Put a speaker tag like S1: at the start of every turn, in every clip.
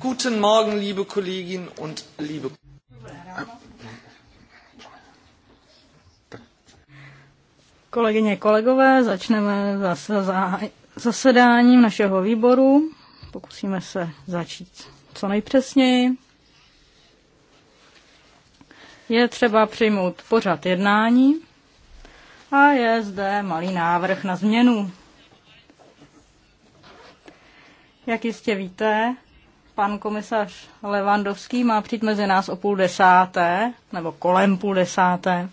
S1: Guten Morgen, liebe Kolleginnen und liebe
S2: Kolegyně, kolegové, začneme zase zasedáním našeho výboru. Pokusíme se začít co nejpřesněji. Je třeba přijmout pořad jednání a je zde malý návrh na změnu. Jak jistě víte, pan komisař Levandovský má přijít mezi nás o půl desáté, nebo kolem půl desáté.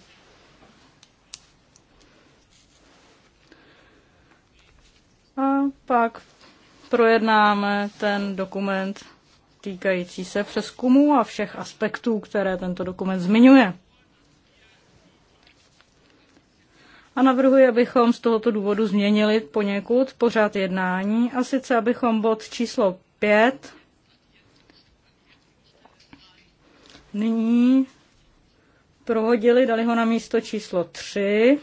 S2: A pak projednáme ten dokument týkající se přeskumu a všech aspektů, které tento dokument zmiňuje. A navrhuji, abychom z tohoto důvodu změnili poněkud pořád jednání, a sice abychom bod číslo 5 Nyní prohodili, dali ho na místo číslo 3,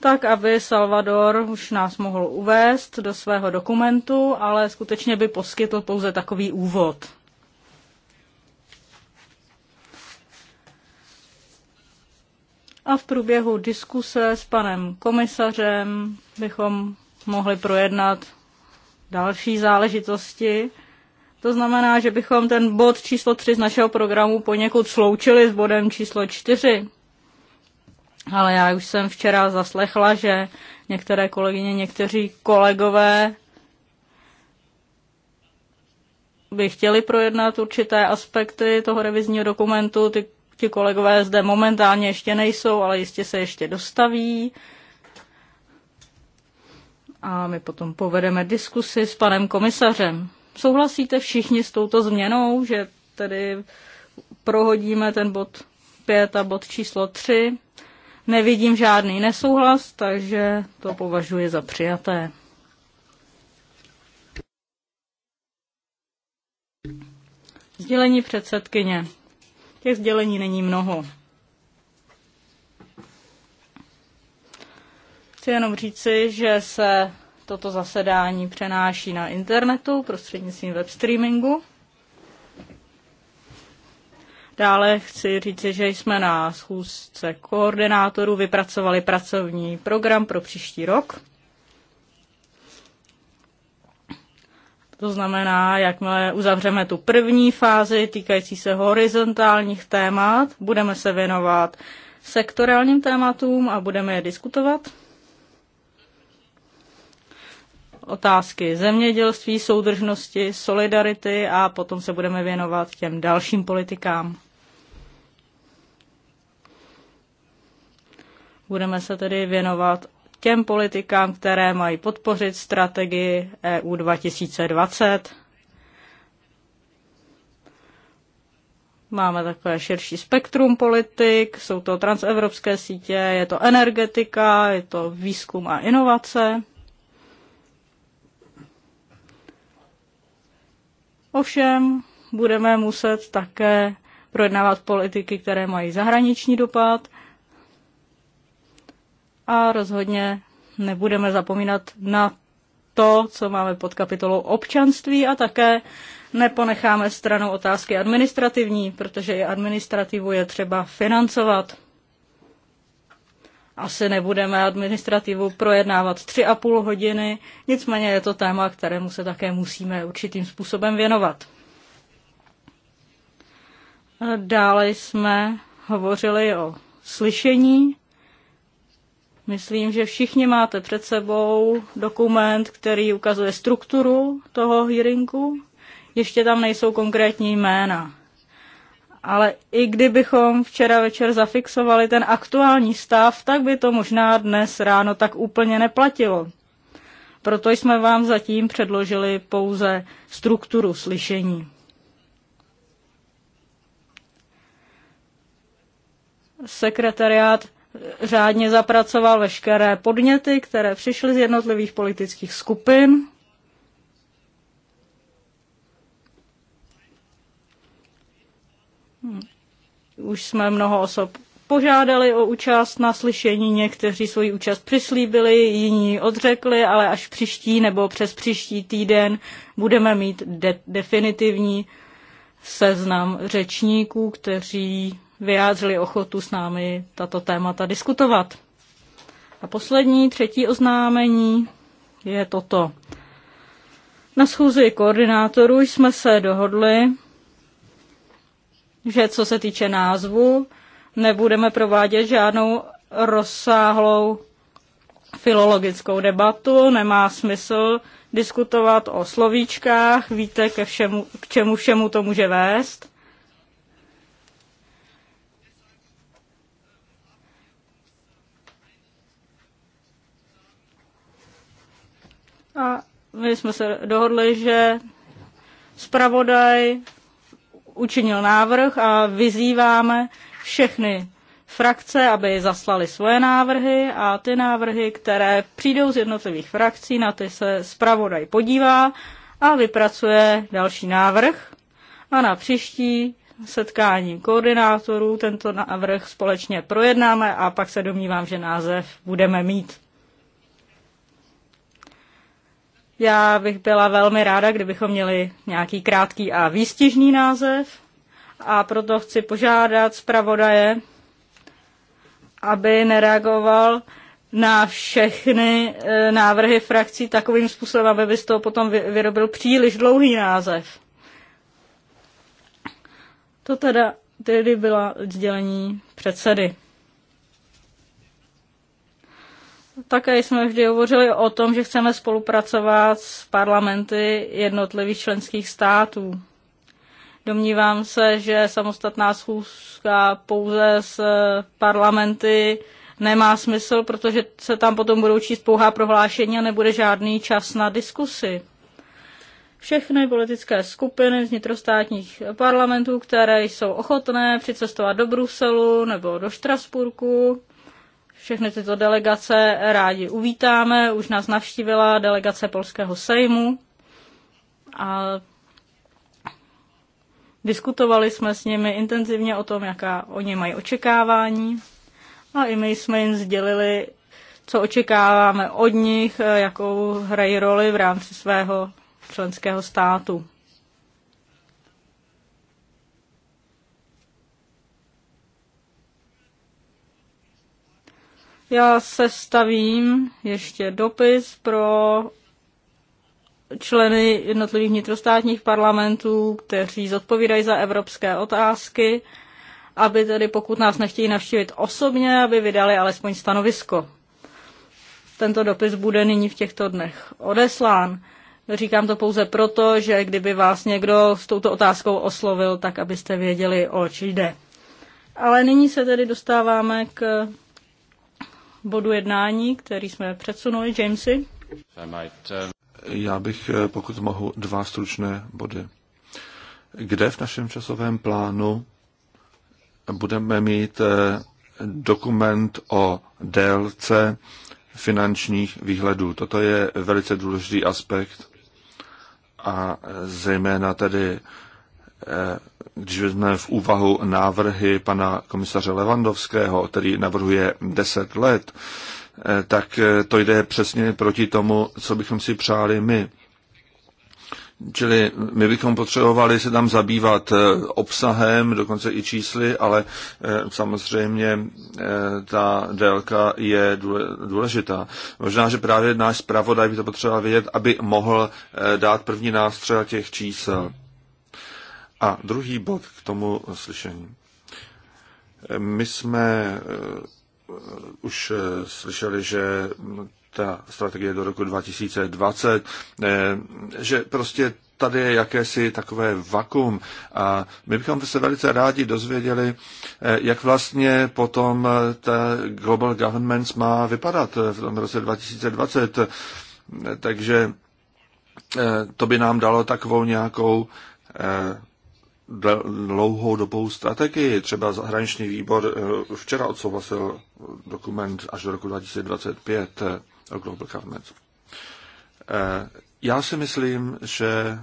S2: tak aby Salvador už nás mohl uvést do svého dokumentu, ale skutečně by poskytl pouze takový úvod. A v průběhu diskuse s panem komisařem bychom mohli projednat další záležitosti, to znamená, že bychom ten bod číslo 3 z našeho programu poněkud sloučili s bodem číslo 4. Ale já už jsem včera zaslechla, že některé kolegyně, někteří kolegové by chtěli projednat určité aspekty toho revizního dokumentu. Ty, ty kolegové zde momentálně ještě nejsou, ale jistě se ještě dostaví. A my potom povedeme diskusi s panem komisařem. Souhlasíte všichni s touto změnou, že tedy prohodíme ten bod 5 a bod číslo 3? Nevidím žádný nesouhlas, takže to považuji za přijaté. Sdělení předsedkyně. Těch sdělení není mnoho. Chci jenom říci, že se toto zasedání přenáší na internetu prostřednictvím web streamingu. Dále chci říci, že jsme na schůzce koordinátorů vypracovali pracovní program pro příští rok. To znamená, jakmile uzavřeme tu první fázi týkající se horizontálních témat, budeme se věnovat sektorálním tématům a budeme je diskutovat. otázky zemědělství, soudržnosti, solidarity a potom se budeme věnovat těm dalším politikám. Budeme se tedy věnovat těm politikám, které mají podpořit strategii EU 2020. Máme takové širší spektrum politik, jsou to transevropské sítě, je to energetika, je to výzkum a inovace. Ovšem budeme muset také projednávat politiky, které mají zahraniční dopad a rozhodně nebudeme zapomínat na to, co máme pod kapitolou občanství a také neponecháme stranou otázky administrativní, protože i administrativu je třeba financovat asi nebudeme administrativu projednávat tři a půl hodiny, nicméně je to téma, kterému se také musíme určitým způsobem věnovat. Dále jsme hovořili o slyšení. Myslím, že všichni máte před sebou dokument, který ukazuje strukturu toho hearingu. Ještě tam nejsou konkrétní jména ale i kdybychom včera večer zafixovali ten aktuální stav, tak by to možná dnes ráno tak úplně neplatilo. Proto jsme vám zatím předložili pouze strukturu slyšení. Sekretariát řádně zapracoval veškeré podněty, které přišly z jednotlivých politických skupin Už jsme mnoho osob požádali o účast na slyšení, někteří svoji účast přislíbili, jiní odřekli, ale až příští nebo přes příští týden budeme mít de- definitivní seznam řečníků, kteří vyjádřili ochotu s námi tato témata diskutovat. A poslední, třetí oznámení je toto. Na schůzi koordinátorů jsme se dohodli, že co se týče názvu, nebudeme provádět žádnou rozsáhlou filologickou debatu, nemá smysl diskutovat o slovíčkách, víte, ke všemu, k čemu všemu to může vést. A my jsme se dohodli, že zpravodaj učinil návrh a vyzýváme všechny frakce, aby zaslali svoje návrhy a ty návrhy, které přijdou z jednotlivých frakcí, na ty se zpravodaj podívá a vypracuje další návrh. A na příští setkání koordinátorů tento návrh společně projednáme a pak se domnívám, že název budeme mít. Já bych byla velmi ráda, kdybychom měli nějaký krátký a výstižný název a proto chci požádat zpravodaje, aby nereagoval na všechny e, návrhy frakcí takovým způsobem, aby by z toho potom vyrobil příliš dlouhý název. To teda tedy byla sdělení předsedy. Také jsme vždy hovořili o tom, že chceme spolupracovat s parlamenty jednotlivých členských států. Domnívám se, že samostatná schůzka pouze s parlamenty nemá smysl, protože se tam potom budou číst pouhá prohlášení a nebude žádný čas na diskusy. Všechny politické skupiny z vnitrostátních parlamentů, které jsou ochotné přicestovat do Bruselu nebo do Štrasburku, všechny tyto delegace rádi uvítáme. Už nás navštívila delegace Polského sejmu a diskutovali jsme s nimi intenzivně o tom, jaká oni mají očekávání. A i my jsme jim sdělili, co očekáváme od nich, jakou hrají roli v rámci svého členského státu. Já se stavím ještě dopis pro členy jednotlivých vnitrostátních parlamentů, kteří zodpovídají za evropské otázky, aby tedy pokud nás nechtějí navštívit osobně, aby vydali alespoň stanovisko. Tento dopis bude nyní v těchto dnech odeslán. Říkám to pouze proto, že kdyby vás někdo s touto otázkou oslovil, tak abyste věděli, o či jde. Ale nyní se tedy dostáváme k bodu jednání, který jsme předsunuli, Jamesy? Já
S1: bych, eh, pokud mohu, dva stručné body. Kde v našem časovém plánu budeme mít eh, dokument o délce finančních výhledů. Toto je velice důležitý aspekt a eh, zejména tedy Eh, když vezmeme v úvahu návrhy pana komisaře Levandovského, který navrhuje 10 let, eh, tak eh, to jde přesně proti tomu, co bychom si přáli my. Čili my bychom potřebovali se tam zabývat obsahem, dokonce i čísly, ale samozřejmě ta délka je důležitá. Možná, že právě náš zpravodaj by to potřeboval vědět, aby mohl dát první nástřel těch čísel. A druhý bod k tomu slyšení. My jsme eh, už eh, slyšeli, že ta strategie do roku 2020, eh, že prostě tady je jakési takové vakuum a my bychom se velice rádi dozvěděli, jak vlastně potom ta Global Governments má vypadat v tom roce 2020. Takže to by nám dalo takovou nějakou dlouhou dobou strategii. Třeba zahraniční výbor eh, včera odsouhlasil dokument až do roku 2025 eh, o Global Government. Eh, já si myslím, že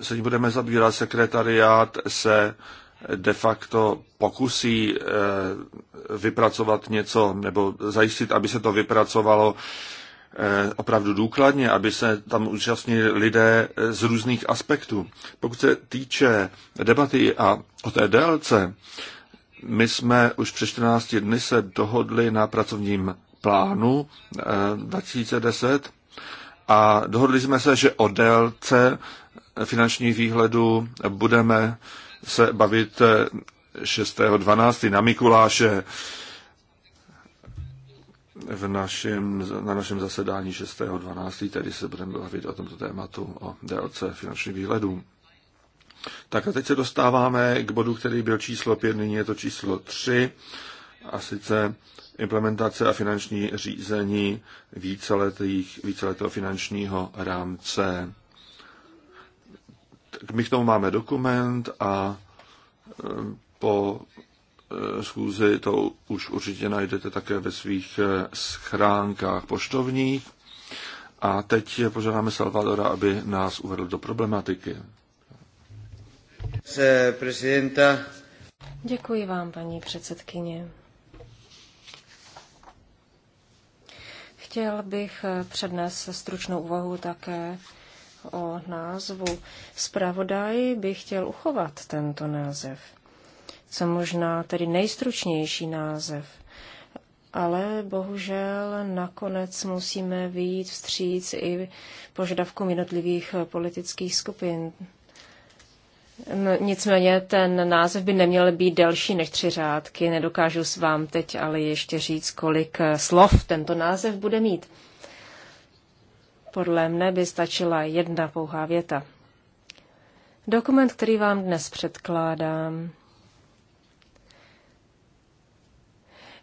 S1: se budeme zabývat. Sekretariát se de facto pokusí vypracovat něco nebo zajistit, aby se to vypracovalo Eh, opravdu důkladně, aby se tam účastnili lidé eh, z různých aspektů. Pokud se týče debaty a o té délce, my jsme už před 14 dny se dohodli na pracovním plánu 2010 eh, a dohodli jsme se, že o délce finančních výhledu budeme se bavit 6.12. na Mikuláše v našem, na našem zasedání 6.12., tedy se budeme bavit o tomto tématu, o délce finančních výhledů. Tak a teď se dostáváme k bodu, který byl číslo 5, nyní je to číslo 3, a sice implementace a finanční řízení víceletých, víceletého finančního rámce. Tak my k tomu máme dokument a e, po Eh, schůzi, to už určitě najdete také ve svých eh, schránkách poštovních. A teď požádáme Salvadora, aby nás uvedl do problematiky.
S3: Děkuji vám, paní předsedkyně. Chtěl bych eh, přednes stručnou úvahu také o názvu. Spravodaj bych chtěl uchovat tento název co možná tedy nejstručnější název. Ale bohužel nakonec musíme vyjít vstříc i požadavkům jednotlivých politických skupin. Nicméně ten název by neměl být delší než tři řádky. Nedokážu s vám teď ale ještě říct, kolik eh, slov tento název bude mít. Podle mne by stačila jedna pouhá věta. Dokument, který vám dnes předkládám,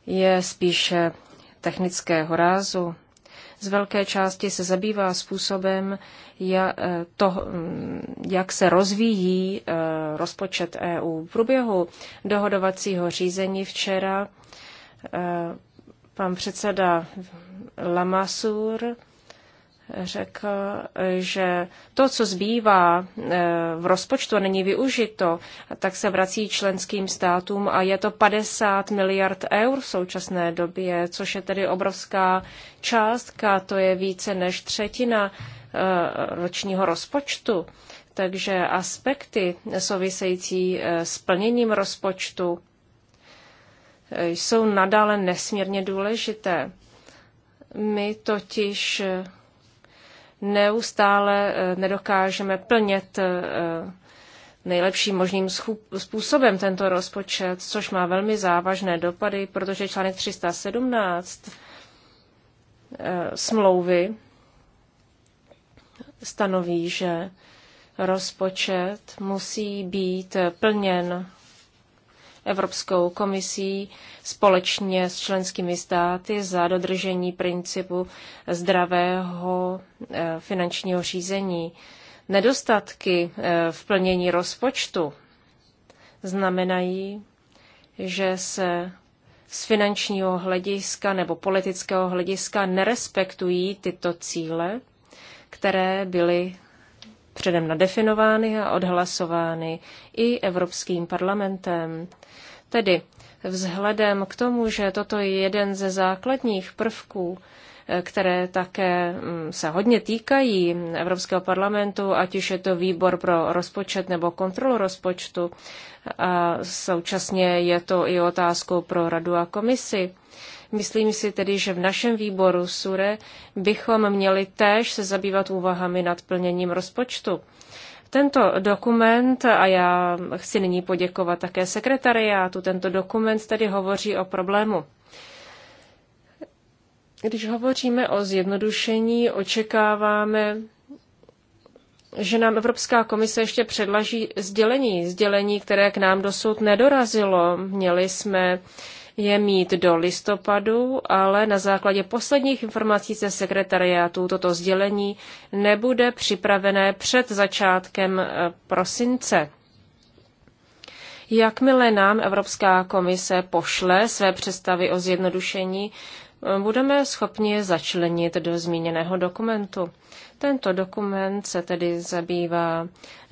S3: je spíše technického rázu. Z velké části se zabývá způsobem, eh, to, hm, jak se rozvíjí eh, rozpočet EU. V průběhu dohodovacího řízení včera eh, pan předseda Lamassur řekl, že to, co zbývá eh, v rozpočtu a není využito, tak se vrací členským státům a je to 50 miliard eur v současné době, což je tedy obrovská částka, to je více než třetina eh, ročního rozpočtu. Takže aspekty související eh, s plněním rozpočtu jsou nadále nesmírně důležité. My totiž neustále eh, nedokážeme plnit eh, nejlepším možným způsobem tento rozpočet, což má velmi závažné dopady, protože článek 317 eh, smlouvy stanoví, že rozpočet musí být plněn Evropskou komisí společně s členskými státy za dodržení principu zdravého eh, finančního řízení. Nedostatky eh, v plnění rozpočtu znamenají, že se z finančního hlediska nebo politického hlediska nerespektují tyto cíle, které byly předem nadefinovány a odhlasovány i Evropským parlamentem. Tedy vzhledem k tomu, že toto je jeden ze základních prvků, eh, které také mm, se hodně týkají Evropského parlamentu, ať už je to výbor pro rozpočet nebo kontrolu rozpočtu. A současně je to i otázkou pro radu a komisi. Myslím si tedy, že v našem výboru SURE bychom měli též se zabývat úvahami nad plněním rozpočtu. Tento dokument, a já chci nyní poděkovat také sekretariátu, tento dokument tedy hovoří o problému. Když hovoříme o zjednodušení, očekáváme, že nám Evropská komise ještě předlaží sdělení, sdělení, které k nám dosud nedorazilo. Měli jsme uh, je mít do listopadu, ale na základě posledních informací ze sekretariátu toto sdělení nebude připravené před začátkem eh, prosince. Jakmile nám Evropská komise pošle své představy o zjednodušení, budeme schopni začlenit do zmíněného dokumentu. Tento dokument se tedy zabývá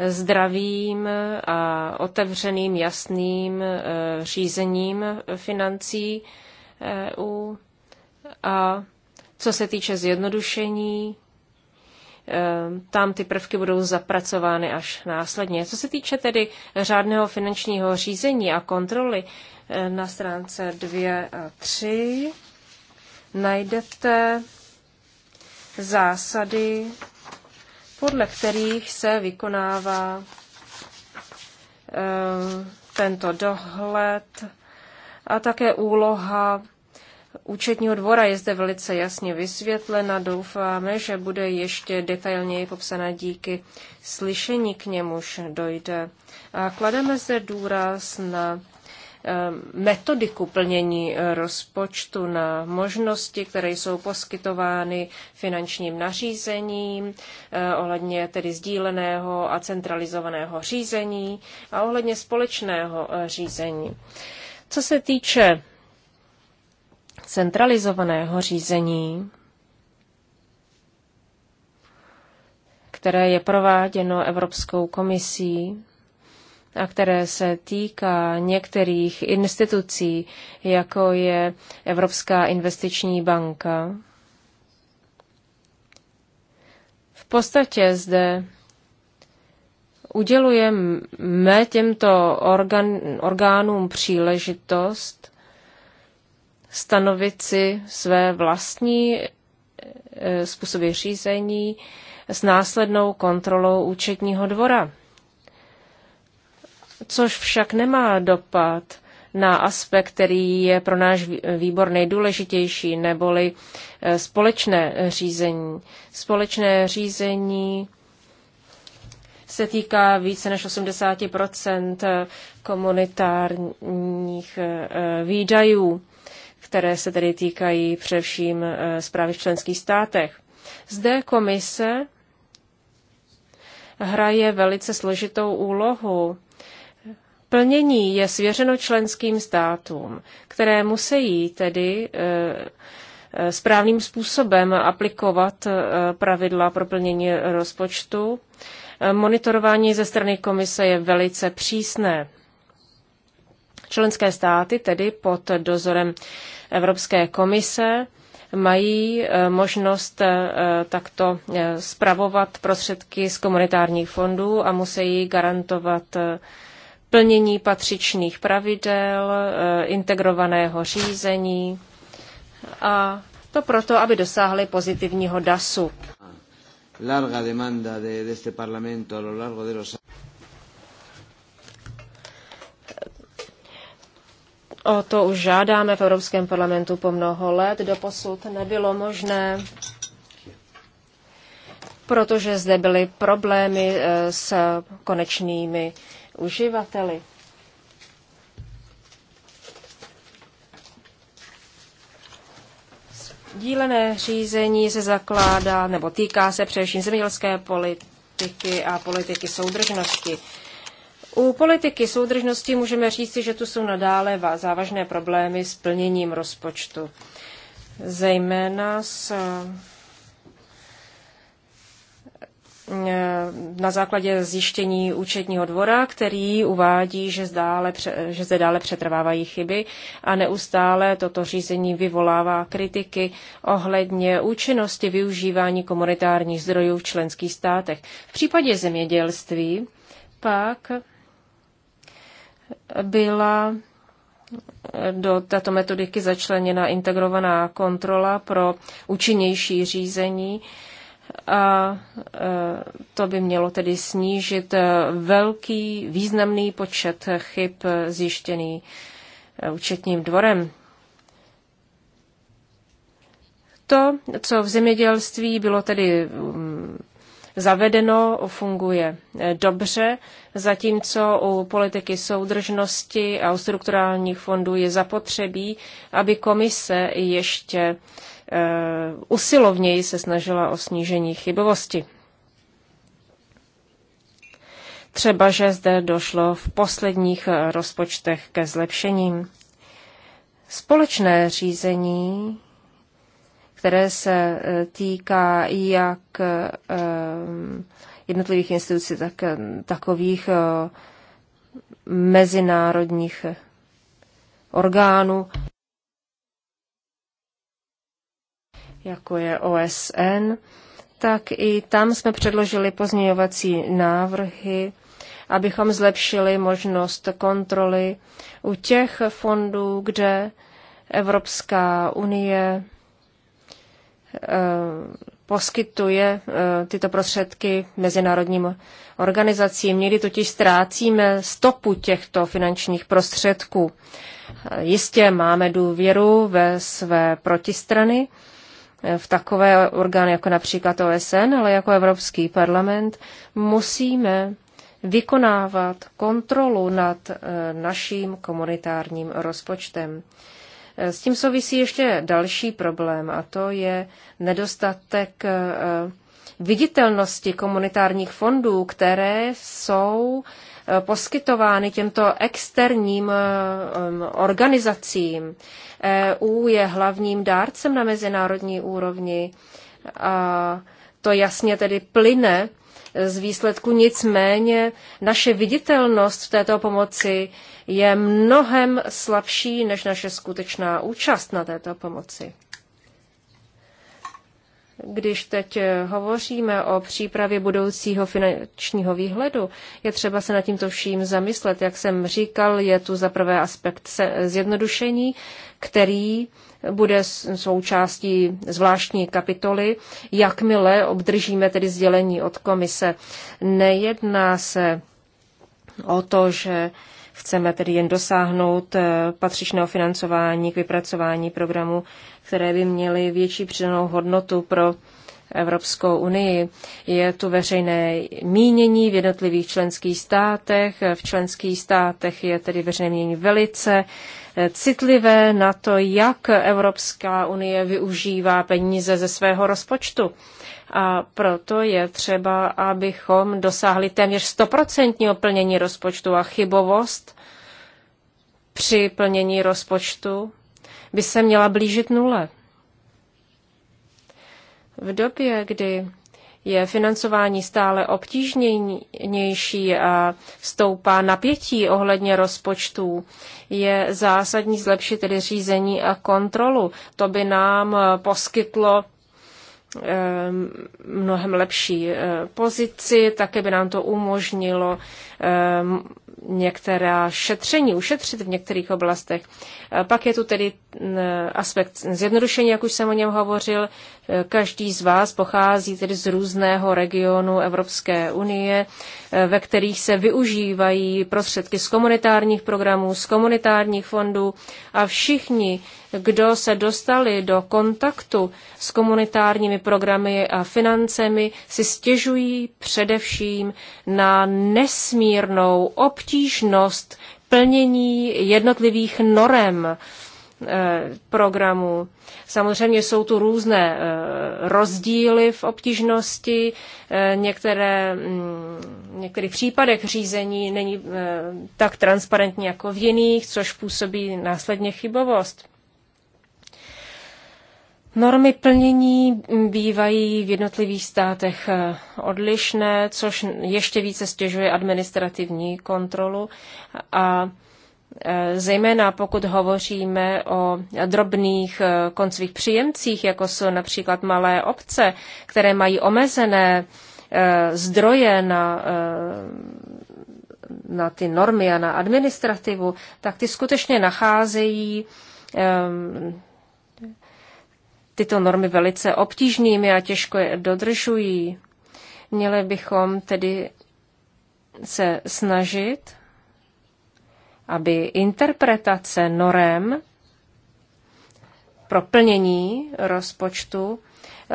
S3: zdravým a otevřeným, jasným eh, řízením financí EU a co se týče zjednodušení, eh, tam ty prvky budou zapracovány až následně. Co se týče tedy řádného finančního řízení a kontroly eh, na stránce 2 a 3, najdete zásady, podle kterých se vykonává eh, tento dohled a také úloha účetního dvora je zde velice jasně vysvětlena. Doufáme, že bude ještě detailněji popsaná díky slyšení k němuž dojde. A klademe zde důraz na Ehm, metodiku plnění eh, rozpočtu, na možnosti, které jsou poskytovány finančním nařízením, eh, ohledně tedy sdíleného a centralizovaného řízení a ohledně společného eh, řízení. Co se týče centralizovaného řízení, které je prováděno Evropskou komisí, a které se týká některých institucí, jako je Evropská investiční banka. V podstatě zde udělujeme těmto orgán orgánům příležitost stanovit si své vlastní eh, způsoby řízení s následnou kontrolou účetního dvora což však nemá dopad na aspekt, který je pro náš výbor nejdůležitější, neboli eh, společné řízení. Společné řízení se týká více než 80 eh, komunitárních eh, výdajů, které se tedy týkají především zprávy v členských státech. Zde komise hraje velice složitou úlohu Plnění je svěřeno členským státům, které musí tedy eh, eh, správným způsobem aplikovat eh, pravidla pro plnění rozpočtu. Monitorování ze strany komise je velice přísné. Členské státy tedy pod dozorem Evropské komise mají možnost takto spravovat prostředky z komunitárních fondů a musí garantovat plnění patřičných pravidel, eh, integrovaného řízení a to proto, aby dosáhli pozitivního DASu. O to už žádáme v Evropském parlamentu po mnoho let. Doposud nebylo možné, protože zde byly problémy eh, s konečnými uživateli. Dílené řízení se zakládá nebo týká se především zemědělské politiky a politiky soudržnosti. U politiky soudržnosti můžeme říci, že tu jsou nadále závažné problémy s plněním rozpočtu, zejména s Eh, na základě zjištění účetního dvora, který uvádí, že, zdále, že zde dále přetrvávají chyby a neustále toto řízení vyvolává kritiky ohledně účinnosti využívání komunitárních zdrojů v členských státech. V případě zemědělství pak byla do této metodiky začleněna integrovaná kontrola pro účinnější řízení a e, to by mělo tedy snížit e, velký, významný počet chyb zjištěný e, účetním dvorem. To, co v zemědělství bylo tedy mm, zavedeno, funguje dobře, zatímco u politiky soudržnosti a u strukturálních fondů je zapotřebí, aby komise ještě uh, Eh, usilovněji se snažila o snížení chybovosti. Třeba, že zde došlo v posledních eh, rozpočtech ke zlepšením. Společné řízení, které se eh, týká jak jednotlivých institucí, tak takových mezinárodních orgánů. jako je OSN, tak i tam jsme předložili pozměňovací návrhy, abychom zlepšili možnost kontroly u těch fondů, kde Evropská unie eh, poskytuje eh, tyto prostředky mezinárodním organizacím. Někdy totiž ztrácíme stopu těchto finančních prostředků. Jistě máme důvěru ve své protistrany, v takové orgány jako například OSN, ale jako Evropský parlament, musíme vykonávat kontrolu nad eh, naším komunitárním rozpočtem. Eh, s tím souvisí ještě další problém a to je nedostatek eh, viditelnosti komunitárních fondů, které jsou Eh, poskytovány těmto externím eh, organizacím. EU je hlavním dárcem na mezinárodní úrovni a to jasně tedy plyne z výsledku. Nicméně naše viditelnost v této pomoci je mnohem slabší než naše skutečná účast na této pomoci. Když teď hovoříme o přípravě budoucího finančního výhledu, je třeba se nad tímto vším zamyslet. Jak jsem říkal, je tu za prvé aspekt zjednodušení, který bude součástí zvláštní kapitoly, jakmile obdržíme tedy sdělení od komise. Nejedná se o to, že chceme tedy jen dosáhnout eh, patřičného financování k vypracování programu které by měly větší přidanou hodnotu pro Evropskou unii. Je tu veřejné mínění v jednotlivých členských státech. V členských státech je tedy veřejné mínění velice eh, citlivé na to, jak Evropská unie využívá peníze ze svého rozpočtu. A proto je třeba, abychom dosáhli téměř stoprocentního plnění rozpočtu a chybovost při plnění rozpočtu by se měla blížit nule. V době, kdy je financování stále obtížnější a stoupá napětí ohledně rozpočtů, je zásadní zlepšit tedy řízení a kontrolu. To by nám eh, poskytlo eh, mnohem lepší eh, pozici, také by nám to umožnilo některá šetření, ušetřit v některých oblastech. Pak je tu tedy aspekt zjednodušení, jak už jsem o něm hovořil. Každý z vás pochází tedy z různého regionu Evropské unie, ve kterých se využívají prostředky z komunitárních programů, z komunitárních fondů a všichni, kdo se dostali do kontaktu s komunitárními programy a financemi, si stěžují především na nesmírnou obč obtížnost plnění jednotlivých norem eh, programu. Samozřejmě jsou tu různé eh, rozdíly v obtížnosti. Eh, některé, v mm, některých případech řízení není tak transparentní jako v jiných, což působí následně chybovost. Normy plnění bývají v jednotlivých státech eh, odlišné, což ještě více stěžuje administrativní kontrolu a eh, zejména pokud hovoříme o drobných eh, koncových příjemcích, jako jsou například malé obce, které mají omezené zdroje na, na ty normy a na administrativu, tak ty skutečně nacházejí tyto normy velice obtížnými a těžko je dodržují. Měli bychom tedy se snažit, aby interpretace norem pro plnění rozpočtu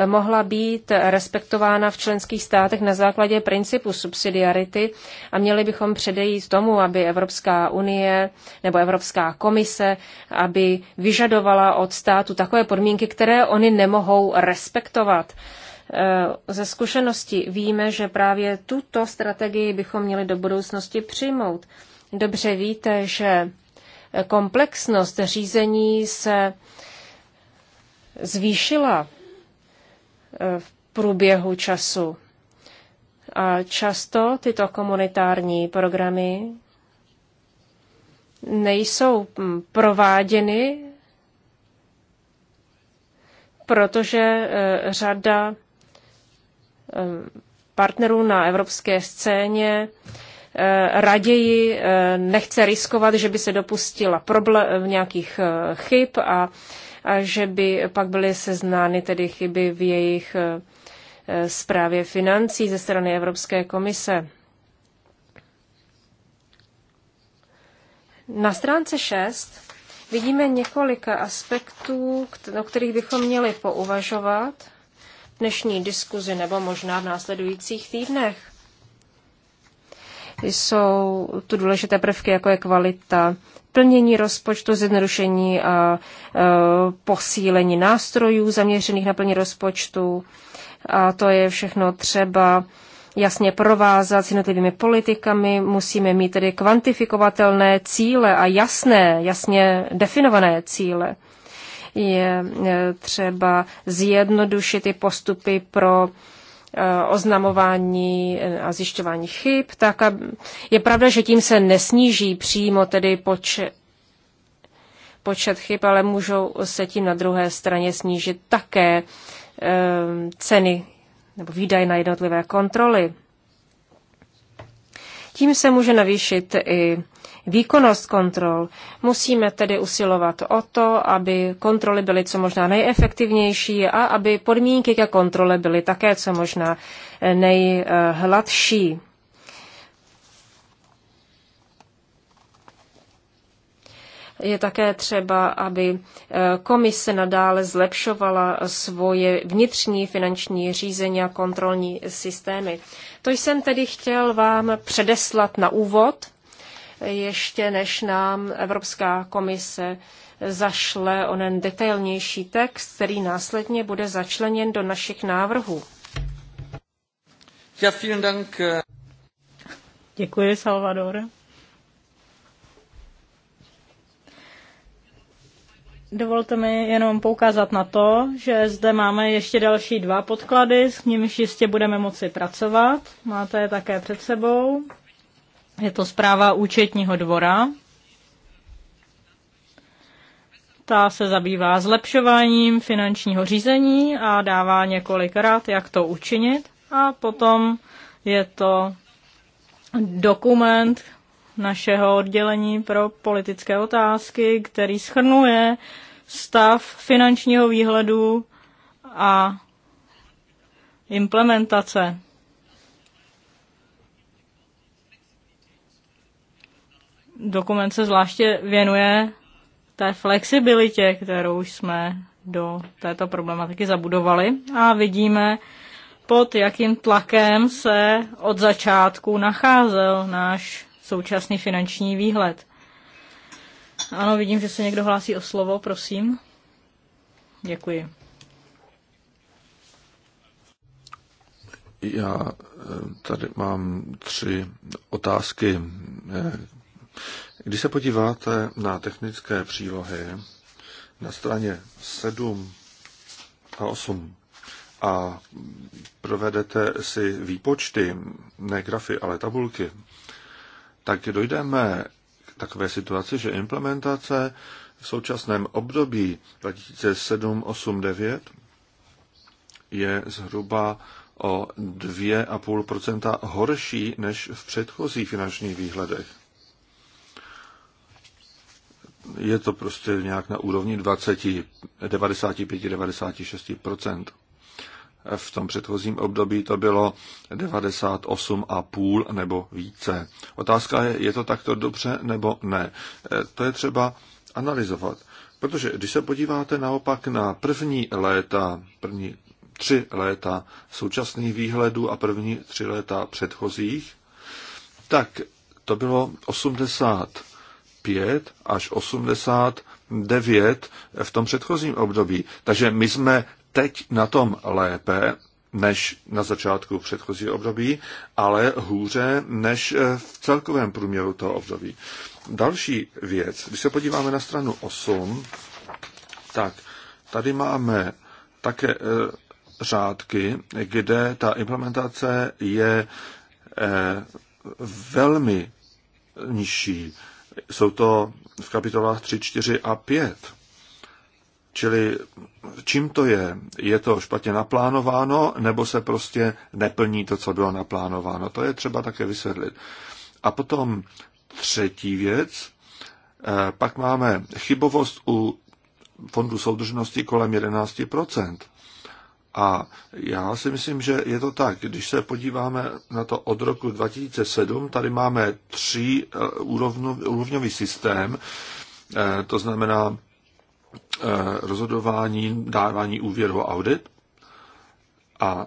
S3: mohla být respektována v členských státech na základě principu subsidiarity a měli bychom předejít tomu, aby Evropská unie nebo Evropská komise, aby vyžadovala od státu takové podmínky, které oni nemohou respektovat. E, ze zkušenosti víme, že právě tuto strategii bychom měli do budoucnosti přijmout. Dobře víte, že komplexnost řízení se zvýšila v průběhu času. A často tyto komunitární programy nejsou mm, prováděny, protože e, řada e, partnerů na evropské scéně e, raději nechce riskovat, že by se dopustila problém, nějakých chyb a a že by pak byly seznány tedy chyby v jejich zprávě eh, financí ze strany Evropské komise. Na stránce 6 vidíme několika aspektů, o kterých bychom měli pouvažovat v dnešní diskuzi nebo možná v následujících týdnech jsou tu důležité prvky, jako je kvalita plnění rozpočtu, zjednodušení a e, posílení nástrojů zaměřených na plnění rozpočtu. A to je všechno třeba jasně provázat s jednotlivými politikami, musíme mít tedy kvantifikovatelné cíle a jasné, jasně definované cíle. Je e, třeba zjednodušit i postupy pro Eh, oznamování a zjišťování chyb, tak je pravda, že tím se nesníží přímo tedy počet počet chyb, ale můžou se tím na druhé straně snížit také eh, ceny nebo výdaje na jednotlivé kontroly. Tím se může navýšit i výkonnost kontrol. Musíme tedy usilovat o to, aby kontroly byly co možná nejefektivnější a aby podmínky ke kontrole byly také co možná eh, nejhladší. je také třeba, aby eh, komise nadále zlepšovala svoje vnitřní finanční řízení a kontrolní systémy. To jsem tedy chtěl vám předeslat na úvod ještě než nám Evropská komise zašle onen detailnější text, který následně bude začleněn do našich návrhů.
S1: Ja, Dank. Eh.
S2: Děkuji, Salvador. Dovolte mi jenom poukázat na to, že zde máme ještě další dva podklady, s nimiž jistě budeme moci pracovat. Máte je také před sebou. Je to zpráva účetního dvora. Ta se zabývá zlepšováním finančního řízení a dává několik rad, jak to učinit. A potom je to dokument našeho oddělení pro politické otázky, který schrnuje stav finančního výhledu a implementace dokument se zvláště věnuje té flexibilitě, kterou jsme do této problematiky zabudovali a vidíme, pod jakým tlakem se od začátku nacházel náš současný finanční výhled. Ano, vidím, že se někdo hlásí o slovo, prosím. Děkuji.
S1: Já eh, tady mám tři otázky eh, když se podíváte na technické přílohy na straně 7 a 8 a provedete si výpočty, ne grafy, ale tabulky, tak dojdeme k takové situaci, že implementace v současném období 2007 8 9 je zhruba o 2,5 horší než v předchozích finančních výhledech je to prostě nějak na úrovni 20, 95-96%. V tom předchozím období to bylo 98,5 nebo více. Otázka je, je to takto dobře nebo ne. E, to je třeba analyzovat. Protože když se podíváte naopak na první léta, první tři léta současných výhledů a první tři léta předchozích, tak to bylo 80 85 až 89 v tom předchozím období. Takže my jsme teď na tom lépe než na začátku předchozího období, ale hůře než v celkovém průměru toho období. Další věc, když se podíváme na stranu 8, tak tady máme také eh, řádky, kde ta implementace je eh, velmi nižší. Jsou to v kapitolách 3, 4 a 5. Čili čím to je? Je to špatně naplánováno, nebo se prostě neplní to, co bylo naplánováno? To je třeba také vysvětlit. A potom třetí věc, eh, pak máme chybovost u fondu soudržnosti kolem 11 a já si myslím, že je to tak. Když se podíváme na to od roku 2007, tady máme tři eh, úrovňový systém, eh, to znamená eh, rozhodování, dávání úvěru a audit. A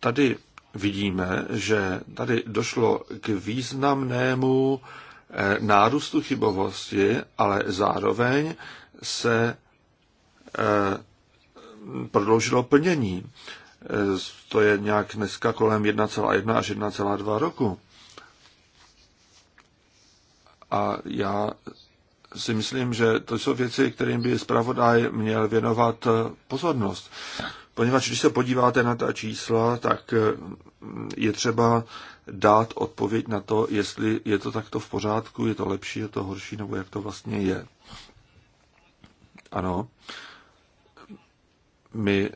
S1: tady vidíme, že tady došlo k významnému nárůstu chybovosti, ale zároveň se prodloužilo plnění. E, to je nějak dneska kolem 1,1 až 1,2 roku. A já si myslím, že to jsou věci, kterým by zpravodaj měl věnovat e, pozornost. Poněvadž když se podíváte na ta čísla, tak e, je třeba dát odpověď na to, jestli je to takto v pořádku, je to lepší, je to horší, nebo jak to vlastně je. Ano, my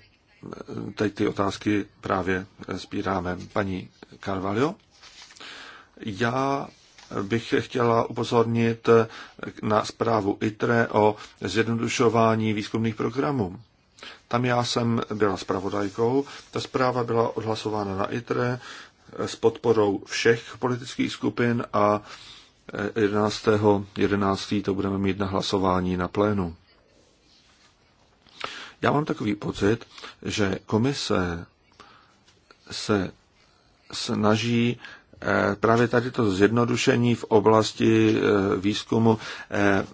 S1: teď ty otázky právě sbíráme. Paní Carvalho, já bych chtěla upozornit na zprávu ITRE o zjednodušování výzkumných programů. Tam já jsem byla zpravodajkou. Ta zpráva byla odhlasována na ITRE s podporou všech politických skupin a 11.11. 11. to budeme mít na hlasování na plénu. Já mám takový pocit, že komise se snaží eh, právě tady to zjednodušení v oblasti eh, výzkumu eh,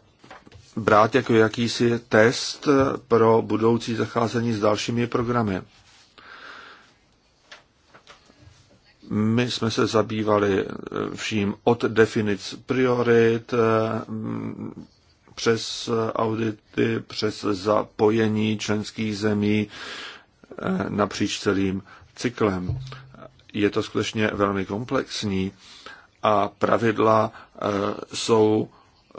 S1: brát jako jakýsi test pro budoucí zacházení s dalšími programy. My jsme se zabývali vším od definic priorit, přes audity, přes zapojení členských zemí eh, napříč celým cyklem. Je to skutečně velmi komplexní a pravidla eh, jsou eh,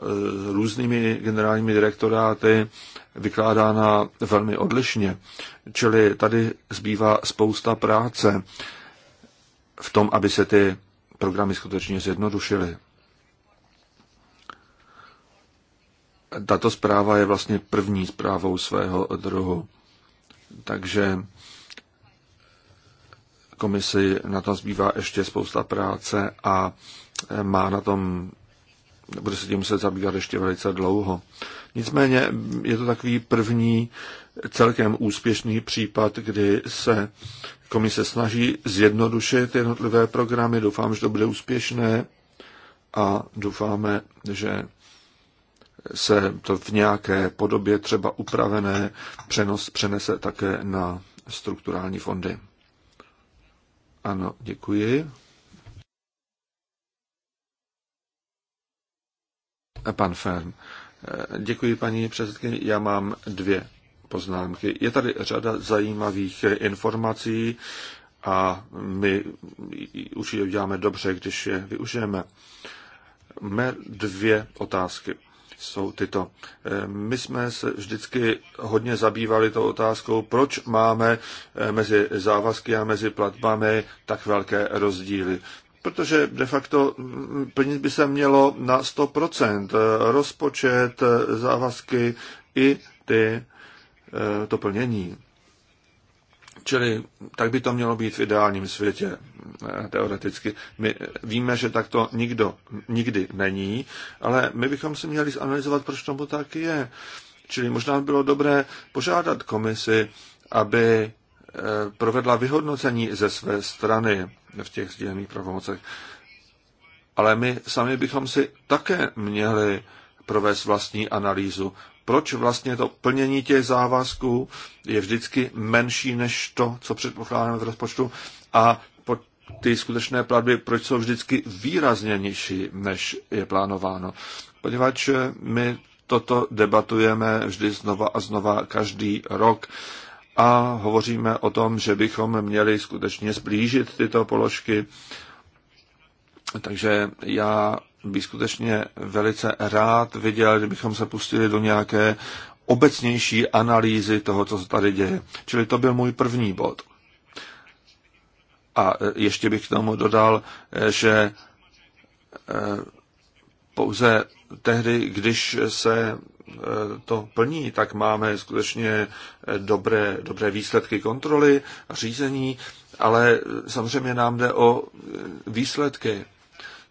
S1: různými generálními direktoráty vykládána velmi odlišně. Čili tady zbývá spousta práce v tom, aby se ty programy skutečně zjednodušily. tato zpráva je vlastně první zprávou svého druhu. Takže komisi na tom zbývá ještě spousta práce a eh, má na tom, bude se tím muset zabývat ještě velice dlouho. Nicméně mm, je to takový první eh, celkem úspěšný případ, kdy se komise snaží zjednodušit jednotlivé programy. Doufám, že to bude úspěšné a doufáme, že se to v nějaké podobě třeba upravené přenos přenese také na strukturální fondy. Ano, děkuji. Pan Fern. Děkuji, paní předsedkyně. Já mám dvě poznámky. Je tady řada zajímavých informací a my určitě uděláme dobře, když je využijeme. Mé dvě otázky jsou tyto. Eh, my jsme se vždycky hodně zabývali tou otázkou, proč máme eh, mezi závazky a mezi platbami tak velké rozdíly. Protože de facto mm, plnit by se mělo na 100% eh, rozpočet, závazky i ty, to plnění. Čili tak by to mělo být v ideálním světě. Eh, teoreticky. My víme, že takto nikdo nikdy není, ale my bychom si měli zanalizovat, proč tomu tak je. Čili možná by bylo dobré požádat komisi, aby eh, provedla vyhodnocení ze své strany v těch sdílených pravomocech. Ale my sami bychom si také měli provést vlastní analýzu. Proč vlastně to plnění těch závazků je vždycky menší než to, co předpokládáme v rozpočtu a ty skutečné platby, proč jsou vždycky výrazně nižší, než je plánováno. Poněvadž my toto debatujeme vždy znova a znova každý rok a hovoříme o tom, že bychom měli skutečně zblížit tyto položky. Takže já bych skutečně velice rád viděl, kdybychom se pustili do nějaké obecnější analýzy toho, co se tady děje. Čili to byl můj první bod. A e, ještě bych k tomu dodal, e, že e, pouze tehdy, když se to plní, tak máme skutečně dobré, dobré výsledky kontroly, a řízení, ale samozřejmě nám jde o výsledky.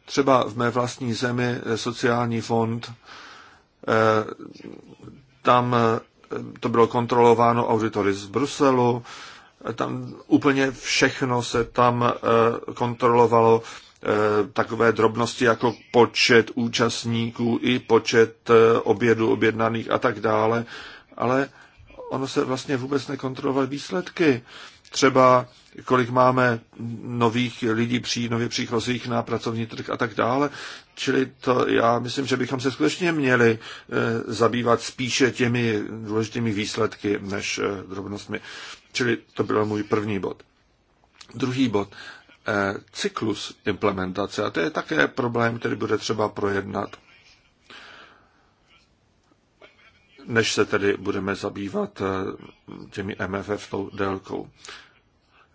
S1: Třeba v mé vlastní zemi sociální fond, tam to bylo kontrolováno auditory z Bruselu, tam úplně všechno se tam eh, kontrolovalo, eh, takové drobnosti jako počet účastníků i počet eh, obědů objednaných a tak dále, ale ono se vlastně vůbec nekontrolovaly výsledky. Třeba kolik máme nových lidí, při, nově příchozích na pracovní trh a tak dále. Čili to já myslím, že bychom se skutečně měli zabývat spíše těmi důležitými výsledky než drobnostmi. Čili to byl můj první bod. Druhý bod. Eh, cyklus implementace. A to je také problém, který bude třeba projednat. Než se tedy budeme zabývat eh, těmi MFF tou délkou.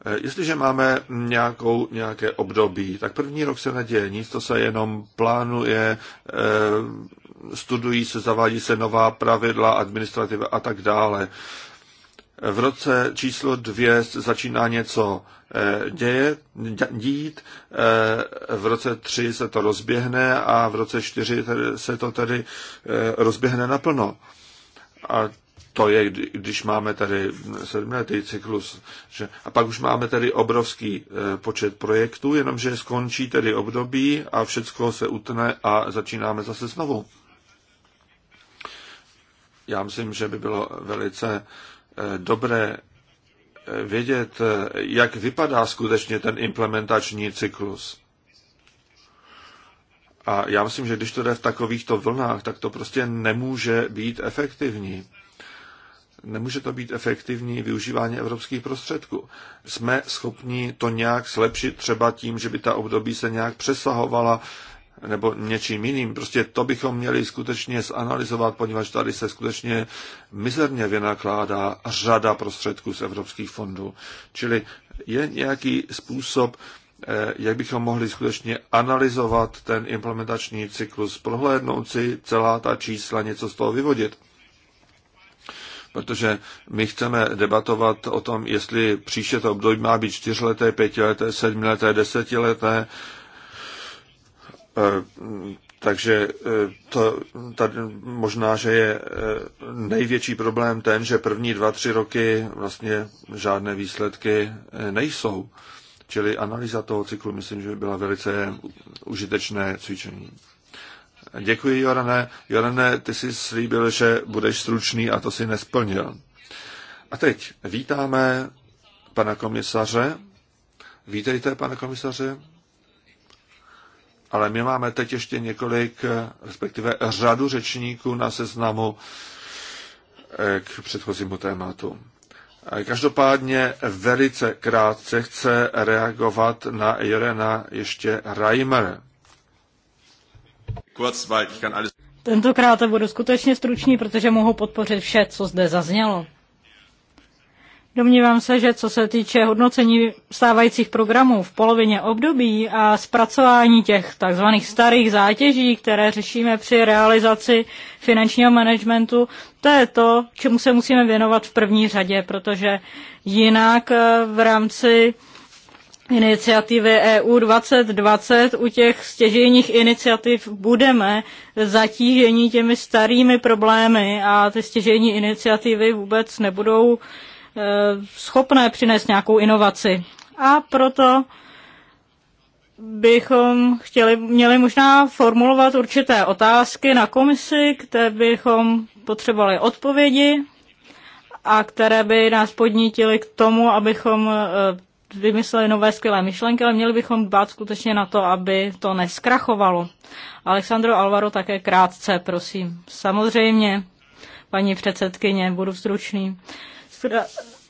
S1: Eh, jestliže máme nějakou, nějaké období, tak první rok se neděje nic, to se jenom plánuje, studují se, zavádí se nová pravidla, administrativa a tak dále v roce číslo dvě začíná něco eh, děje, dít, eh, v roce tři se to rozběhne a v roce čtyři se to tedy eh, rozběhne naplno. A to je, když máme tady sedmletý cyklus. Že, a pak už máme tady obrovský počet projektů, jenomže skončí tedy období a všechno se utne a začínáme zase znovu. Já myslím, že by bylo velice Eh, dobré eh, vědět, eh, jak vypadá skutečně ten implementační cyklus. A já myslím, že když to jde v takovýchto vlnách, tak to prostě nemůže být efektivní. Nemůže to být efektivní využívání evropských prostředků. Jsme schopni to nějak zlepšit třeba tím, že by ta období se nějak přesahovala, nebo něčím jiným. Prostě to bychom měli skutečně zanalizovat, poněvadž tady se skutečně mizerně vynakládá řada prostředků z evropských fondů. Čili je nějaký způsob, eh, jak bychom mohli skutečně analyzovat ten implementační cyklus, prohlédnout si celá ta čísla, něco z toho vyvodit protože my chceme debatovat o tom, jestli příště to období má být čtyřleté, pětileté, sedmileté, desetileté, Eh, takže eh, to, tady možná, že je eh, největší problém ten, že první dva, tři roky vlastně žádné výsledky nejsou. Čili analýza toho cyklu, myslím, že by byla velice užitečné cvičení. Děkuji, Jorane. Jorane, ty jsi slíbil, že budeš stručný a to si nesplnil. A teď vítáme pana komisaře. Vítejte, pane komisaře ale my máme teď ještě několik, eh, respektive řadu řečníků na seznamu eh, k předchozímu tématu. Eh, každopádně velice krátce chce reagovat na Jorena ještě Reimer.
S2: Tentokrát to budu skutečně stručný, protože mohu podpořit vše, co zde zaznělo. Domnívám se, že co se týče hodnocení stávajících programů v polovině období a zpracování těch tzv. starých zátěží, které řešíme při realizaci finančního managementu, to je to, čemu se musíme věnovat v první řadě, protože jinak eh, v rámci iniciativy EU 2020 u těch stěžejních iniciativ budeme zatíženi těmi starými problémy a ty stěžejní iniciativy vůbec nebudou Eh, schopné přinést nějakou inovaci. A proto bychom chtěli, měli možná formulovat určité otázky na komisi, které bychom potřebovali odpovědi a které by nás podnítily k tomu, abychom eh, vymysleli nové skvělé myšlenky, ale měli bychom dbát skutečně na to, aby to neskrachovalo. Alexandro Alvaro také krátce, prosím. Samozřejmě, paní předsedkyně, budu stručný. Uh,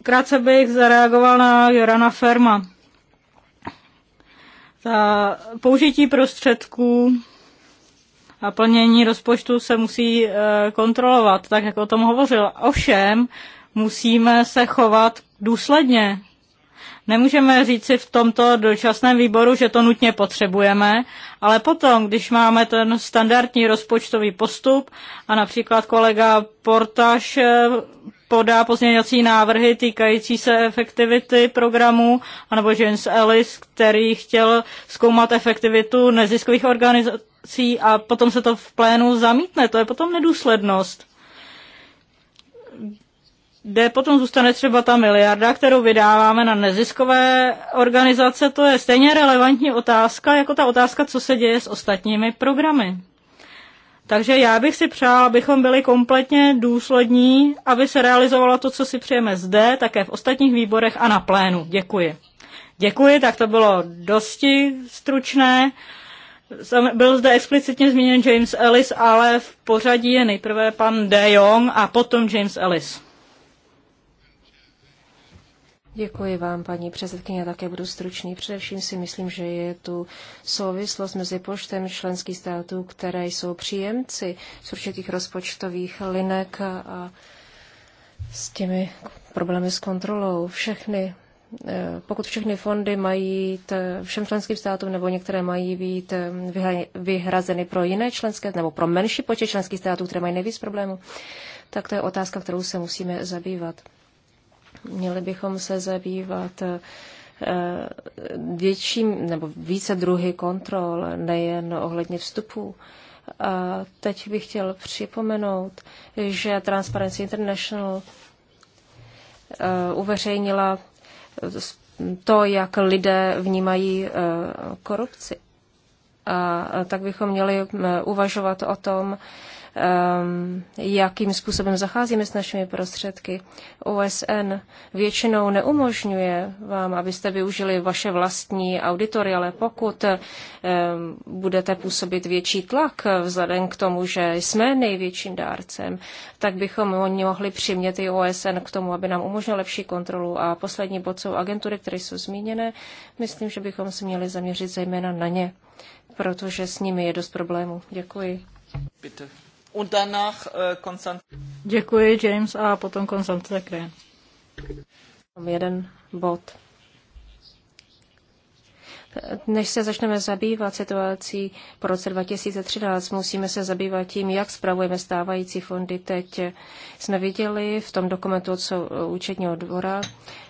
S2: krátce bych zareagoval na Jorana Ferma. Za použití prostředků a plnění rozpočtu se musí eh, kontrolovat, tak jak o tom hovořil. Ovšem, musíme se chovat důsledně. Nemůžeme říci v tomto dočasném výboru, že to nutně potřebujeme, ale potom, když máme ten standardní rozpočtový postup a například kolega Portaš eh, podá pozměňovací návrhy týkající se efektivity programu, anebo James Ellis, který chtěl zkoumat efektivitu neziskových organizací a potom se to v plénu zamítne. To je potom nedůslednost. Kde potom zůstane třeba ta miliarda, kterou vydáváme na neziskové organizace, to je stejně relevantní otázka jako ta otázka, co se děje s ostatními programy. Takže já bych si přála, abychom byli kompletně důslední, aby se realizovalo to, co si přejeme zde, také v ostatních výborech a na plénu. Děkuji. Děkuji, tak to bylo dosti stručné. Byl zde explicitně zmíněn James Ellis, ale v pořadí je nejprve pan De Jong a potom James Ellis.
S3: Děkuji vám, paní předsedkyně, já také budu stručný. Především si myslím, že je tu souvislost mezi poštem členských států, které jsou příjemci z určitých rozpočtových linek a, a s těmi problémy s kontrolou. Všechny, eh, pokud všechny fondy mají t, eh, všem členským státům nebo některé mají být eh, vyhrazeny pro jiné členské nebo pro menší počet členských států, které mají nejvíc problémů, tak to je otázka, kterou se musíme zabývat. Měli bychom se zabývat eh, větším nebo více druhy kontrol, nejen ohledně vstupů. A teď bych chtěl připomenout, že Transparency International eh, uveřejnila to, jak lidé vnímají eh, korupci. A tak bychom měli uvažovat o tom, Ehm, jakým způsobem zacházíme s našimi prostředky. OSN většinou neumožňuje vám, abyste využili vaše vlastní auditory, ale pokud ehm, budete působit větší tlak vzhledem k tomu, že jsme největším dárcem, tak bychom oni mohli přimět i OSN k tomu, aby nám umožnil lepší kontrolu. A poslední bod jsou agentury, které jsou zmíněné. Myslím, že bychom se měli zaměřit zejména na ně, protože s nimi je dost problémů. Děkuji.
S1: Bitte.
S2: Und danach äh, Děkuji, James, a potom Konstance Krén. Mám jeden bod.
S3: Než se začneme zabývat situací po roce 2013, musíme se zabývat tím, jak spravujeme stávající fondy. Teď jsme viděli v tom dokumentu od účetního dvora,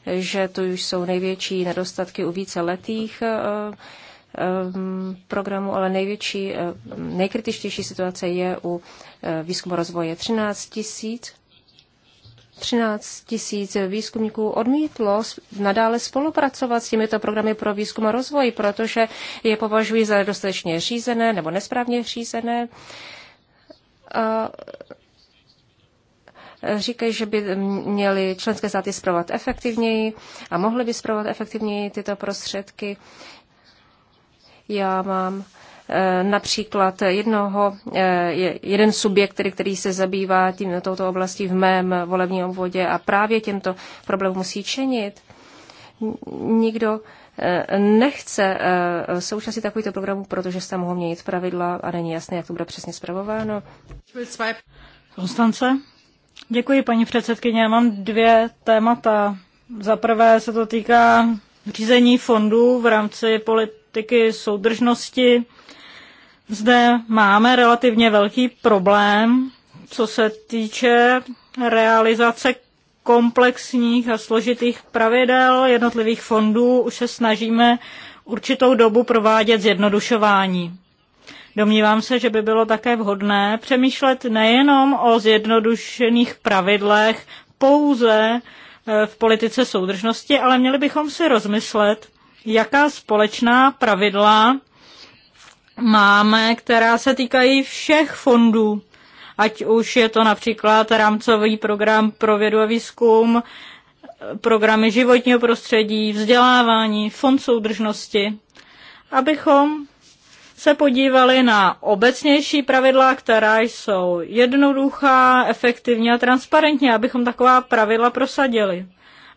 S3: že tu už jsou největší nedostatky u více letých eh, eh, mm, programů, ale největší, eh, mm, nejkritičtější situace je u Eh, výzkumu rozvoje 13 tisíc. 13 tisíc výzkumníků odmítlo nadále spolupracovat s těmito programy pro výzkum a rozvoj, protože je považují za dostatečně řízené nebo nesprávně řízené. A eh, říkají, že by měly členské státy zpravovat efektivněji a mohly by zpravovat efektivněji tyto prostředky. Já mám Eh, například jednoho, eh, jeden subjekt, který, který se zabývá tím, na touto oblasti v mém volebním obvodě a právě těmto problémům musí čenit. Nikdo eh, nechce součástí takovýto programu, protože se tam mohou měnit pravidla a není jasné, jak to bude přesně zpravováno.
S2: Konstance? Děkuji, paní předsedkyně. Já mám dvě témata. Za prvé se to týká řízení fondů v rámci politiky soudržnosti zde máme relativně velký problém, co se týče realizace komplexních a složitých pravidel jednotlivých fondů. Už se snažíme určitou dobu provádět zjednodušování. Domnívám se, že by bylo také vhodné přemýšlet nejenom o zjednodušených pravidlech pouze eh, v politice soudržnosti, ale měli bychom si rozmyslet, jaká společná pravidla máme, která se týkají všech fondů. Ať už je to například rámcový program pro vědu a výzkum, programy životního prostředí, vzdělávání, fond soudržnosti, abychom se podívali na obecnější pravidla, která jsou jednoduchá, efektivní a transparentní, abychom taková pravidla prosadili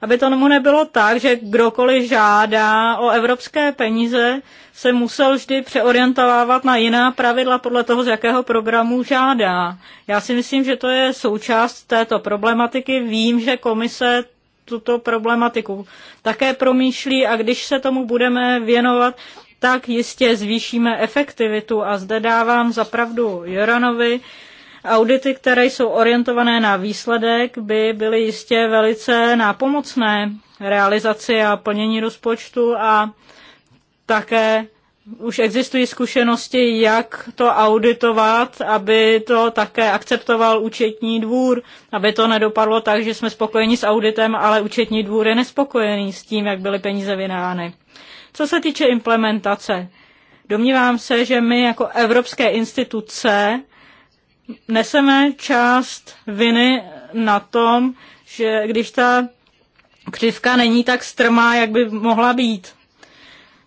S2: aby to mu nebylo tak, že kdokoliv žádá o evropské peníze, se musel vždy přeorientovávat na jiná pravidla podle toho, z jakého programu žádá. Já si myslím, že to je součást této problematiky. Vím, že komise tuto problematiku také promýšlí a když se tomu budeme věnovat, tak jistě zvýšíme efektivitu. A zde dávám zapravdu Joranovi, Audity, které jsou orientované na výsledek, by byly jistě velice nápomocné realizaci a plnění rozpočtu a také už existují zkušenosti, jak to auditovat, aby to také akceptoval účetní dvůr, aby to nedopadlo tak, že jsme spokojeni s auditem, ale účetní dvůr je nespokojený s tím, jak byly peníze vynány. Co se týče implementace, domnívám se, že my jako evropské instituce neseme část viny na tom, že když ta křivka není tak strmá, jak by mohla být.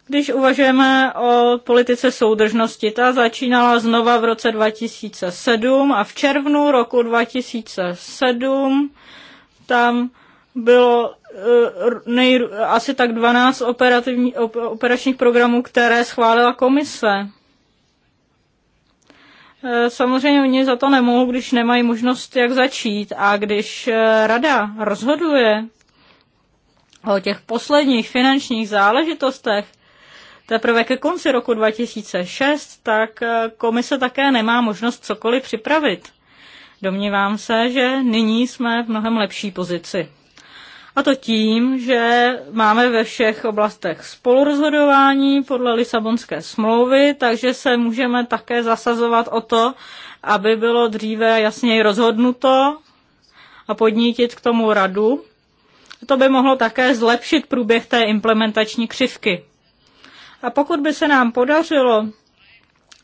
S2: Když uvažujeme o politice soudržnosti, ta začínala znova v roce 2007 a v červnu roku 2007 tam bylo eh, nej, asi tak 12 operativní, operačních programů, které schválila komise. Eh, samozřejmě oni za to nemohou, když nemají možnost, jak začít. A když eh, rada rozhoduje o těch posledních finančních záležitostech, teprve ke konci roku 2006, tak eh, komise také nemá možnost cokoliv připravit. Domnívám se, že nyní jsme v mnohem lepší pozici. A to tím, že máme ve všech oblastech spolurozhodování podle Lisabonské smlouvy, takže se můžeme také zasazovat o to, aby bylo dříve jasněji rozhodnuto a podnítit k tomu radu. To by mohlo také zlepšit průběh té implementační křivky. A pokud by se nám podařilo,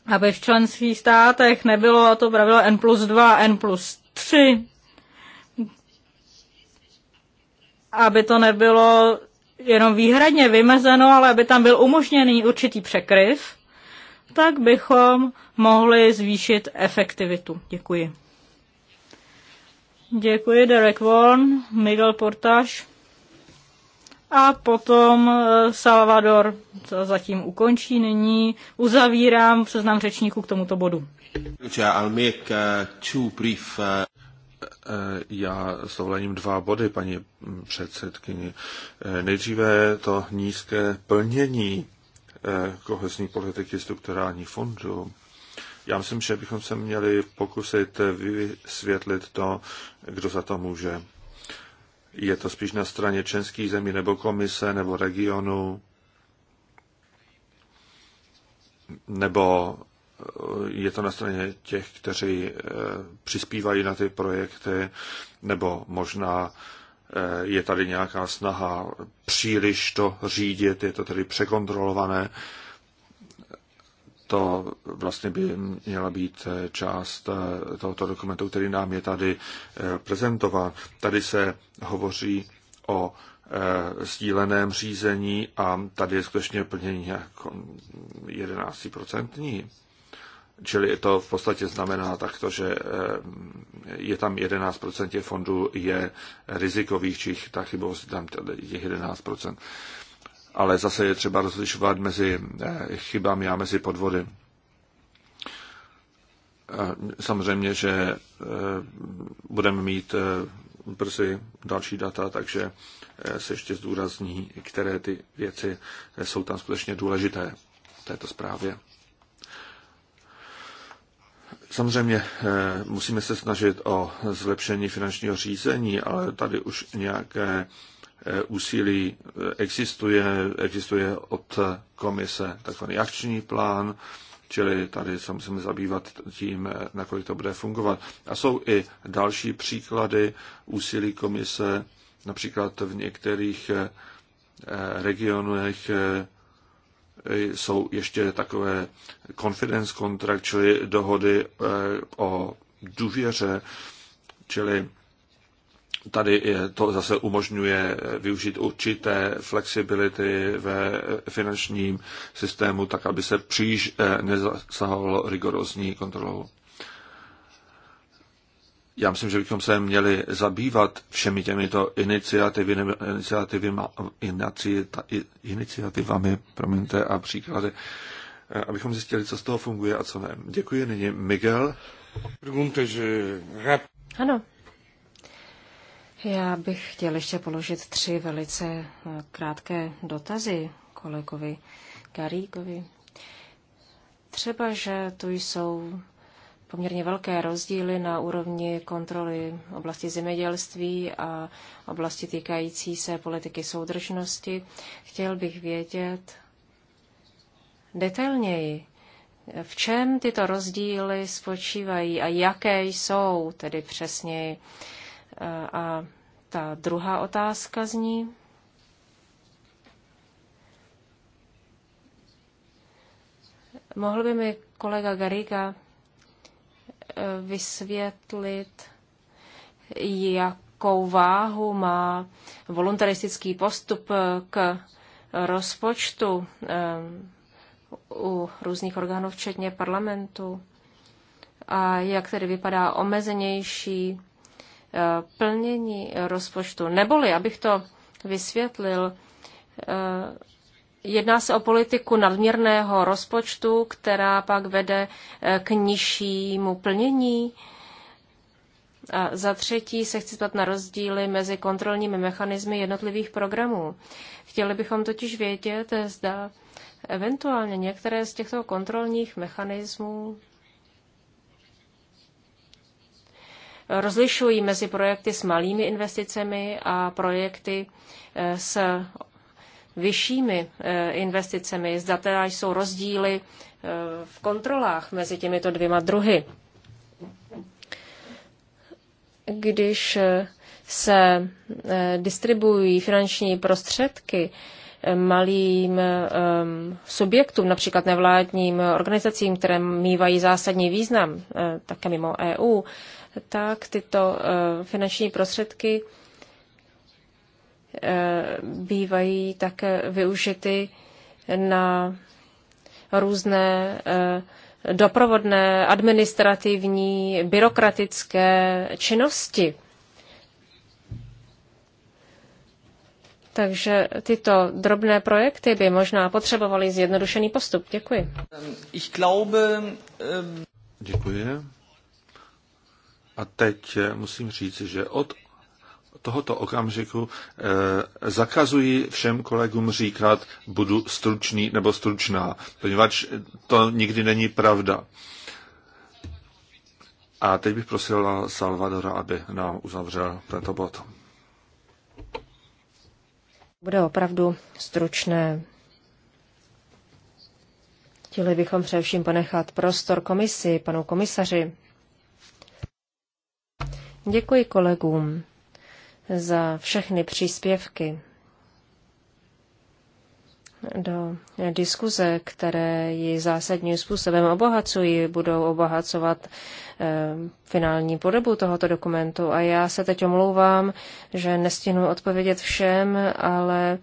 S2: aby v členských státech nebylo to pravidlo N plus 2, N plus 3, aby to nebylo jenom výhradně vymezeno, ale aby tam byl umožněný určitý překryv, tak bychom mohli zvýšit efektivitu. Děkuji. Děkuji Derek Vaughan, Miguel Portage a potom eh, Salvador, co zatím ukončí nyní. Uzavírám seznam řečníků k tomuto bodu.
S1: Eh, eh, Eh, já s dovolením dva body, paní předsedkyni. Eh, nejdříve to nízké plnění eh, kohezní politiky strukturálních fondů. Já myslím, že bychom se měli pokusit vysvětlit to, kdo za to může. Je to spíš na straně českých zemí nebo komise nebo regionu nebo je to na straně těch, kteří eh, přispívají na ty projekty, nebo možná eh, je tady nějaká snaha příliš to řídit, je to tedy překontrolované. To vlastně by měla být eh, část tohoto dokumentu, který nám je tady prezentován. Tady se hovoří o sdíleném řízení a tady je skutečně plnění jako 11%. Čili to v podstatě znamená takto, že eh, je tam 11% těch fondů je rizikových, či ta chybovost tam je 11%. Ale zase je třeba rozlišovat mezi eh, chybami a mezi podvody. Eh, samozřejmě, že budeme mít brzy další data, takže se ještě zdůrazní, které ty věci jsou tam skutečně důležité v této zprávě. Samozřejmě eh, musíme se snažit o zlepšení finančního řízení, ale tady už nějaké eh, úsilí eh, existuje, existuje od komise takzvaný akční plán, čili tady se musíme zabývat tím, nakolik to bude fungovat. A jsou i další příklady úsilí komise, například v některých regionech jsou ještě takové confidence contract, čili dohody eh, o důvěře, čili tady je, to zase umožňuje využít určité flexibility ve finančním systému, tak aby se příliš eh, nezasahovalo rigorózní kontrolou já myslím, že bychom se měli zabývat všemi těmito iniciativy, iniciativami promiňte, a příklady, eh, abychom zjistili, co z toho funguje a co ne. Děkuji nyní Miguel.
S3: Ano. Já bych chtěl ještě položit tři velice eh, krátké dotazy kolegovi Garíkovi. Třeba, že tu jsou poměrně velké rozdíly na úrovni kontroly oblasti zemědělství a oblasti týkající se politiky soudržnosti. Chtěl bych vědět detailněji, v čem tyto rozdíly spočívají a jaké jsou tedy přesněji. A ta druhá otázka zní, mohl by mi kolega Gariga Eh, vysvětlit, jakou váhu má voluntaristický postup k rozpočtu eh, u různých orgánů, včetně parlamentu, a jak tedy vypadá omezenější eh, plnění rozpočtu. Neboli, abych to vysvětlil, Jedná se o politiku nadměrného rozpočtu, která pak vede eh, k nižšímu plnění. A za třetí se chci ptat na rozdíly mezi kontrolními mechanismy jednotlivých programů. Chtěli bychom totiž vědět, eh, zda eventuálně některé z těchto kontrolních mechanismů rozlišují mezi projekty s malými investicemi a projekty eh, s vyššími eh, investicemi, zda teda jsou rozdíly eh, v kontrolách mezi těmito dvěma druhy. Když eh, se distribuují finanční prostředky malým subjektům, například nevládním organizacím, které mývají zásadní význam, také mimo EU, tak tyto finanční prostředky bývají také využity na různé eh, doprovodné, administrativní, byrokratické činnosti. Takže tyto drobné projekty by možná potřebovaly zjednodušený postup.
S2: Děkuji. Eh,
S1: Děkuji. A teď eh, musím říct, že od tohoto okamžiku eh, zakazuji všem kolegům říkat, budu stručný nebo stručná, poněvadž to nikdy není pravda. A teď bych prosil Salvadora, aby nám uzavřel tento bod.
S3: Bude opravdu stručné. Chtěli bychom především ponechat prostor komisi, panu komisaři. Děkuji kolegům za všechny příspěvky do diskuze, které ji zásadním způsobem obohacují, budou obohacovat e, finální podobu tohoto dokumentu. A já se teď omlouvám, že nestihnu odpovědět všem, ale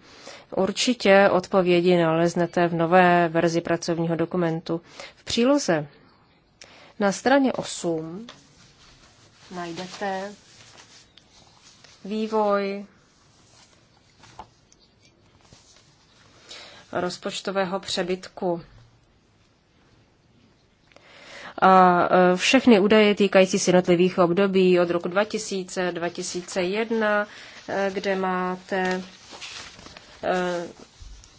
S3: určitě odpovědi naleznete v nové verzi pracovního dokumentu. V příloze na straně 8 najdete vývoj rozpočtového přebytku. A e, všechny údaje týkající se jednotlivých období od roku 2000, 2001, e, kde máte e,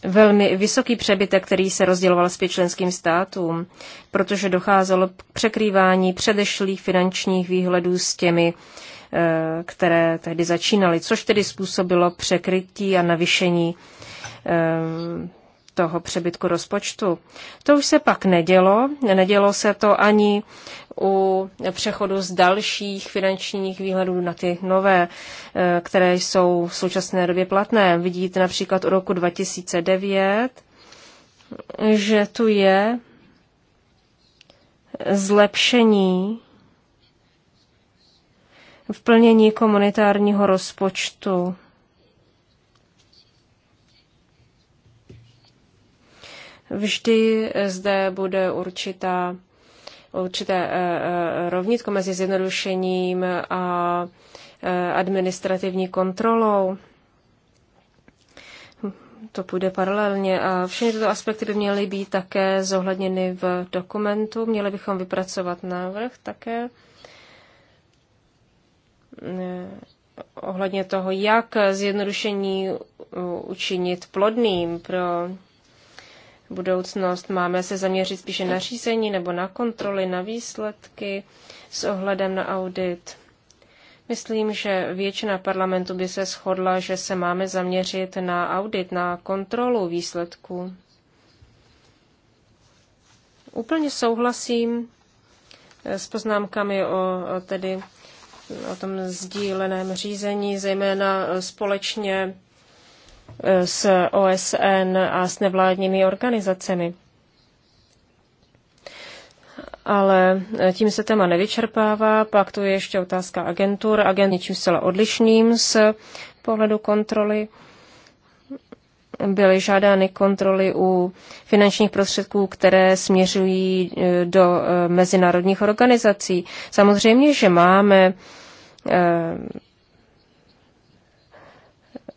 S3: velmi vysoký přebytek, který se rozděloval s členským státům, protože docházelo k překrývání předešlých finančních výhledů s těmi Eh, které tehdy začínaly, což tedy způsobilo překrytí a navýšení eh, toho přebytku rozpočtu. To už se pak nedělo. Nedělo se to ani u přechodu z dalších finančních výhledů na ty nové, eh, které jsou v současné době platné. Vidíte například od roku 2009, že tu je zlepšení v plnění komunitárního rozpočtu. Vždy zde bude určitá, určité eh, eh, rovnitko mezi zjednodušením a eh, administrativní kontrolou to půjde paralelně a všechny tyto aspekty by měly být také zohledněny v dokumentu. Měli bychom vypracovat návrh také Eh, ohledně toho, jak zjednodušení učinit plodným pro budoucnost. Máme se zaměřit spíše na řízení nebo na kontroly, na výsledky s ohledem na audit. Myslím, že většina parlamentu by se shodla, že se máme zaměřit na audit, na kontrolu výsledků. Úplně souhlasím s poznámkami o tedy o tom sdíleném řízení, zejména společně e, s OSN a s nevládními organizacemi. Ale tím se téma nevyčerpává, pak tu je ještě otázka agentur, agent něčím zcela odlišným z pohledu kontroly. Byly žádány kontroly u finančních prostředků, které směřují e, do e, mezinárodních organizací. Samozřejmě, že máme Eh,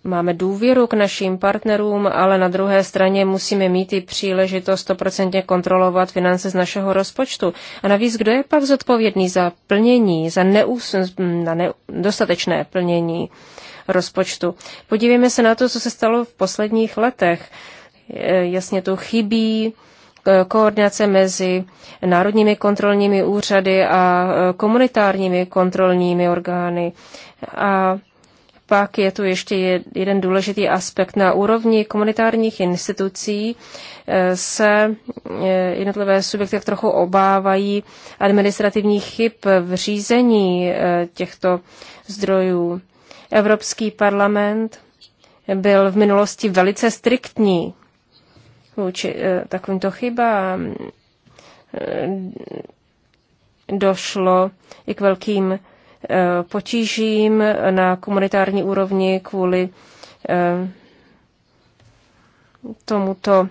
S3: máme důvěru k našim partnerům, ale na druhé straně musíme mít i příležitost stoprocentně kontrolovat finance z našeho rozpočtu. A navíc, kdo je pak zodpovědný za plnění, za neus- na ne dostatečné plnění rozpočtu? Podívejme se na to, co se stalo v posledních letech. Eh, jasně tu chybí Eh, koordinace mezi národními kontrolními úřady a eh, komunitárními kontrolními orgány. A pak je tu ještě jeden důležitý aspekt. Na úrovni komunitárních institucí eh, se jednotlivé subjekty tak trochu obávají administrativních chyb v řízení těchto zdrojů. Evropský parlament byl v minulosti velice striktní vůči eh, takovýmto chybám. Eh, došlo i k velkým eh, potížím na komunitární úrovni kvůli tomuto,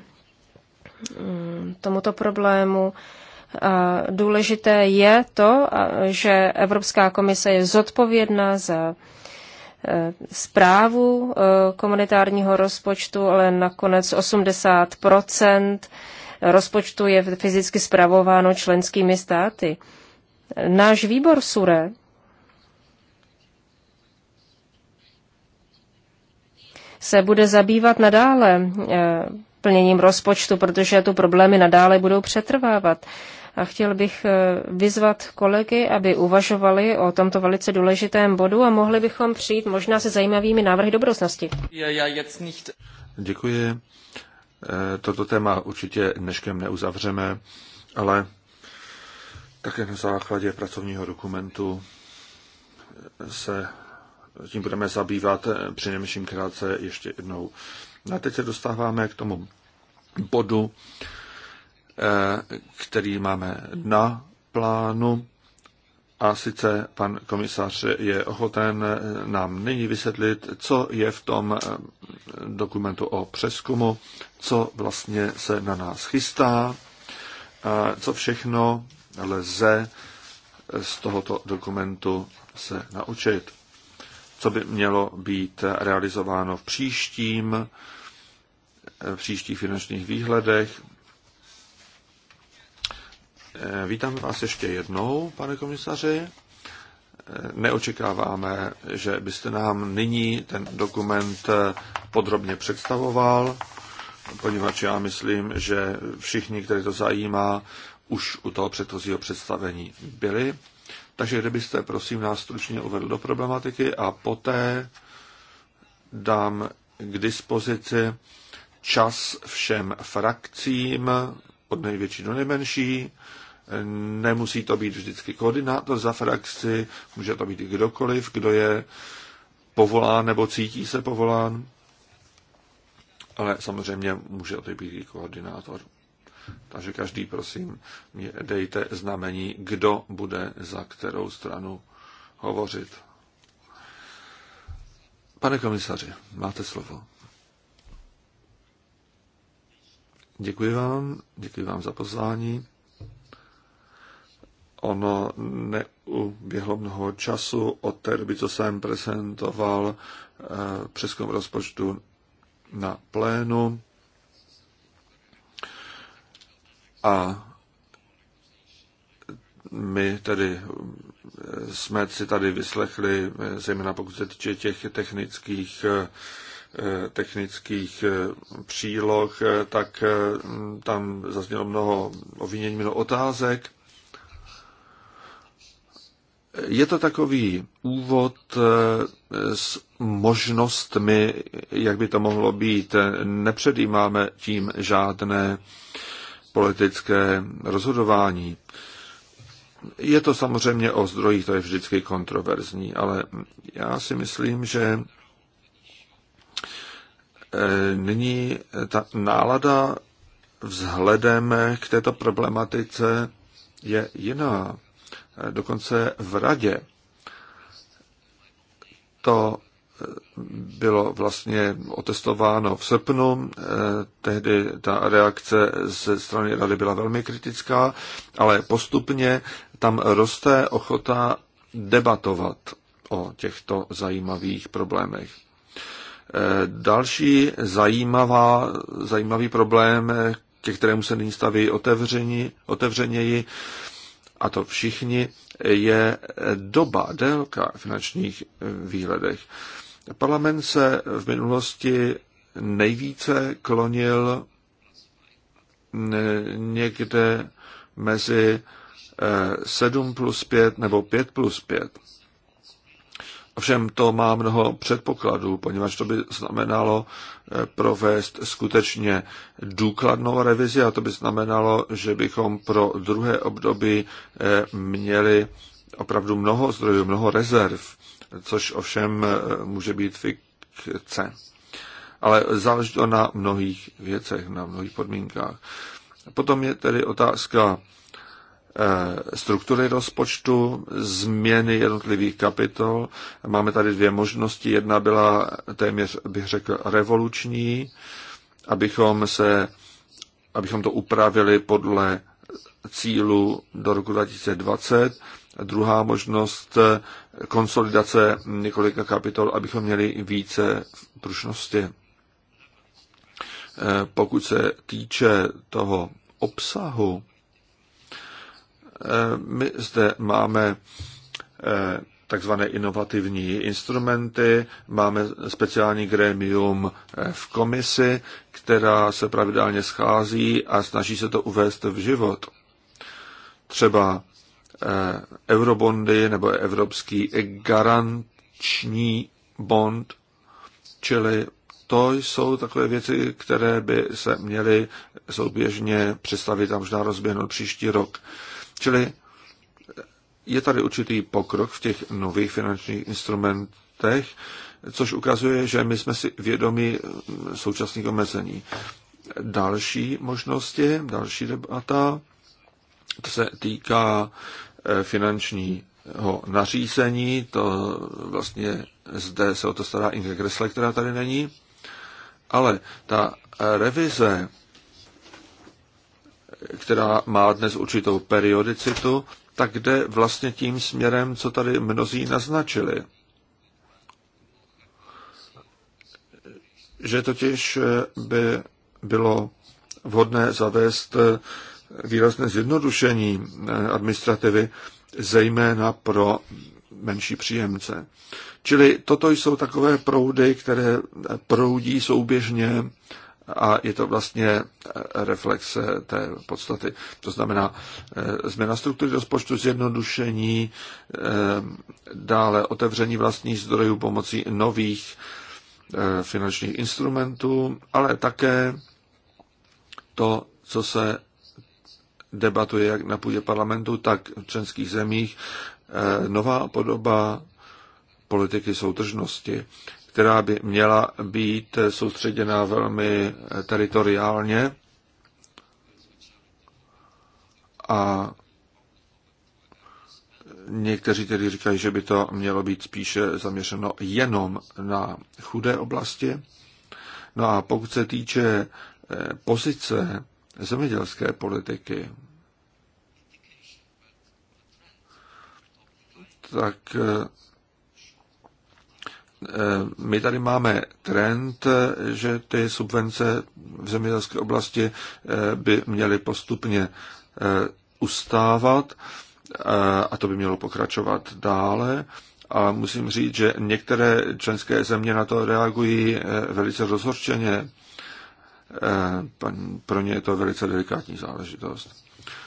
S3: mm, tomuto problému. A důležité je to, že Evropská komise je zodpovědná za Eh, zprávu eh, komunitárního rozpočtu, ale nakonec 80 rozpočtu je fyzicky zpravováno členskými státy. Náš výbor SURE se bude zabývat nadále eh, plněním rozpočtu, protože tu problémy nadále budou přetrvávat. A chtěl bych eh, vyzvat kolegy, aby uvažovali o tomto velice důležitém bodu a mohli bychom přijít možná se zajímavými návrhy do budoucnosti.
S1: Děkuji. Eh, toto téma určitě dneškem neuzavřeme, ale také na základě pracovního dokumentu eh, se tím budeme zabývat přinejmenším krátce ještě jednou. No a teď se dostáváme k tomu bodu, který máme na plánu. A sice pan komisař je ochoten nám nyní vysvětlit, co je v tom eh, dokumentu o přeskumu, co vlastně se na nás chystá, co všechno lze z tohoto dokumentu se naučit, co by mělo být realizováno v příštím, v příštích finančních výhledech, Eh, vítáme vás ještě jednou, pane komisaři. Eh, neočekáváme, že byste nám nyní ten dokument eh, podrobně představoval, poněvadž já myslím, že všichni, které to zajímá, už u toho předchozího představení byli. Takže kdybyste, prosím, nás stručně uvedl do problematiky a poté dám k dispozici čas všem frakcím od největší do nejmenší. Nemusí to být vždycky koordinátor za frakci, může to být i kdokoliv, kdo je povolán nebo cítí se povolán, ale samozřejmě může to být i koordinátor. Takže každý, prosím, mě dejte znamení, kdo bude za kterou stranu hovořit. Pane komisaři, máte slovo. Děkuji vám, děkuji vám za pozvání. Ono neuběhlo mnoho času od té doby, co jsem prezentoval eh, přeskum rozpočtu na plénu. A my tedy eh, jsme si tady vyslechli, eh, zejména pokud se týče těch technických Eh, technických eh, příloh, eh, tak tam zaznělo mnoho ovinění, mnoho otázek. Je to takový úvod s možnostmi, jak by to mohlo být. Nepředjímáme tím žádné politické rozhodování. Je to samozřejmě o zdrojích, to je vždycky kontroverzní, ale já si myslím, že nyní ta nálada vzhledem k této problematice je jiná. Dokonce v radě to bylo vlastně otestováno v srpnu. Tehdy ta reakce ze strany rady byla velmi kritická, ale postupně tam roste ochota debatovat o těchto zajímavých problémech. Další zajímavá, zajímavý problém, ke kterému se nyní staví otevření, otevřeněji, a to všichni, je doba, délka finančních eh, výhledech. Parlament se v minulosti nejvíce klonil někde mezi 7 eh, plus 5 nebo 5 plus 5. Ovšem to má mnoho předpokladů, poněvadž to by znamenalo eh, provést skutečně důkladnou revizi a to by znamenalo, že bychom pro druhé období eh, měli opravdu mnoho zdrojů, mnoho rezerv, což ovšem eh, může být fikce. Ale záleží to na mnohých věcech, na mnohých podmínkách. Potom je tedy otázka Eh, struktury rozpočtu, změny jednotlivých kapitol. Máme tady dvě možnosti. Jedna byla téměř, bych řekl, revoluční, abychom, se, abychom to upravili podle cílu do roku 2020. Druhá možnost eh, konsolidace několika kapitol, abychom měli více prušnosti. Eh, pokud se týče toho obsahu, Eh, my zde máme eh, takzvané inovativní instrumenty, máme speciální grémium eh, v komisi, která se pravidelně schází a snaží se to uvést v život. Třeba eurobondy nebo evropský garanční bond, čili to jsou takové věci, které by se měly souběžně představit a možná rozběhnout příští rok. Čili eh, je tady určitý pokrok v těch nových finančních instrumentech, což ukazuje, že my jsme si vědomi eh, současných omezení. Další možnosti, další debata, to se týká eh, finančního nařízení, to vlastně zde se o to stará Inge Gressle, která tady není, ale ta revize která má dnes určitou periodicitu, tak jde vlastně tím směrem, co tady mnozí naznačili. Že totiž by bylo vhodné zavést výrazné zjednodušení administrativy, zejména pro menší příjemce. Čili toto jsou takové proudy, které proudí souběžně a je to vlastně eh, reflexe té podstaty. To znamená eh, změna struktury rozpočtu, zjednodušení, eh, dále otevření vlastních zdrojů pomocí nových finančních instrumentů, ale také to, co se debatuje jak na půdě parlamentu, tak v členských zemích, nová podoba politiky soudržnosti která by měla být soustředěná velmi teritoriálně a Někteří tedy říkají, že by to mělo být spíše zaměřeno jenom na chudé oblasti. No a pokud se týče eh, pozice zemědělské politiky, tak eh, Eh, my tady máme trend, že ty subvence v zemědělské oblasti eh, by měly postupně eh, ustávat a to by mělo pokračovat dále. A musím říct, že některé členské země na to reagují velice rozhorčeně. Pro ně je to velice delikátní záležitost.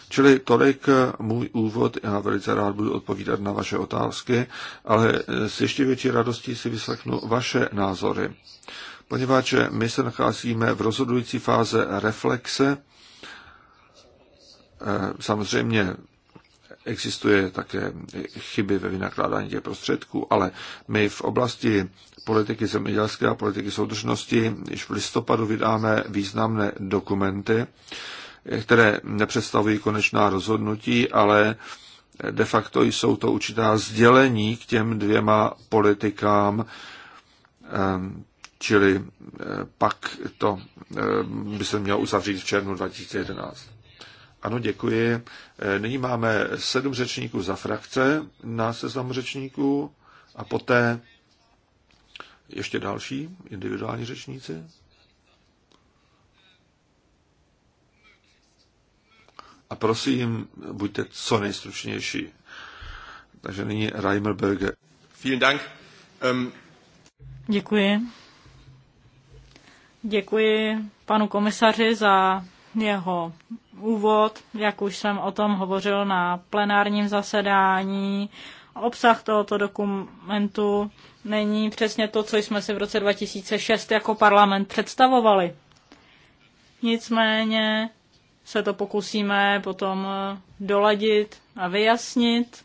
S1: Čili tolik eh, můj úvod, já velice rád budu odpovídat na vaše otázky, ale eh, s ještě větší radostí si vyslechnu vaše názory. Poněvadž eh, my se nacházíme v rozhodující fáze reflexe, samozřejmě existuje také chyby ve vynakládání těch prostředků, ale my v oblasti politiky zemědělské a politiky soudržnosti již v listopadu vydáme významné dokumenty, které nepředstavují konečná rozhodnutí, ale de facto jsou to určitá sdělení k těm dvěma politikám, ehm, čili eh, pak to eh, by se mělo uzavřít v červnu 2011. Ano, děkuji. Eh, nyní máme sedm řečníků za frakce na seznamu řečníků a poté ještě další individuální řečníci. A prosím, buďte co nejstručnější. Takže nyní Reimer Berger. Vielen Dank. Um...
S2: Děkuji. Děkuji panu komisaři za jeho úvod, jak už jsem o tom hovořil na plenárním zasedání. Obsah tohoto dokumentu není přesně to, co jsme si v roce 2006 jako parlament představovali. Nicméně se to pokusíme potom eh, doladit a vyjasnit.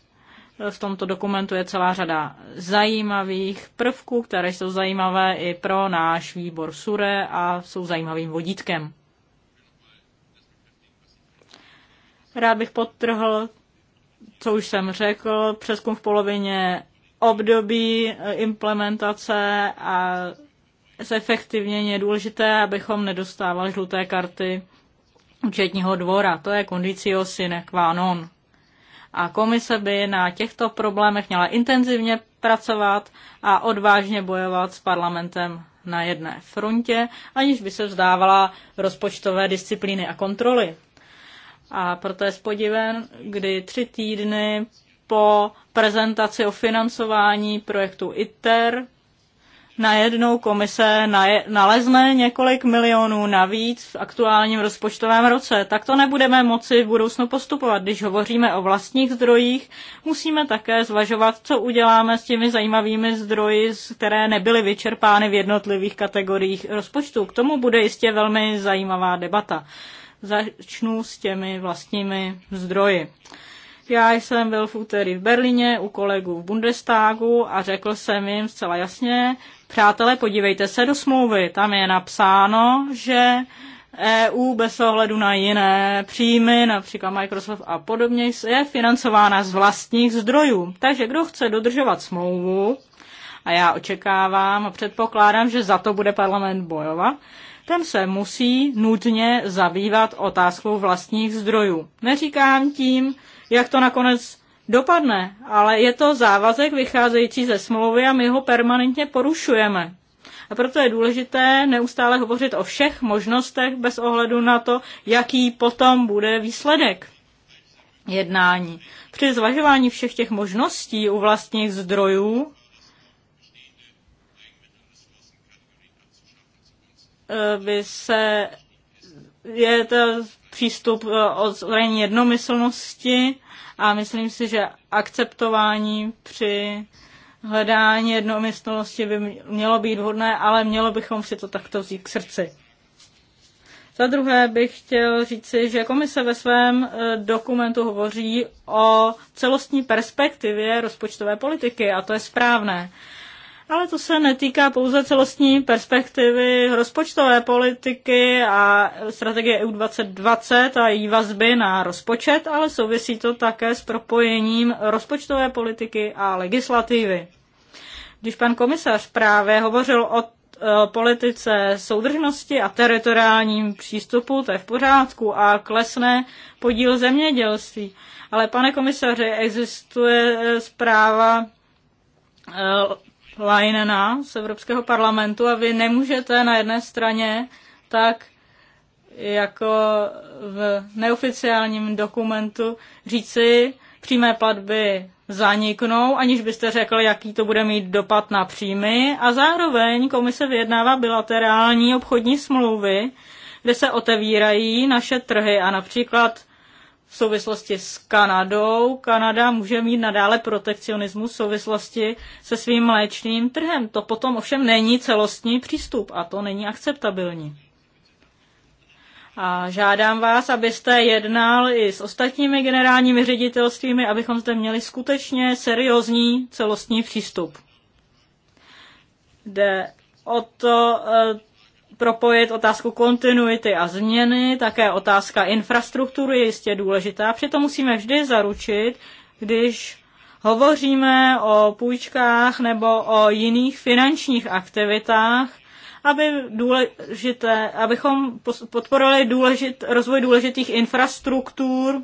S2: Eh, v tomto dokumentu je celá řada zajímavých prvků, které jsou zajímavé i pro náš výbor SURE a jsou zajímavým vodítkem. Rád bych podtrhl, co už jsem řekl, přeskum v polovině období eh, implementace a zefektivnění je důležité, abychom nedostávali žluté karty účetního dvora. To je kondicio sine qua non. A komise by na těchto problémech měla intenzivně pracovat a odvážně bojovat s parlamentem na jedné frontě, aniž by se vzdávala rozpočtové disciplíny a kontroly. A proto je spodiven, kdy tři týdny po prezentaci o financování projektu ITER najednou komise nalezne několik milionů navíc v aktuálním rozpočtovém roce. Tak to nebudeme moci v budoucnu postupovat. Když hovoříme o vlastních zdrojích, musíme také zvažovat, co uděláme s těmi zajímavými zdroji, které nebyly vyčerpány v jednotlivých kategoriích rozpočtu. K tomu bude jistě velmi zajímavá debata. Začnu s těmi vlastními zdroji. Já jsem byl v úterý v Berlíně u kolegů v Bundestagu a řekl jsem jim zcela jasně, přátelé, podívejte se do smlouvy, tam je napsáno, že EU bez ohledu na jiné příjmy, například Microsoft a podobně, je financována z vlastních zdrojů. Takže kdo chce dodržovat smlouvu, a já očekávám a předpokládám, že za to bude parlament bojovat, ten se musí nutně zabývat otázkou vlastních zdrojů. Neříkám tím, jak to nakonec dopadne, ale je to závazek vycházející ze smlouvy a my ho permanentně porušujeme. A proto je důležité neustále hovořit o všech možnostech bez ohledu na to, jaký potom bude výsledek jednání. Při zvažování všech těch možností u vlastních zdrojů eh, by se je to přístup eh, o zvolení jednomyslnosti a myslím si, že akceptování při hledání jednomyslnosti by mělo být vhodné, ale mělo bychom si to takto vzít k srdci. Za druhé bych chtěl říci, že komise ve svém eh, dokumentu hovoří o celostní perspektivě rozpočtové politiky a to je správné. Ale to se netýká pouze celostní perspektivy rozpočtové politiky a strategie EU 2020 a její vazby na rozpočet, ale souvisí to také s propojením rozpočtové politiky a legislativy. Když pan komisař právě hovořil o e, politice soudržnosti a teritoriálním přístupu, to je v pořádku, a klesne podíl zemědělství. Ale pane komisaři, existuje e, zpráva e, Leinena z Evropského parlamentu a vy nemůžete na jedné straně tak jako v neoficiálním dokumentu říci, přímé platby zaniknou, aniž byste řekl, jaký to bude mít dopad na příjmy a zároveň komise vyjednává bilaterální obchodní smlouvy, kde se otevírají naše trhy a například v souvislosti s Kanadou. Kanada může mít nadále protekcionismus v souvislosti se svým mléčným trhem. To potom ovšem není celostní přístup a to není akceptabilní. A žádám vás, abyste jednal i s ostatními generálními ředitelstvími, abychom zde měli skutečně seriózní celostní přístup. Jde o to eh, propojit otázku kontinuity a změny, také otázka infrastruktury je jistě důležitá. Přitom musíme vždy zaručit, když hovoříme o půjčkách nebo o jiných finančních aktivitách, aby důležité, abychom podporovali důležit, rozvoj důležitých infrastruktur,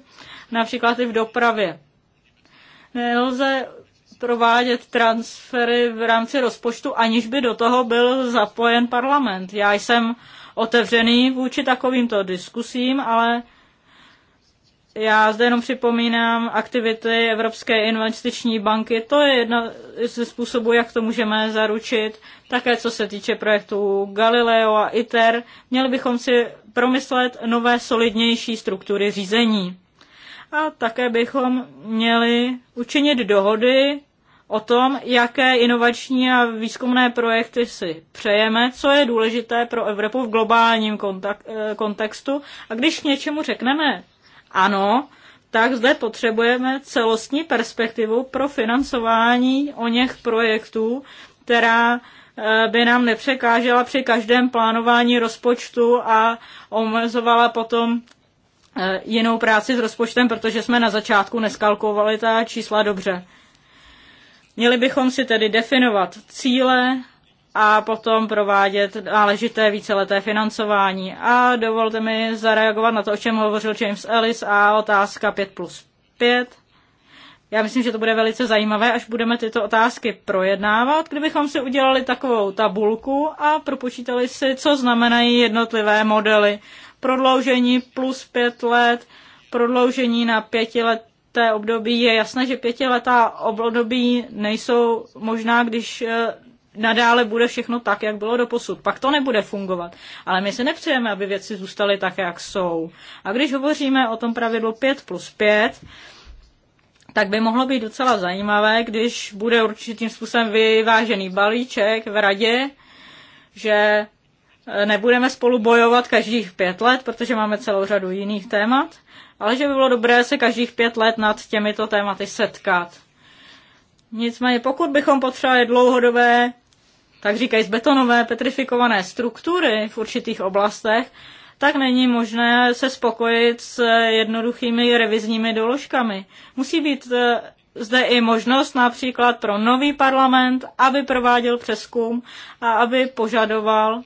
S2: například i v dopravě. Nelze provádět transfery v rámci rozpočtu, aniž by do toho byl zapojen parlament. Já jsem otevřený vůči takovýmto diskusím, ale já zde jenom připomínám aktivity Evropské investiční banky. To je jedna ze způsobů, jak to můžeme zaručit. Také co se týče projektů Galileo a ITER, měli bychom si promyslet nové solidnější struktury řízení. A také bychom měli učinit dohody o tom, jaké inovační a výzkumné projekty si přejeme, co je důležité pro Evropu v globálním eh, kontextu. A když něčemu řekneme ano, tak zde potřebujeme celostní perspektivu pro financování o něch projektů, která eh, by nám nepřekážela při každém plánování rozpočtu a omezovala potom eh, jinou práci s rozpočtem, protože jsme na začátku neskalkovali ta čísla dobře. Měli bychom si tedy definovat cíle a potom provádět náležité víceleté financování. A dovolte mi zareagovat na to, o čem hovořil James Ellis a otázka 5 plus 5. Já myslím, že to bude velice zajímavé, až budeme tyto otázky projednávat, kdybychom si udělali takovou tabulku a propočítali si, co znamenají jednotlivé modely. Prodloužení plus 5 let, prodloužení na 5 let, pětileté období. Je jasné, že pětiletá období nejsou možná, když eh, nadále bude všechno tak, jak bylo doposud. Pak to nebude fungovat. Ale my si nepřejeme, aby věci zůstaly tak, jak jsou. A když hovoříme o tom pravidlu 5 plus 5, tak by mohlo být docela zajímavé, když bude určitým způsobem vyvážený balíček v radě, že eh, nebudeme spolu bojovat každých pět let, protože máme celou řadu jiných témat, ale že by bylo dobré se každých pět let nad těmito tématy setkat. Nicméně, pokud bychom potřebovali dlouhodobé, tak říkají betonové, petrifikované struktury v určitých oblastech, tak není možné se spokojit s jednoduchými revizními doložkami. Musí být eh, zde i možnost například pro nový parlament, aby prováděl přeskum a aby požadoval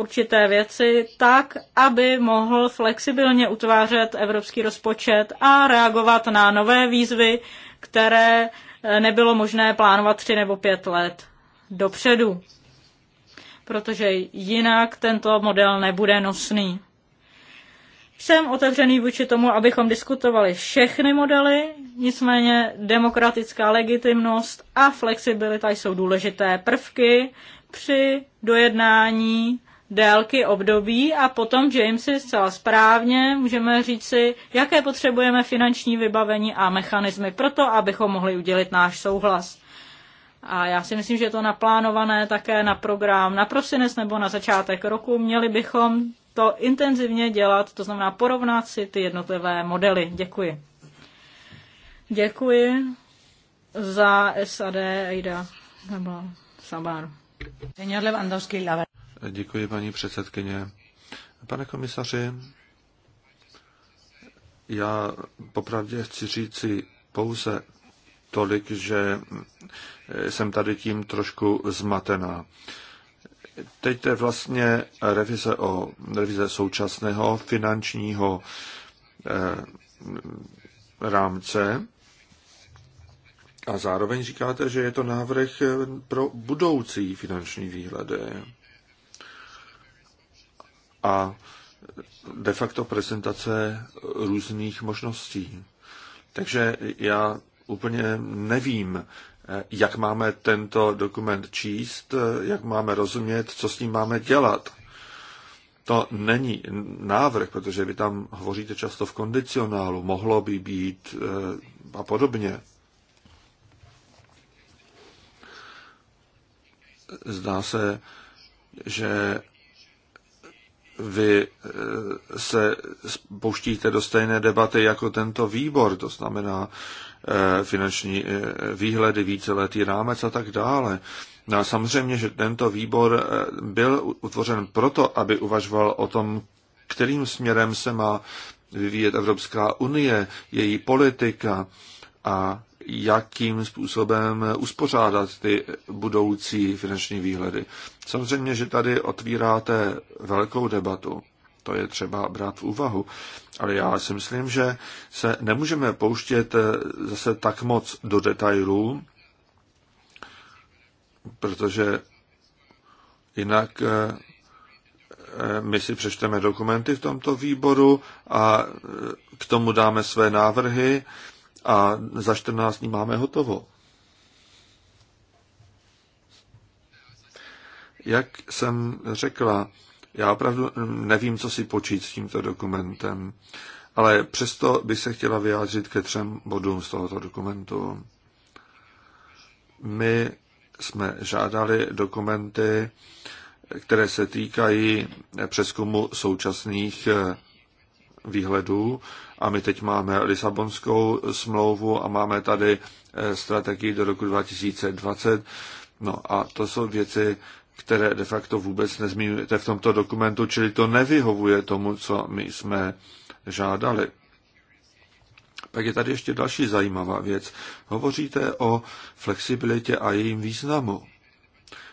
S2: určité věci tak, aby mohl flexibilně utvářet evropský rozpočet a reagovat na nové výzvy, které eh, nebylo možné plánovat tři nebo pět let dopředu. Protože jinak tento model nebude nosný. Jsem otevřený vůči tomu, abychom diskutovali všechny modely, nicméně demokratická legitimnost a flexibilita jsou důležité prvky při dojednání délky období a potom Jamesy zcela správně můžeme říci, jaké potřebujeme finanční vybavení a mechanismy pro to, abychom mohli udělit náš souhlas. A já si myslím, že je to naplánované také na program na prosinec nebo na začátek roku. Měli bychom to intenzivně dělat, to znamená porovnat si ty jednotlivé modely. Děkuji. Děkuji za SAD Ida nebo Sabar. Señor Lewandowski, la
S1: Děkuji, paní předsedkyně. Pane komisaři, já popravdě chci říci pouze tolik, že jsem tady tím trošku zmatená. Teď je vlastně revize, o, revize současného finančního eh, rámce a zároveň říkáte, že je to návrh pro budoucí finanční výhledy a de facto prezentace různých možností. Takže já úplně nevím, jak máme tento dokument číst, jak máme rozumět, co s ním máme dělat. To není návrh, protože vy tam hovoříte často v kondicionálu, mohlo by být eh, a podobně. Zdá se, že vy eh, se pouštíte do stejné debaty jako tento výbor, to znamená eh, finanční eh, výhledy, víceletý rámec a tak dále. No a samozřejmě, že tento výbor byl utvořen proto, aby uvažoval o tom, kterým směrem se má vyvíjet Evropská unie, její politika a jakým způsobem uspořádat ty budoucí finanční výhledy. Samozřejmě, že tady otvíráte velkou debatu. To je třeba brát v úvahu. Ale já si myslím, že se nemůžeme pouštět zase tak moc do detailů, protože jinak eh, my si přečteme dokumenty v tomto výboru a eh, k tomu dáme své návrhy a za 14 dní máme hotovo. Jak jsem řekla, já opravdu nevím, co si počít s tímto dokumentem, ale přesto bych se chtěla vyjádřit ke třem bodům z tohoto dokumentu. My jsme žádali dokumenty, které se týkají přeskumu současných Výhledu a my teď máme Lisabonskou smlouvu a máme tady eh, strategii do roku 2020. No a to jsou věci, které de facto vůbec nezmínujete v tomto dokumentu, čili to nevyhovuje tomu, co my jsme žádali. Pak je tady ještě další zajímavá věc. Hovoříte o flexibilitě a jejím významu.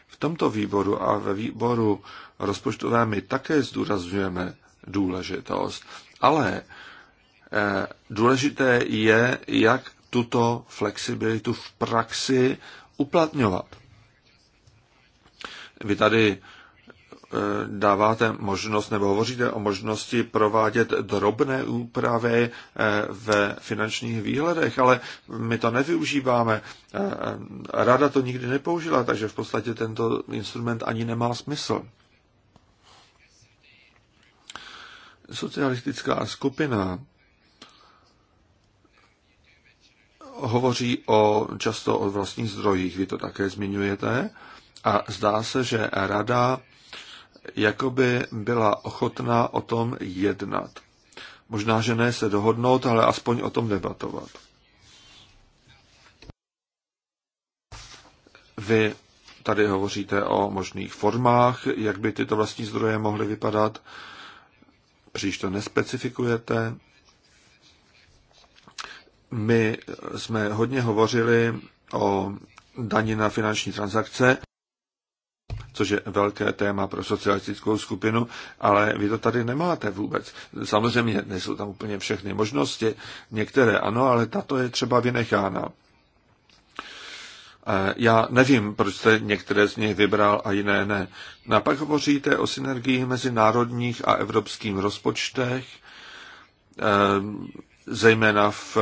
S1: V tomto výboru a ve výboru rozpočtové my také zdůrazňujeme důležitost. Ale eh, důležité je, jak tuto flexibilitu v praxi uplatňovat. Vy tady eh, dáváte možnost nebo hovoříte o možnosti provádět drobné úpravy eh, ve finančních výhledech, ale my to nevyužíváme. Rada to nikdy nepoužila, takže v podstatě tento instrument ani nemá smysl. Socialistická skupina hovoří o, často o vlastních zdrojích, vy to také zmiňujete, a zdá se, že rada jakoby byla ochotná o tom jednat. Možná, že ne se dohodnout, ale aspoň o tom debatovat. Vy tady hovoříte o možných formách, jak by tyto vlastní zdroje mohly vypadat příliš to nespecifikujete. My jsme hodně hovořili o daní na finanční transakce, což je velké téma pro socialistickou skupinu, ale vy to tady nemáte vůbec. Samozřejmě nejsou tam úplně všechny možnosti, některé ano, ale tato je třeba vynechána. Já nevím, proč jste některé z nich vybral a jiné ne. A pak hovoříte o synergii mezi národních a evropským rozpočtech, eh, zejména v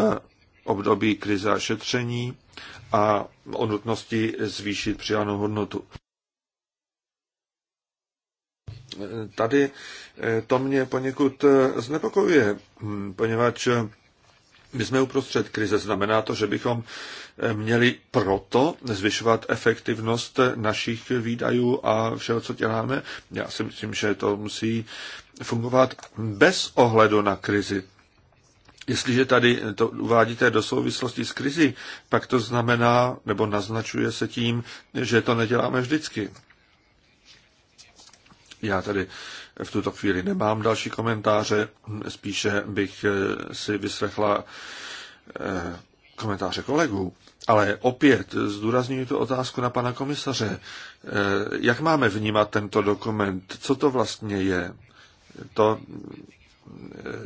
S1: období krize a šetření a o nutnosti zvýšit přijanou hodnotu. Eh, tady eh, to mě poněkud znepokojuje, hm, poněvadž my jsme uprostřed krize, znamená to, že bychom eh, měli proto zvyšovat efektivnost eh, našich výdajů a všeho, co děláme. Já si myslím, že to musí fungovat bez ohledu na krizi. Jestliže tady to uvádíte do souvislosti s krizi, pak to znamená, nebo naznačuje se tím, že to neděláme vždycky. Já tady v tuto chvíli nemám další komentáře, spíše bych eh, si vyslechla eh, komentáře kolegů. Ale opět zdůraznuju tu otázku na pana komisaře. Eh, jak máme vnímat tento dokument? Co to vlastně je? To,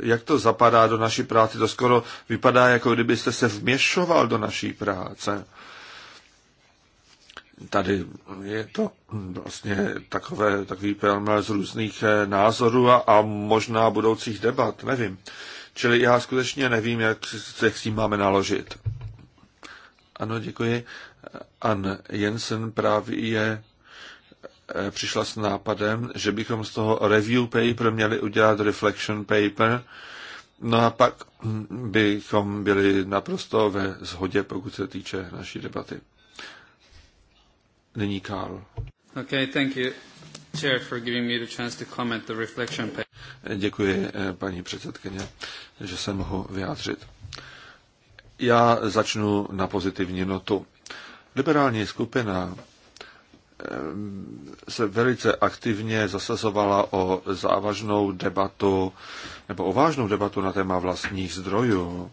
S1: jak to zapadá do naší práce? To skoro vypadá, jako kdybyste se vměšoval do naší práce tady je to vlastně takové, takový pelmel z různých eh, názorů a, a možná budoucích debat, nevím. Čili já skutečně nevím, jak, se s tím máme naložit. Ano, děkuji. An Jensen právě je, eh, přišla s nápadem, že bychom z toho review paper měli udělat reflection paper, no a pak hm, bychom byli naprosto ve shodě, pokud se týče naší debaty. Karl.
S2: Okay, thank you. Chair, for giving me the chance to comment the reflection paper.
S1: Děkuji, eh, paní předsedkyně, že se mohu vyjádřit. Já začnu na pozitivní notu. Liberální skupina eh, se velice aktivně zasazovala o závažnou debatu nebo o vážnou debatu na téma vlastních zdrojů.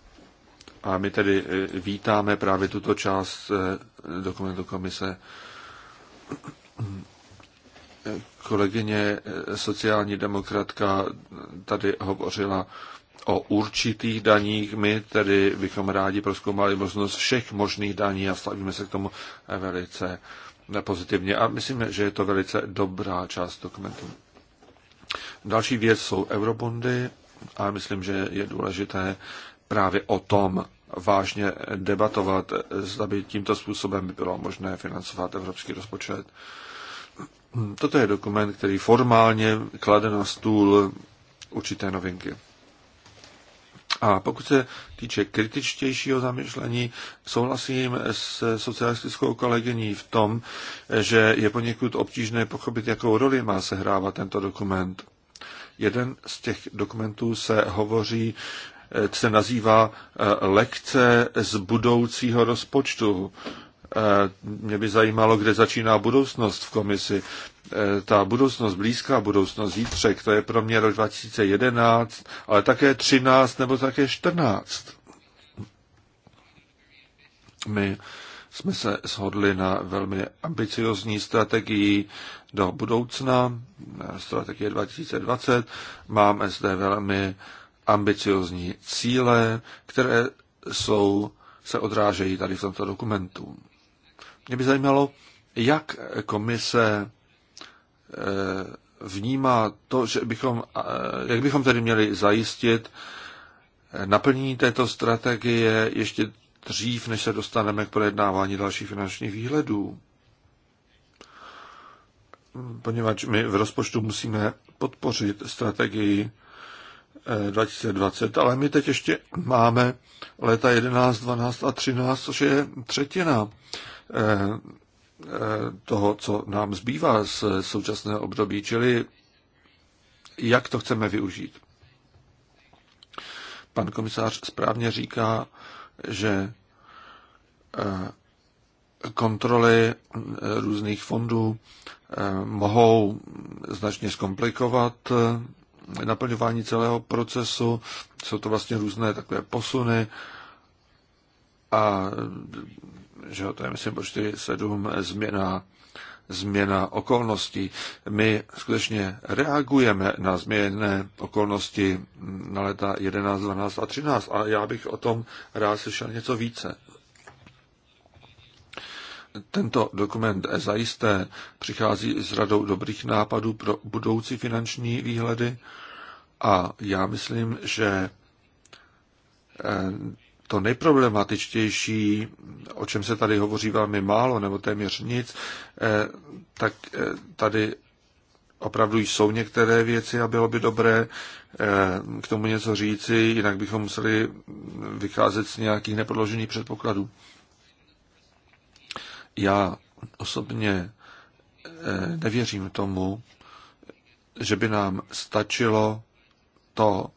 S1: A my tedy eh, vítáme právě tuto část dokumentu komise Kolegyně eh, sociální demokratka tady hovořila o určitých daních. My tedy bychom rádi proskoumali možnost všech možných daní a stavíme se k tomu velice pozitivně. A myslím, že je to velice dobrá část dokumentu. Další věc jsou eurobondy a myslím, že je důležité právě o tom vážně debatovat, zda by tímto způsobem by bylo možné financovat evropský rozpočet. Toto je dokument, který formálně klade na stůl určité novinky. A pokud se týče kritičtějšího zamišlení, souhlasím s socialistickou kolegyní v tom, že je poněkud obtížné pochopit, jakou roli má sehrávat tento dokument. Jeden z těch dokumentů se hovoří Eh, se nazývá eh, lekce z budoucího rozpočtu. Eh, mě by zajímalo, kde začíná budoucnost v komisi. Ta budoucnost blízká, budoucnost zítřek, to je pro mě rok 2011, ale také 13 nebo také 14. My jsme se shodli na velmi ambiciozní strategii do budoucna, strategie 2020. Máme zde velmi ambiciozní cíle, které jsou, se odrážejí tady v tomto dokumentu. Mě by zajímalo, jak komise eh, vnímá to, že bychom, eh, jak bychom tedy měli zajistit eh, naplnění této strategie ještě dřív, než se dostaneme k projednávání dalších finančních výhledů. Poněvadž my v rozpočtu musíme podpořit strategii 2020, ale my teď ještě máme léta 11, 12 a 13, což je třetina eh, eh, toho, co nám zbývá z současného období, čili jak to chceme využít. Pan komisář správně říká, že eh, kontroly různých fondů mohou značně zkomplikovat naplňování celého procesu. Jsou to vlastně různé takové posuny a že to je, myslím, po 4-7 změna, změna okolností. My skutečně reagujeme na změněné okolnosti na leta 11, 12 a 13 a já bych o tom rád slyšel něco více. Tento dokument zajisté přichází s radou dobrých nápadů pro budoucí finanční výhledy a já myslím, že eh, to nejproblematičtější, o čem se tady hovoří velmi málo nebo téměř nic, eh, tak eh, tady opravdu jsou některé věci a bylo by dobré k tomu něco říci, jinak bychom museli vycházet z nějakých nepodložených předpokladů. Já osobně eh, nevěřím tomu, že by nám stačilo to,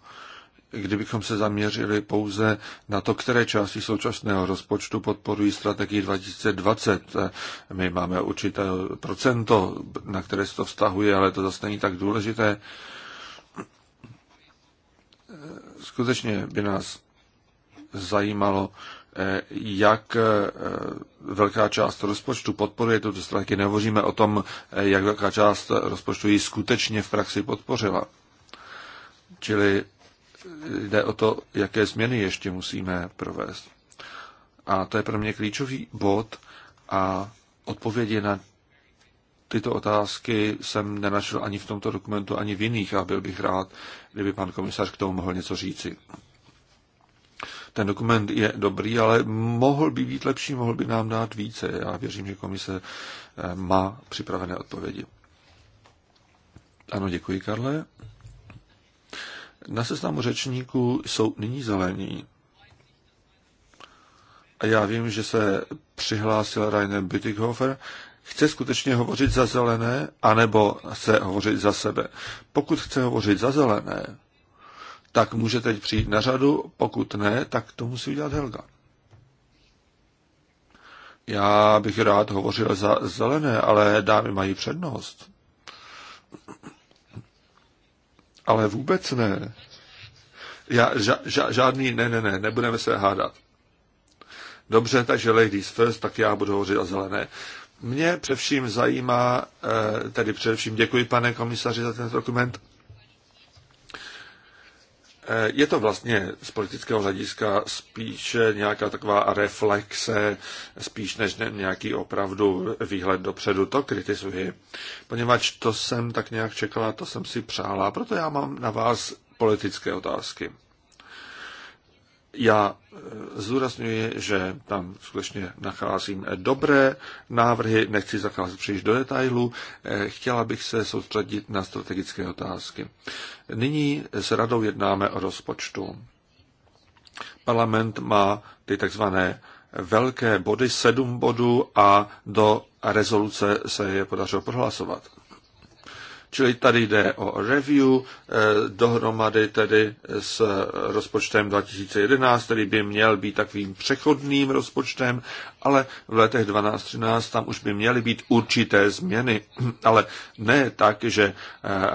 S1: kdybychom se zaměřili pouze na to, které části současného rozpočtu podporují strategii 2020. Eh, my máme určité procento, na které se to vztahuje, ale to zase není tak důležité. Eh, skutečně by nás zajímalo, jak eh, velká část rozpočtu podporuje tuto strategii. Nehovoříme o tom, eh, jak velká část rozpočtu ji skutečně v praxi podpořila. Čili eh, jde o to, jaké změny ještě musíme provést. A to je pro mě klíčový bod a odpovědi na tyto otázky jsem nenašel ani v tomto dokumentu, ani v jiných a byl bych rád, kdyby pan komisař k tomu mohl něco říci. Ten dokument je dobrý, ale mohl by být lepší, mohl by nám dát více. Já věřím, že komise eh, má připravené odpovědi. Ano, děkuji, Karle. Na seznamu řečníků jsou nyní zelení. A já vím, že se přihlásil Rainer Büttighofer. Chce skutečně hovořit za zelené, anebo chce hovořit za sebe? Pokud chce hovořit za zelené, tak může teď přijít na řadu, pokud ne, tak to musí udělat Helga. Já bych rád hovořil za zelené, ale dámy mají přednost. Ale vůbec ne. Já, ža, ža, žádný, ne, ne, ne, nebudeme se hádat. Dobře, takže ladies first, tak já budu hovořit o zelené. Mě především zajímá, eh, tedy především děkuji, pane komisaři, za ten dokument. Eh, je to vlastně z politického hlediska spíše nějaká taková reflexe, spíš než nějaký opravdu výhled dopředu. To kritizuji, poněvadž to jsem tak nějak čekala, to jsem si přála, proto já mám na vás politické otázky. Já e, zdůrazňuji, že tam skutečně nacházím dobré návrhy, nechci zacházet příliš do detailů, e, chtěla bych se soustředit na strategické otázky. Nyní s radou jednáme o rozpočtu. Parlament má ty takzvané velké body, sedm bodů a do rezoluce se je podařilo prohlasovat. Čili tady jde o review eh, dohromady tedy s rozpočtem 2011, který by měl být takovým přechodným rozpočtem ale v letech 12-13 tam už by měly být určité změny, ale ne tak, že eh,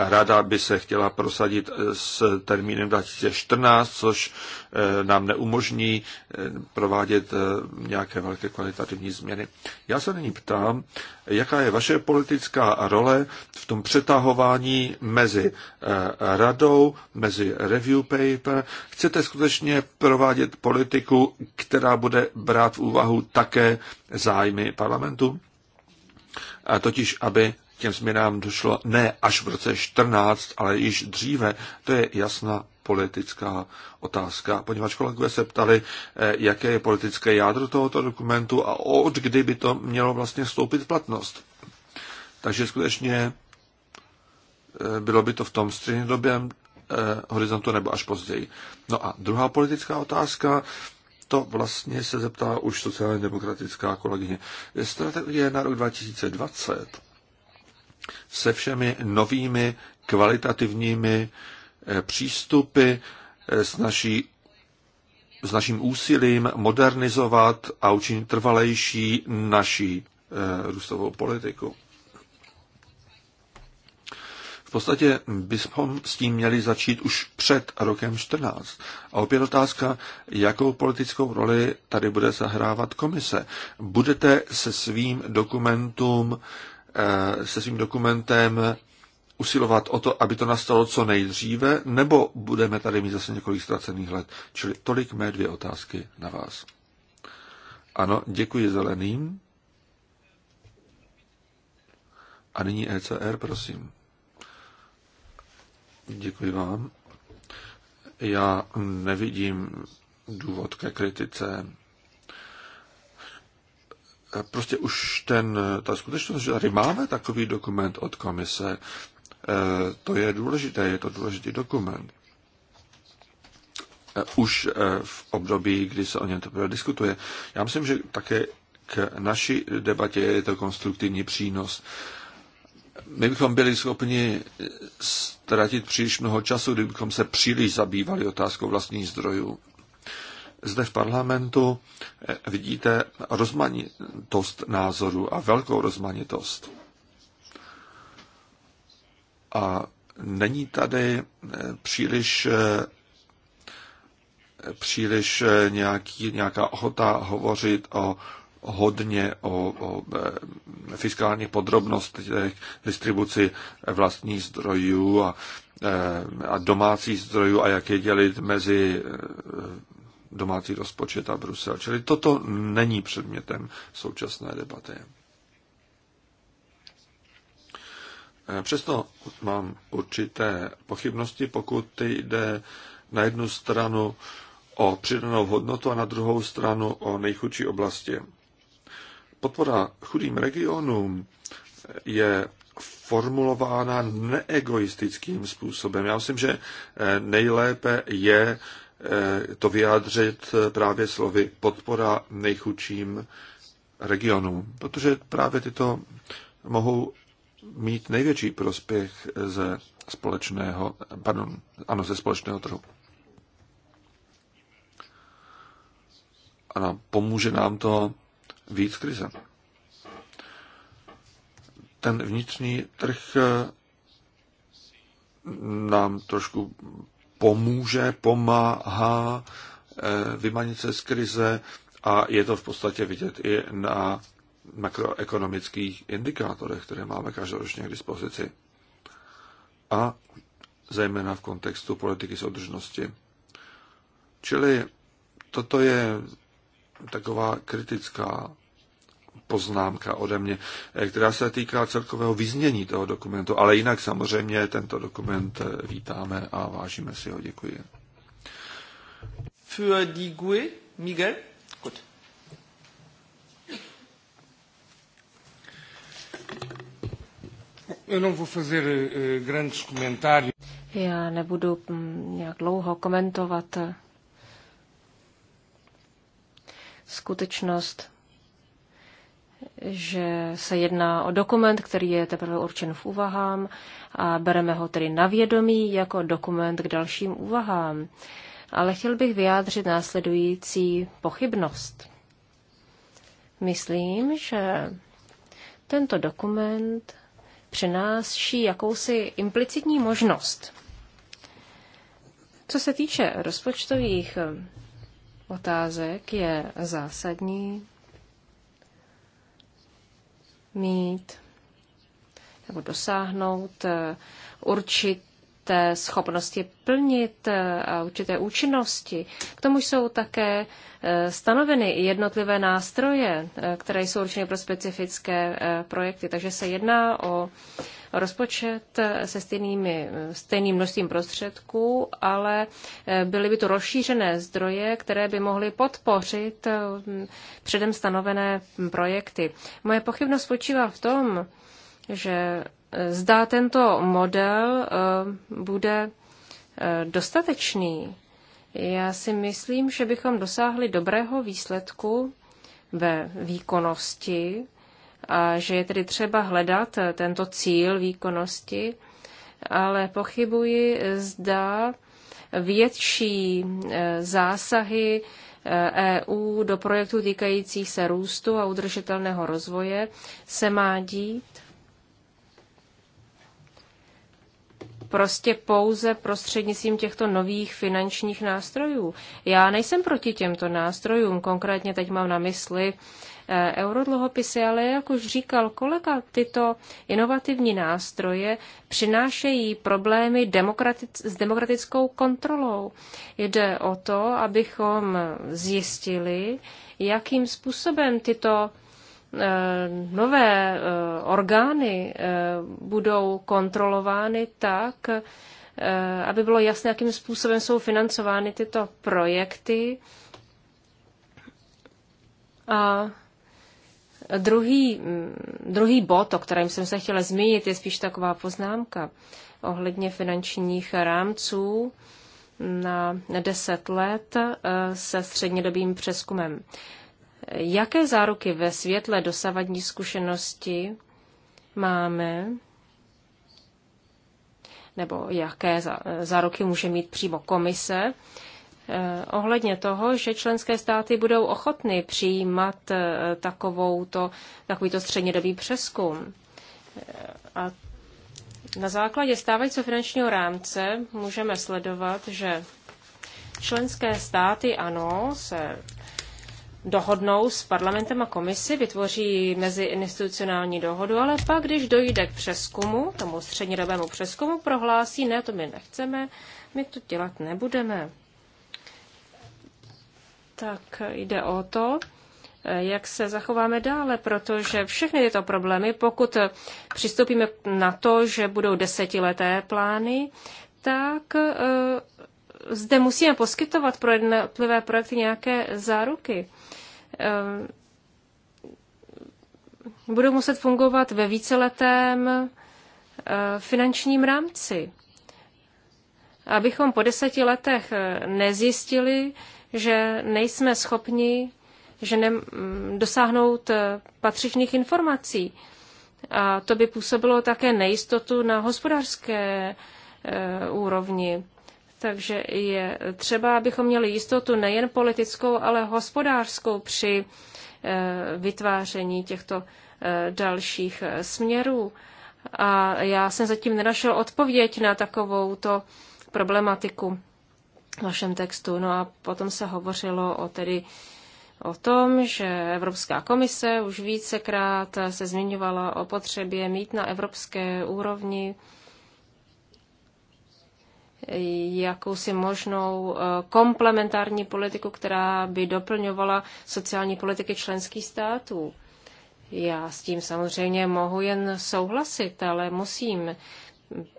S1: rada by se chtěla prosadit eh, s termínem 2014, což eh, nám neumožní provádět nějaké velké kvalitativní změny. Já se nyní ptám, jaká je vaše politická role v tom přetahování mezi radou, mezi review paper. Chcete skutečně provádět politiku, která bude brát v úvahu tak také zájmy parlamentu, a totiž aby těm změnám došlo ne až v roce 14, ale již dříve. To je jasná politická otázka. Poněvadž kolegové se ptali, eh, jaké je politické jádro tohoto dokumentu a od kdy by to mělo vlastně vstoupit v platnost. Takže skutečně eh, bylo by to v tom střednědobém eh, horizontu nebo až později. No a druhá politická otázka, to vlastně se zeptá už sociálně demokratická kolegyně. Strategie na rok 2020 se všemi novými kvalitativními eh, přístupy eh, s, naší, s naším úsilím modernizovat a učinit trvalejší naší eh, růstovou politiku podstatě bychom s tím měli začít už před rokem 14. A opět otázka, jakou politickou roli tady bude zahrávat komise. Budete se svým dokumentům, eh, se svým dokumentem usilovat o to, aby to nastalo co nejdříve, nebo budeme tady mít zase několik ztracených let? Čili tolik mé dvě otázky na vás. Ano, děkuji zeleným. A nyní ECR, prosím. Děkuji vám. Já nevidím důvod ke kritice. Prostě už ten, ta skutečnost, že tady máme takový dokument od komise, eh, to je důležité, je to důležitý dokument. Eh, už eh, v období, kdy se o něm teprve diskutuje. Já myslím, že také k naší debatě je to konstruktivní přínos my bychom byli schopni ztratit příliš mnoho času, kdybychom se příliš zabývali otázkou vlastních zdrojů. Zde v parlamentu eh, vidíte rozmanitost názorů a velkou rozmanitost. A není tady eh, příliš eh, příliš nějaký, nějaká ochota hovořit o hodně o, o e, fiskálních podrobnostech, distribuci vlastních zdrojů a, e, a domácích zdrojů a jak je dělit mezi e, domácí rozpočet a Brusel. Čili toto není předmětem současné debaty. Přesto mám určité pochybnosti, pokud jde na jednu stranu o přidanou hodnotu a na druhou stranu o nejchudší oblasti podpora chudým regionům je formulována neegoistickým způsobem. Já myslím, že eh, nejlépe je eh, to vyjádřit právě slovy podpora nejchudším regionům, protože právě tyto mohou mít největší prospěch ze společného, pardon, ano, ze společného trhu. Ano, pomůže nám to víc krize. Ten vnitřní trh eh, nám trošku pomůže, pomáhá eh, vymanit se z krize a je to v podstatě vidět i na makroekonomických indikátorech, které máme každoročně k dispozici. A zejména v kontextu politiky soudržnosti. Čili toto je taková kritická poznámka ode mě, eh, která se týká celkového vyznění toho dokumentu, ale jinak samozřejmě tento dokument eh, vítáme a vážíme si ho. Děkuji. Für die GUE, Miguel? Gut. Eu não vou fazer eh, grandes comentários.
S3: Já nebudu hm, nějak dlouho komentovat skutečnost, že se jedná o dokument, který je teprve určen v úvahám a bereme ho tedy na vědomí jako dokument k dalším úvahám. Ale chtěl bych vyjádřit následující pochybnost. Myslím, že tento dokument přináší jakousi implicitní možnost. Co se týče rozpočtových otázek je zásadní mít nebo dosáhnout eh, určité schopnosti plnit eh, a určité účinnosti. K tomu jsou také eh, stanoveny jednotlivé nástroje, které jsou určeny pro specifické projekty. Takže se jedná o rozpočet se stejnými, stejným množstvím prostředků, ale eh, byly by to rozšířené zdroje, které by mohly podpořit eh, předem stanovené projekty. Moje pochybnost spočívá v tom, že eh, zda tento model bude dostatečný. Já si myslím, že bychom dosáhli dobrého výsledku ve výkonnosti a že je tedy třeba hledat tento cíl výkonnosti, ale pochybuji, zda větší e, zásahy EU e do projektů týkajících se růstu a udržitelného rozvoje se má dít prostě pouze prostřednictvím těchto nových finančních nástrojů. Já nejsem proti těmto nástrojům, konkrétně teď mám na mysli Eh, eurodluhopisy, ale jak už říkal kolega, tyto inovativní nástroje přinášejí problémy demokratic- s demokratickou kontrolou. Jde o to, abychom zjistili, jakým způsobem tyto eh, nové eh, orgány budou kontrolovány tak, aby bylo jasné, jakým způsobem jsou financovány tyto projekty. A Druhý, mm, druhý bod, o kterém jsem se chtěla zmínit, je spíš taková poznámka ohledně finančních rámců na 10 let eh, se střednědobým přeskumem. Jaké záruky ve světle dosavadní zkušenosti máme, nebo jaké eh, záruky může mít přímo komise Eh, ohledně toho, že členské státy budou ochotny přijímat eh, takovouto, takovýto střednědobý přeskum. Eh, a na základě stávajícího finančního rámce můžeme sledovat, že členské státy ano, se dohodnou s parlamentem a komisi, vytvoří meziinstitucionální dohodu, ale pak, když dojde k přeskumu, tomu střednědobému přeskumu, prohlásí, ne, to my nechceme, my to dělat nebudeme tak jde o to, jak se zachováme dále, protože všechny tyto problémy, pokud přistoupíme na to, že budou desetileté plány, tak e, zde musíme poskytovat pro jednotlivé projekty nějaké záruky. E, budou muset fungovat ve víceletém e, finančním rámci. Abychom po deseti letech nezjistili, že nejsme schopni že ne, mm, dosáhnout eh, patřičných informací. A to by působilo také nejistotu na hospodářské e, úrovni. Takže je třeba, abychom měli jistotu nejen politickou, ale hospodářskou při e, vytváření těchto e, dalších směrů. A já jsem zatím nenašel odpověď na takovouto problematiku vašem textu. No a potom se hovořilo o tedy o tom, že Evropská komise už vícekrát se zmiňovala o potřebě mít na evropské úrovni jakousi možnou eh, komplementární politiku, která by doplňovala sociální politiky členských států. Já s tím samozřejmě mohu jen souhlasit, ale musím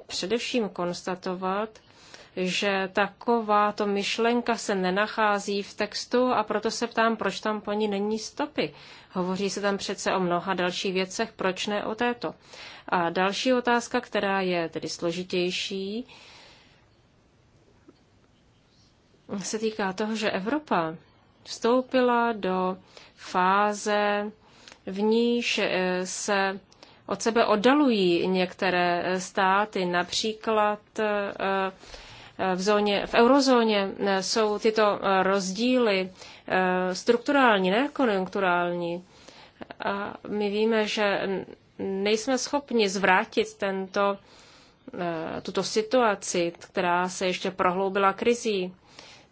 S3: především konstatovat, že takováto myšlenka se nenachází v textu a proto se ptám, proč tam po ní není stopy. Hovoří se tam přece o mnoha dalších věcech, proč ne o této. A další otázka, která je tedy složitější, se týká toho, že Evropa vstoupila do fáze, v níž eh, se od sebe oddalují některé eh, státy, například eh, v, zóně, v eurozóně eh, jsou tyto eh, rozdíly eh, strukturální, ne konjunkturální. A my víme, že nejsme schopni zvrátit tento, tuto situaci, která se ještě prohloubila krizí.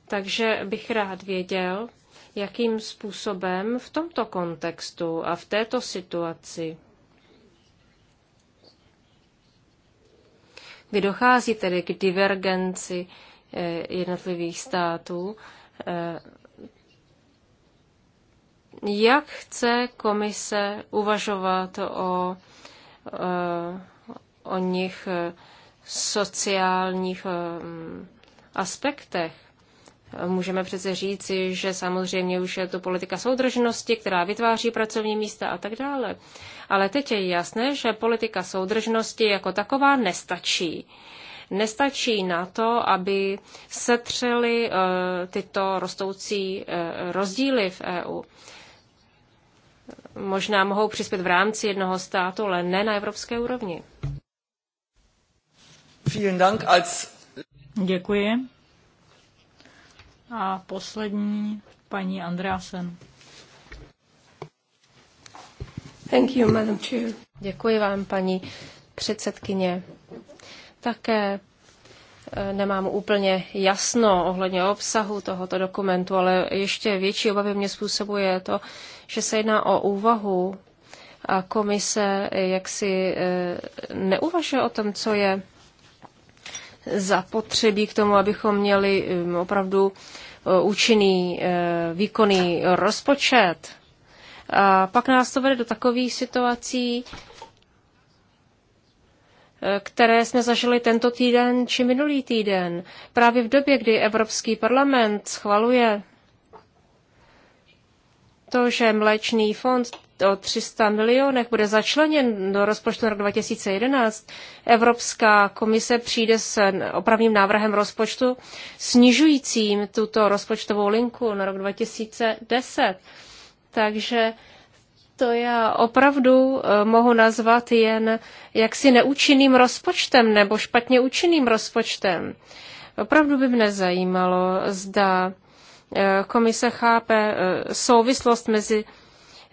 S3: Takže bych rád věděl, jakým způsobem v tomto kontextu a v této situaci kdy dochází tedy k divergenci eh, jednotlivých států. Eh, jak chce komise uvažovat o, eh, o nich sociálních aspektech? Můžeme přece říci, že samozřejmě už je to politika soudržnosti, která vytváří pracovní místa a tak dále. Ale teď je jasné, že politika soudržnosti jako taková nestačí. Nestačí na to, aby setřeli eh, tyto rostoucí eh, rozdíly v EU. Možná mohou přispět v rámci jednoho státu, ale ne na evropské úrovni.
S2: Vielen Dank Děkuji. A poslední paní Andreasen. Thank you, Madam Chair.
S3: Děkuji vám, paní předsedkyně. Také eh, nemám úplně jasno ohledně obsahu tohoto dokumentu, ale ještě větší obavy mě způsobuje to, že se jedná o úvahu a komise eh, jaksi eh, neuvažuje o tom, co je zapotřebí k tomu, abychom měli um, opravdu uh, účinný, uh, výkonný rozpočet. A pak nás to vede do takových situací, eh, které jsme zažili tento týden či minulý týden. Právě v době, kdy Evropský parlament schvaluje to, že mléčný fond o 300 milionech bude začleněn do rozpočtu rok 2011, Evropská komise přijde s opravným návrhem rozpočtu snižujícím tuto rozpočtovou linku na rok 2010. Takže to já opravdu eh, mohu nazvat jen jaksi neúčinným rozpočtem nebo špatně účinným rozpočtem. Opravdu by mne zajímalo, zda eh, komise chápe eh, souvislost mezi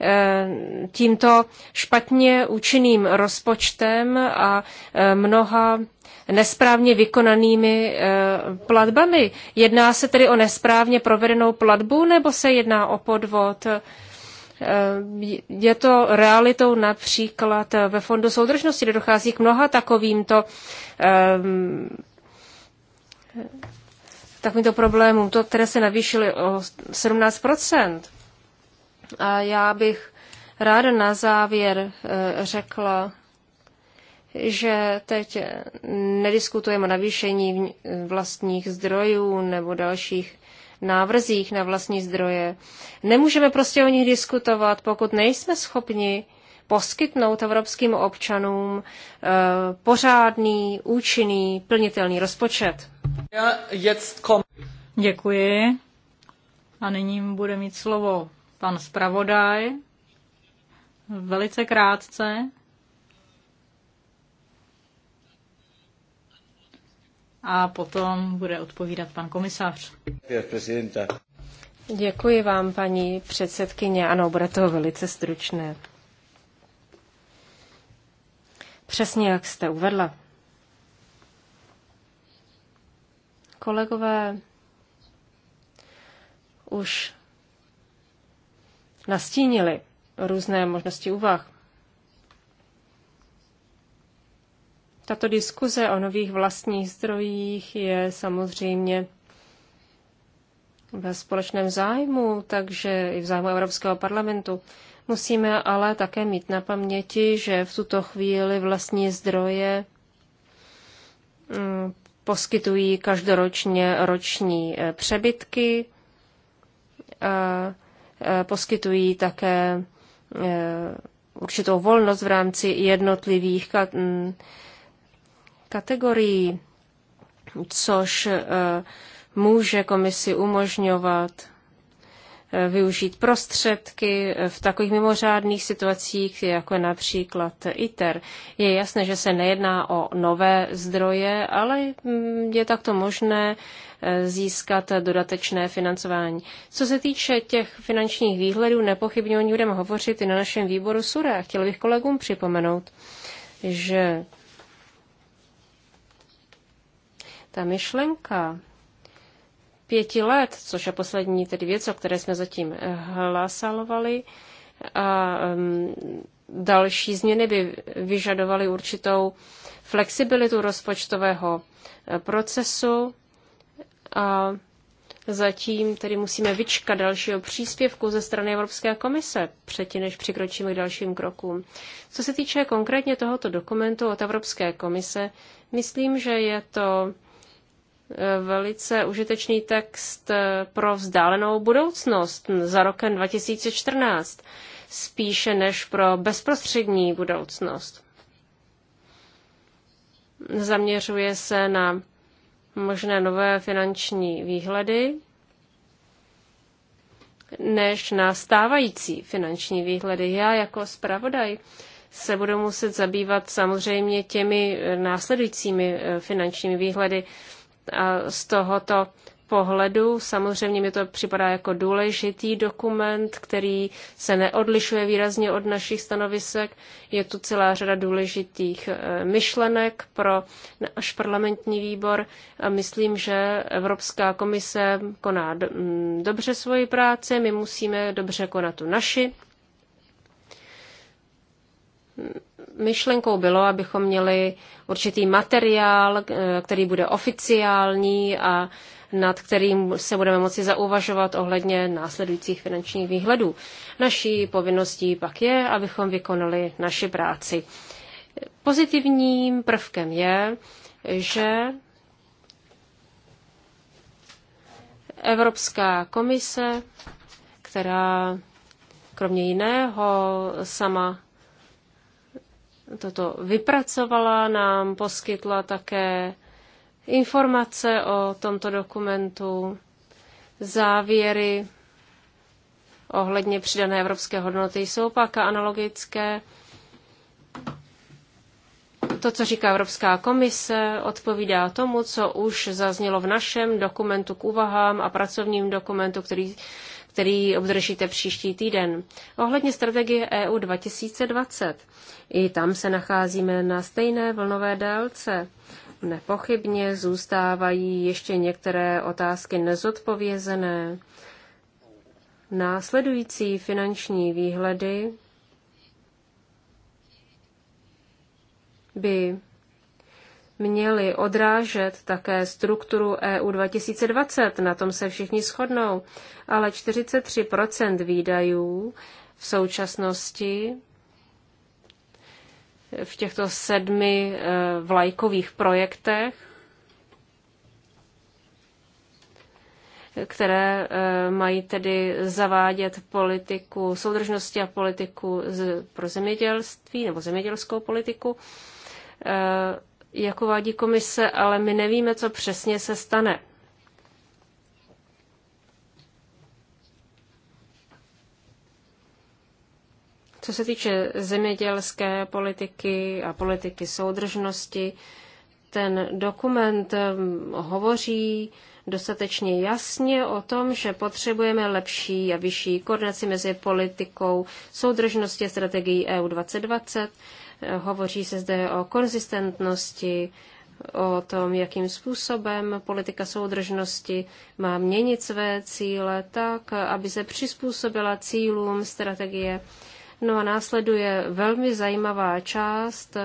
S3: Eh, tímto špatně účinným rozpočtem a eh, mnoha nesprávně vykonanými eh, platbami. Jedná se tedy o nesprávně provedenou platbu nebo se jedná o podvod? Je to realitou například ve Fondu soudržnosti, kde dochází k mnoha takovýmto takovýmto problémům, to, které se navýšily o 17 a já bych ráda na závěr eh, řekla, že teď nediskutujeme o navýšení vlastních zdrojů nebo dalších návrzích na vlastní zdroje. Nemůžeme prostě o nich diskutovat, pokud nejsme schopni poskytnout evropským občanům eh, pořádný, účinný, plnitelný rozpočet.
S2: Děkuji. A nyní bude mít slovo pan zpravodaj velice krátce a potom bude odpovídat pan komisář. Děkuji
S3: vám, paní předsedkyně. Ano, bude to velice stručné. Přesně jak jste uvedla. Kolegové už nastínili různé možnosti úvah. Tato diskuze o nových vlastních zdrojích je samozřejmě ve společném zájmu, takže i v zájmu Evropského parlamentu. Musíme ale také mít na paměti, že v tuto chvíli vlastní zdroje mm, poskytují každoročně roční eh, přebytky. A Eh, poskytují také eh, určitou volnost v rámci jednotlivých mm, kategorií, což eh, může komisi umožňovat využít prostředky v takových mimořádných situacích, jako je například ITER. Je jasné, že se nejedná o nové zdroje, ale je takto možné eh, získat dodatečné financování. Co se týče těch finančních výhledů, nepochybně o ní budeme hovořit i na našem výboru SURE. Chtěl bych kolegům připomenout, že ta myšlenka pěti let, což je poslední tedy věc, o které jsme zatím eh, hlasovali. A ehm, další změny by vyžadovaly určitou flexibilitu rozpočtového eh, procesu. A zatím tedy musíme vyčkat dalšího příspěvku ze strany Evropské komise předtím, než přikročíme k dalším krokům. Co se týče konkrétně tohoto dokumentu od Evropské komise, myslím, že je to velice užitečný text eh, pro vzdálenou budoucnost za rokem 2014, spíše než pro bezprostřední budoucnost. Zaměřuje se na možné nové finanční výhledy, než na stávající finanční výhledy. Já jako zpravodaj se budu muset zabývat samozřejmě těmi eh, následujícími eh, finančními výhledy, z tohoto pohledu samozřejmě mi to připadá jako důležitý dokument, který se neodlišuje výrazně od našich stanovisek. Je tu celá řada důležitých e, myšlenek pro náš parlamentní výbor a myslím, že Evropská komise koná dobře svoji práci, my musíme dobře konat tu naši myšlenkou bylo, abychom měli určitý materiál, eh, který bude oficiální a nad kterým se budeme moci zauvažovat ohledně následujících finančních výhledů. Naší povinností pak je, abychom vykonali naši práci. Pozitivním prvkem je, že Evropská komise, která kromě jiného sama toto vypracovala, nám poskytla také informace o tomto dokumentu, závěry ohledně přidané evropské hodnoty jsou pak analogické. To, co říká Evropská komise, odpovídá tomu, co už zaznělo v našem dokumentu k úvahám a pracovním dokumentu, který který obdržíte příští týden. Ohledně strategie EU 2020, i tam se nacházíme na stejné vlnové délce. Nepochybně zůstávají ještě některé otázky nezodpovězené. Následující finanční výhledy by měly odrážet také strukturu EU 2020, na tom se všichni shodnou, ale 43% výdajů v současnosti v těchto sedmi e, vlajkových projektech, které e, mají tedy zavádět politiku soudržnosti a politiku pro zemědělství nebo zemědělskou politiku, e, jak uvádí komise, ale my nevíme, co přesně se stane. Co se týče zemědělské politiky a politiky soudržnosti, ten dokument um, hovoří dostatečně jasně o tom, že potřebujeme lepší a vyšší koordinaci mezi politikou soudržnosti a strategií EU 2020 Hovoří se zde o konzistentnosti, o tom, jakým způsobem politika soudržnosti má měnit své cíle tak, aby se přizpůsobila cílům strategie. No a následuje velmi zajímavá část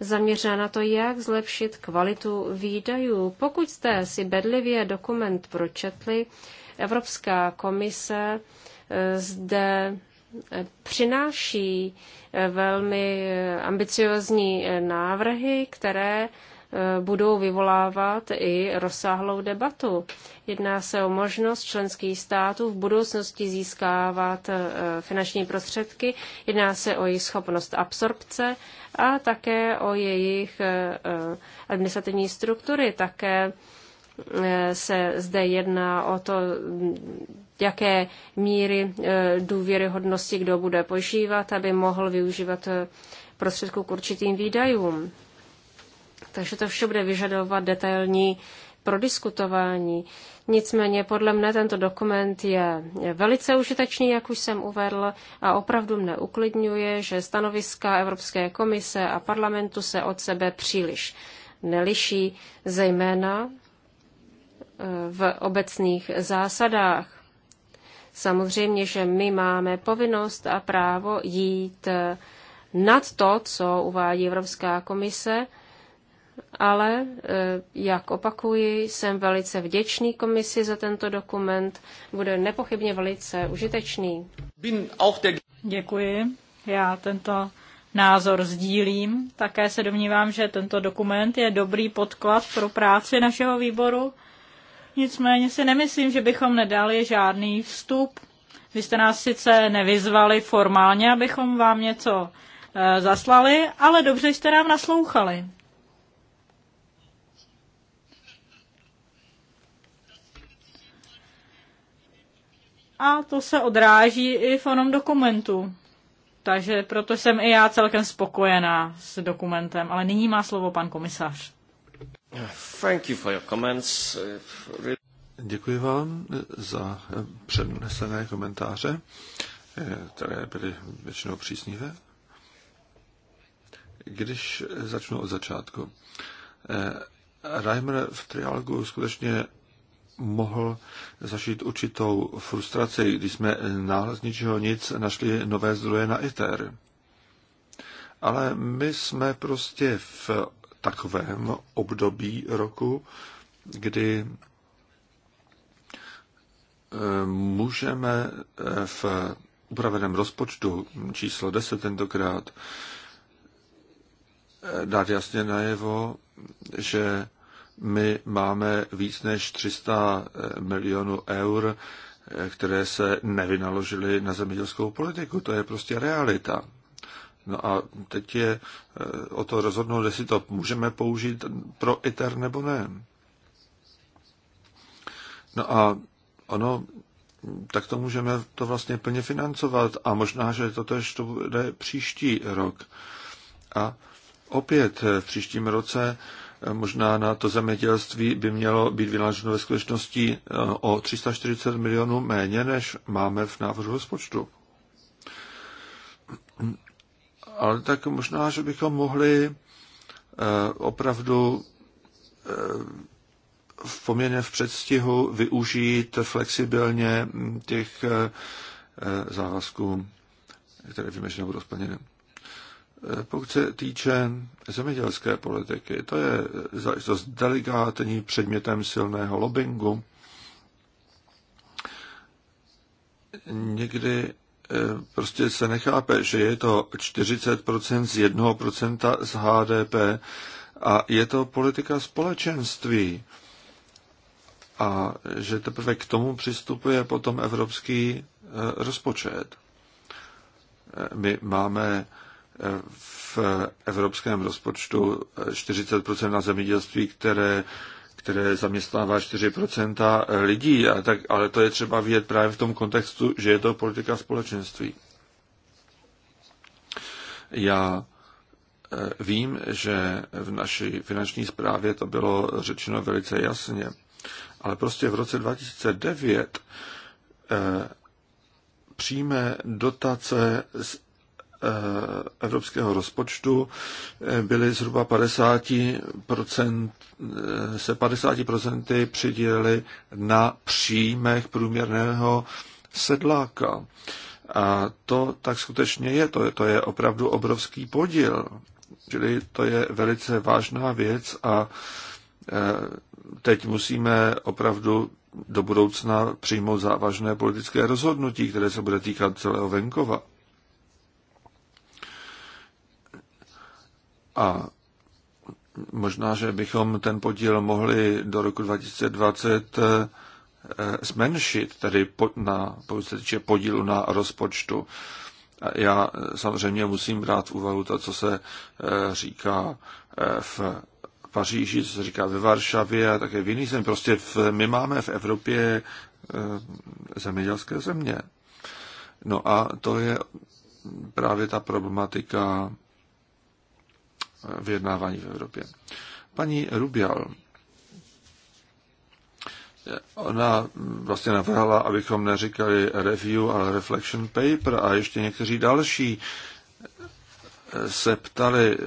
S3: zaměřená na to, jak zlepšit kvalitu výdajů. Pokud jste si bedlivě dokument pročetli, Evropská komise eh, zde přináší eh, velmi eh, ambiciozní eh, návrhy, které budou vyvolávat i rozsáhlou debatu. Jedná se o možnost členských států v budoucnosti získávat finanční prostředky, jedná se o jejich schopnost absorpce a také o jejich administrativní struktury, také se zde jedná o to, jaké míry e, důvěryhodnosti kdo bude požívat, aby mohl využívat e, prostředku k určitým výdajům. Takže to vše bude vyžadovat detailní prodiskutování. Nicméně podle mne tento dokument je velice užitečný, jak už jsem uvedl, a opravdu mne uklidňuje, že stanoviska Evropské komise a parlamentu se od sebe příliš neliší, zejména v obecných zásadách. Samozřejmě, že my máme povinnost a právo jít eh, nad to, co uvádí Evropská komise, ale, eh, jak opakuji, jsem velice vděčný komisi za tento dokument, bude nepochybně velice
S2: užitečný. Děkuji, já tento názor sdílím. Také se domnívám, že tento dokument je dobrý podklad pro práci našeho výboru Nicméně si nemyslím, že bychom nedali žádný vstup. Vy jste nás sice nevyzvali formálně, abychom vám něco e, zaslali, ale dobře jste nám naslouchali. A to se odráží i v onom dokumentu. Takže proto jsem i já celkem spokojená s dokumentem. Ale nyní má slovo pan komisař.
S3: Thank you for your
S1: comments. Děkuji vám za přednesené komentáře, které byly většinou příznivé. Když začnu od začátku. Reimer v triálgu skutečně mohl zažít určitou frustraci, když jsme náhle z ničeho nic našli nové zdroje na ITER. Ale my jsme prostě v takovém období roku, kdy eh, můžeme eh, v upraveném rozpočtu číslo 10 tentokrát eh, dát jasně najevo, že my máme víc než 300 milionů eur, které se nevynaložily na zemědělskou politiku. To je prostě realita. No a teď je eh, o to rozhodnout, jestli to můžeme použít pro ITER nebo ne. No a ono, tak to můžeme to vlastně plně financovat a možná, že to tež to bude příští rok. A opět v příštím roce eh, možná na to zemědělství by mělo být vynaloženo ve skutečnosti eh, o 340 milionů méně, než máme v návrhu rozpočtu ale tak možná, že bychom mohli eh, opravdu eh, v poměrně v předstihu využít flexibilně hm, těch eh, závazků, které víme, že nebudou splněny. Pokud se týče zemědělské politiky, to je záležitost delikátní předmětem silného lobbingu. Někdy Eh, prostě se nechápe, že je to 40% z 1% z HDP a je to politika společenství. A že teprve k tomu přistupuje potom evropský eh, rozpočet. Eh, my máme v evropském rozpočtu 40% na zemědělství, které které zaměstnává 4% lidí, a tak, ale to je třeba vidět právě v tom kontextu, že je to politika společenství. Já eh, vím, že v naší finanční zprávě to bylo řečeno velice jasně, ale prostě v roce 2009 eh, přijme dotace z Eh, evropského rozpočtu eh, byly zhruba 50%, eh, se 50% přidělily na příjmech průměrného sedláka. A to tak skutečně je, to je, to je opravdu obrovský podíl. Čili to je velice vážná věc a teď musíme opravdu do budoucna přijmout závažné politické rozhodnutí, které se bude týkat celého venkova. A možná, že bychom ten podíl mohli do roku 2020 eh, zmenšit, tedy na, pokud se týče podílu na rozpočtu. Já eh, samozřejmě musím brát v úvahu to, co se eh, říká v Paříži, co se říká ve Varšavě a také v jiných zemích. Prostě v, my máme v Evropě zemědělské země. No a to je právě ta problematika vyjednávání v Evropě. Paní Rubial, ona vlastně navrhla, abychom neříkali review, ale reflection paper a ještě někteří další se ptali,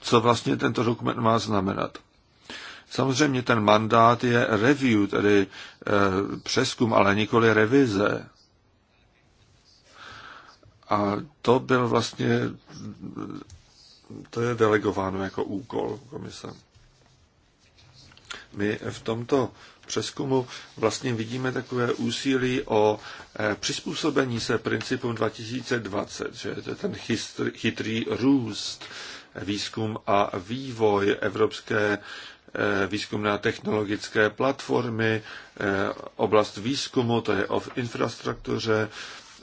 S1: co vlastně tento dokument má znamenat. Samozřejmě ten mandát je review, tedy eh, přeskum, ale nikoli revize. A to byl vlastně to je delegováno jako úkol komise. My v tomto přeskumu vlastně vidíme takové úsilí o eh, přizpůsobení se principům 2020, že to je ten chytrý růst, eh, výzkum a vývoj Evropské eh, výzkumné a technologické platformy, oblast výzkumu, to je o infrastruktuře,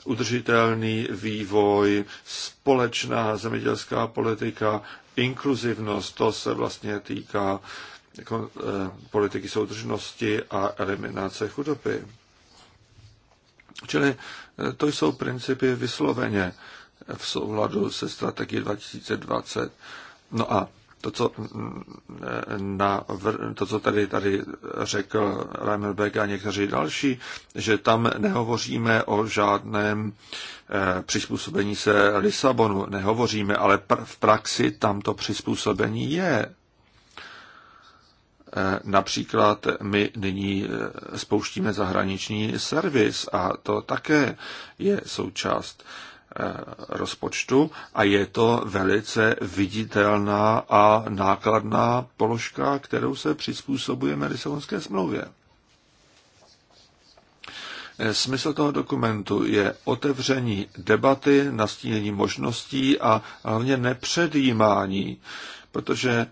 S1: udržitelný vývoj, společná zemědělská politika, inkluzivnost, to se vlastně týká jako, eh, politiky soudržnosti a eliminace chudoby. Čili eh, to jsou principy vysloveně v souhladu se strategií 2020. No a to, co, na, to, co tady, tady řekl Reimerbeck a někteří další, že tam nehovoříme o žádném eh, přizpůsobení se Lisabonu, nehovoříme, ale pr- v praxi tam to přizpůsobení je. Eh, například my nyní eh, spouštíme zahraniční servis a to také je součást rozpočtu a je to velice viditelná a nákladná položka, kterou se přizpůsobujeme Lisabonské smlouvě. Smysl toho dokumentu je otevření debaty, nastínění možností a hlavně nepředjímání, protože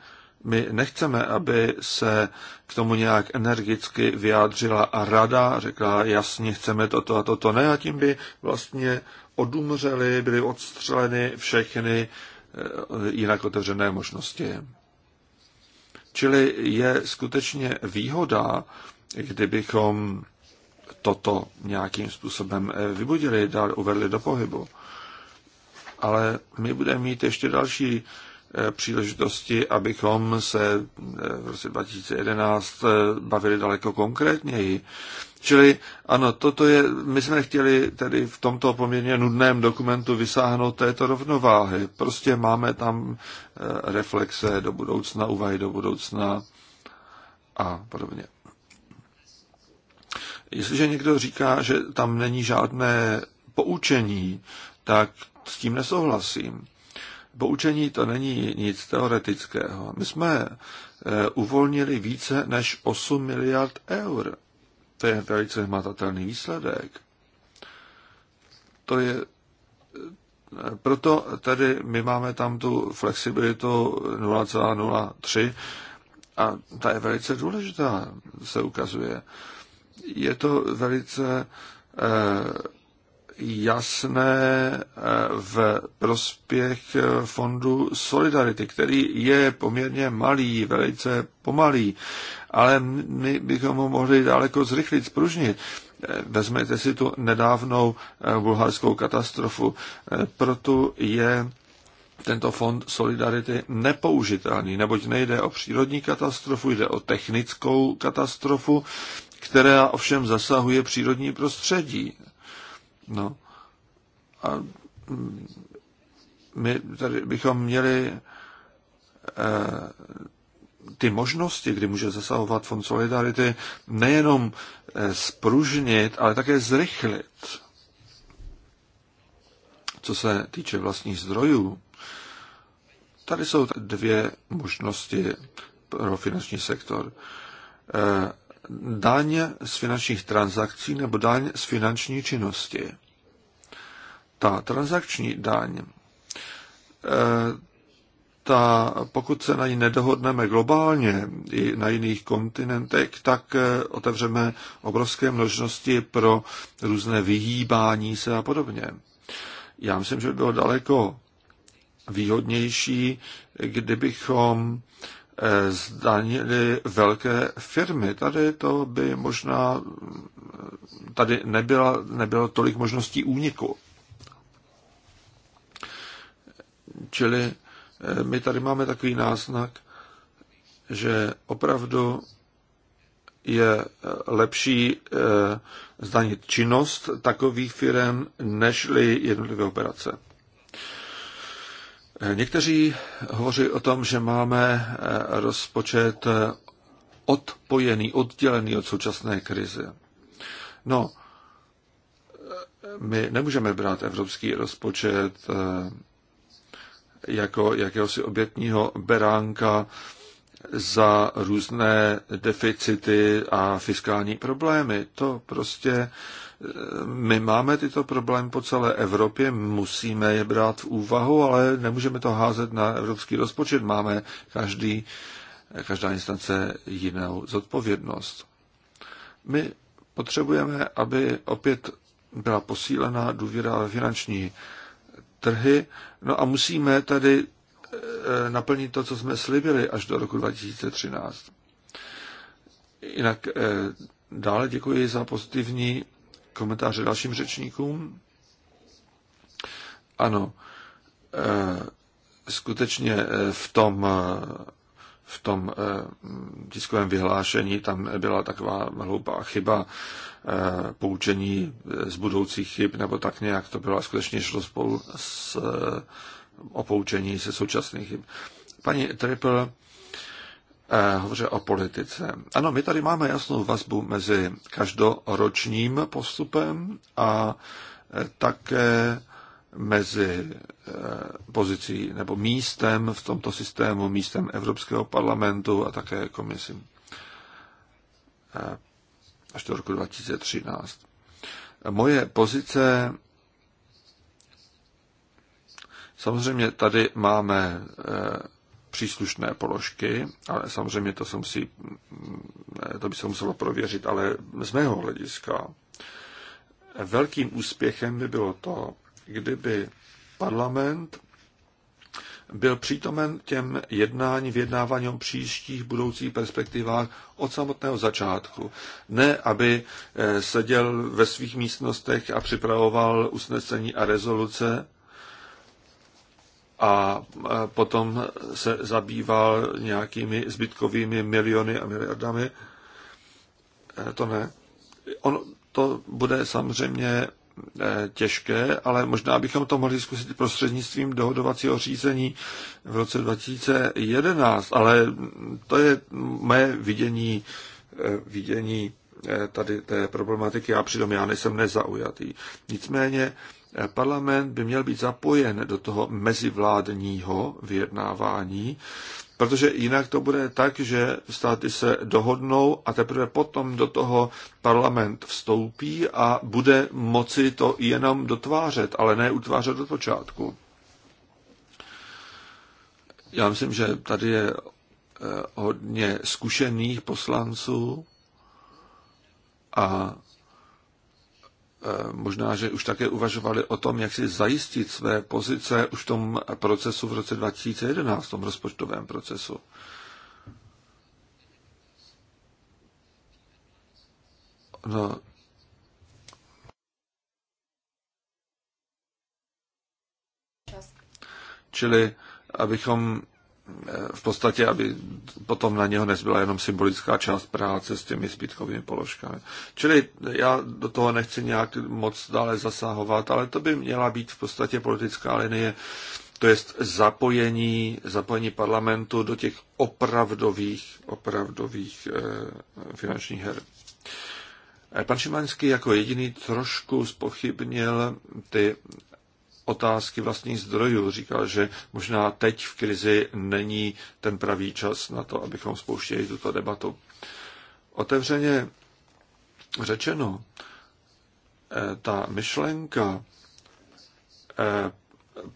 S1: my nechceme, aby se k tomu nějak energicky vyjádřila a rada, řekla jasně, chceme toto a toto ne, a tím by vlastně odumřeli, byly odstřeleny všechny eh, jinak otevřené možnosti. Čili je skutečně výhoda, kdybychom toto nějakým způsobem eh, vybudili, dál uvedli do pohybu. Ale my budeme mít ještě další Eh, příležitosti, abychom se eh, v roce 2011 eh, bavili daleko konkrétněji. Čili ano, toto je, my jsme chtěli tedy v tomto poměrně nudném dokumentu vysáhnout této rovnováhy. Prostě máme tam reflexe do budoucna, úvahy do budoucna a podobně. Jestliže někdo říká, že tam není žádné poučení, tak s tím nesouhlasím poučení to není nic teoretického. My jsme eh, uvolnili více než 8 miliard eur. To je velice hmatatelný výsledek. To je eh, proto tady my máme tam tu flexibilitu 0,03 a ta je velice důležitá, se ukazuje. Je to velice eh, jasné eh, v prospěch eh, fondu Solidarity, který je poměrně malý, velice pomalý, ale my bychom ho mohli daleko zrychlit, spružnit. Eh, vezmete si tu nedávnou bulharskou katastrofu. Proto je tento fond Solidarity nepoužitelný, neboť nejde o přírodní katastrofu, jde o technickou katastrofu, která ovšem zasahuje přírodní prostředí. No a mm, my tady bychom měli eh, ty možnosti, kdy může zasahovat Fond Solidarity, nejenom spružnit, eh, ale také zrychlit. Co se týče vlastních zdrojů, tady jsou dvě možnosti pro finanční sektor. Eh, daň z finančních transakcí nebo daň z finanční činnosti. Ta transakční daň, eh, ta, pokud se na ní nedohodneme globálně i na jiných kontinentech, tak eh, otevřeme obrovské množnosti pro různé vyhýbání se a podobně. Já myslím, že by bylo daleko výhodnější, kdybychom Eh, zdanili velké firmy. Tady to by možná, eh, tady nebyla, nebylo tolik možností úniku. Čili eh, my tady máme takový náznak, že opravdu je lepší zdanit činnost takových firm, nežli jednotlivé operace. Někteří hovoří o tom, že máme eh, rozpočet eh, odpojený, oddělený od současné krize. No, eh, my nemůžeme brát evropský rozpočet jako jakéhosi obětního beránka za různé deficity a fiskální problémy. To prostě my máme tyto problémy po celé Evropě, musíme je brát v úvahu, ale nemůžeme to házet na evropský rozpočet. Máme každý, každá instance jinou zodpovědnost. My potřebujeme, aby opět byla posílena důvěra ve finanční trhy. No a musíme tady eh, naplnit to, co jsme slibili až do roku 2013. Jinak eh, dále děkuji za pozitivní komentáře dalším řečníkům? Ano, e, skutečně e, v tom, e, v tom tiskovém vyhlášení tam byla taková hloupá chyba poučení z budoucích chyb, nebo tak nějak to bylo, a skutečně šlo spolu s, opoučení se současných chyb. Paní Triple Eh, hovořil o politice. Ano, my tady máme jasnou vazbu mezi každoročním postupem a eh, také mezi eh, pozicí nebo místem v tomto systému, místem Evropského parlamentu a také komisi až do roku 2013. Moje pozice Samozřejmě tady máme příslušné položky, ale samozřejmě to, jsem si, to by se muselo prověřit, ale z mého hlediska velkým úspěchem by bylo to, kdyby parlament byl přítomen těm jednání, vyjednávání o příštích budoucích perspektivách od samotného začátku. Ne, aby eh, seděl ve svých místnostech a připravoval usnesení a rezoluce, a potom se zabýval nějakými zbytkovými miliony a miliardami. E, to ne. On, to bude samozřejmě e, těžké, ale možná bychom to mohli zkusit prostřednictvím dohodovacího řízení v roce 2011, ale to je mé vidění, e, vidění tady té problematiky a přitom já nejsem nezaujatý. Nicméně Parlament by měl být zapojen do toho mezivládního vyjednávání, protože jinak to bude tak, že státy se dohodnou a teprve potom do toho parlament vstoupí a bude moci to jenom dotvářet, ale ne utvářet od počátku. Já myslím, že tady je eh, hodně zkušených poslanců a Eh, možná, že už také uvažovali o tom, jak si zajistit své pozice už v tom procesu v roce 2011, v tom rozpočtovém procesu. No. Čili abychom v podstatě, aby potom na něho nezbyla jenom symbolická část práce s těmi zbytkovými položkami. Čili já do toho nechci nějak moc dále zasahovat, ale to by měla být v podstatě politická linie, to je zapojení, zapojení parlamentu do těch opravdových, opravdových eh, finančních her. Eh, pan Šimanský jako jediný trošku spochybnil ty otázky vlastních zdrojů. Říkal, že možná teď v krizi není ten pravý čas na to, abychom spouštěli tuto debatu. Otevřeně řečeno, eh, ta myšlenka eh,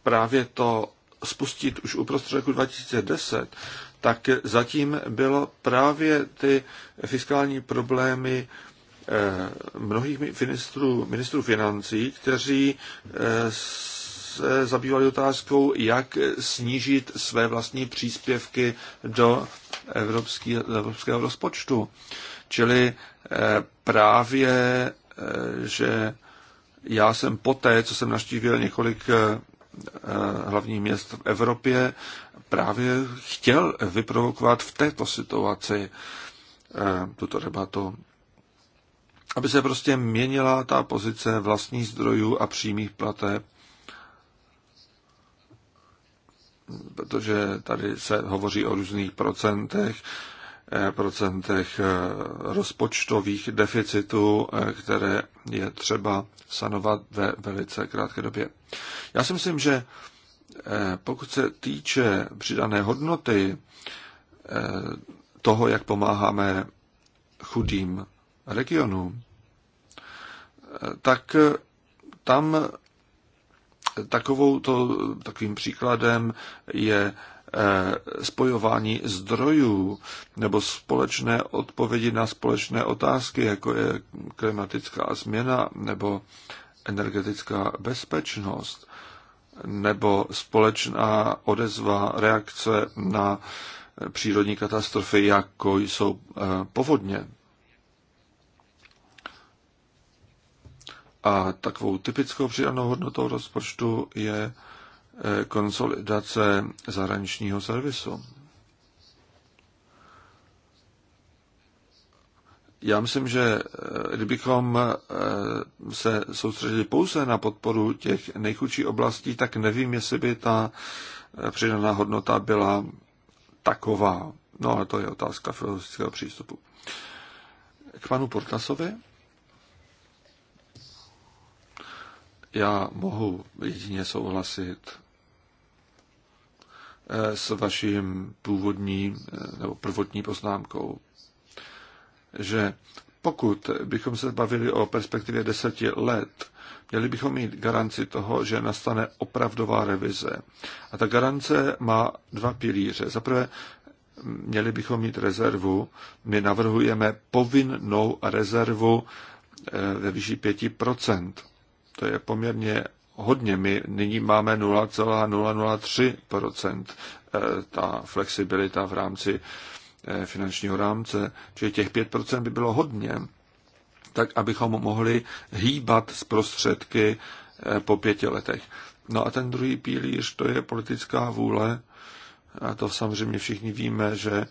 S1: právě to spustit už uprostřed roku 2010, tak zatím bylo právě ty fiskální problémy eh, mnohých ministrů, ministrů financí, kteří se zabývali otázkou, jak snížit své vlastní příspěvky do evropský, evropského rozpočtu. Čili eh, právě, eh, že já jsem poté, co jsem naštívil několik eh, hlavních měst v Evropě, právě chtěl vyprovokovat v této situaci tuto debatu aby se prostě měnila ta pozice vlastních zdrojů a přímých plateb protože tady se hovoří o různých procentech, eh, procentech eh, rozpočtových deficitů, eh, které je třeba sanovat ve velice krátké době. Já si myslím, že pokud se týče přidané hodnoty toho, jak pomáháme chudým regionům, tak tam Takovou to, takovým příkladem je eh, spojování zdrojů nebo společné odpovědi na společné otázky, jako je klimatická změna nebo energetická bezpečnost nebo společná odezva, reakce na přírodní katastrofy, jako jsou eh, povodně. A takovou typickou přidanou hodnotou rozpočtu je eh, konsolidace zahraničního servisu. Já myslím, že eh, kdybychom eh, se soustředili pouze na podporu těch nejchudších oblastí, tak nevím, jestli by ta přidaná hodnota byla taková. No ale to je otázka filozofického přístupu. K panu Portasovi. Já mohu jedině souhlasit eh, s vaším původním eh, nebo prvotní poznámkou, že pokud bychom se bavili o perspektivě deseti let, měli bychom mít garanci toho, že nastane opravdová revize. A ta garance má dva pilíře. Za prvé, měli bychom mít rezervu. My navrhujeme povinnou rezervu eh, ve výši to je poměrně hodně. My nyní máme 0,003% eh, ta flexibilita v rámci eh, finančního rámce, čili těch 5% by bylo hodně, tak abychom mohli hýbat z prostředky eh, po pěti letech. No a ten druhý pilíř, to je politická vůle. A to samozřejmě všichni víme, že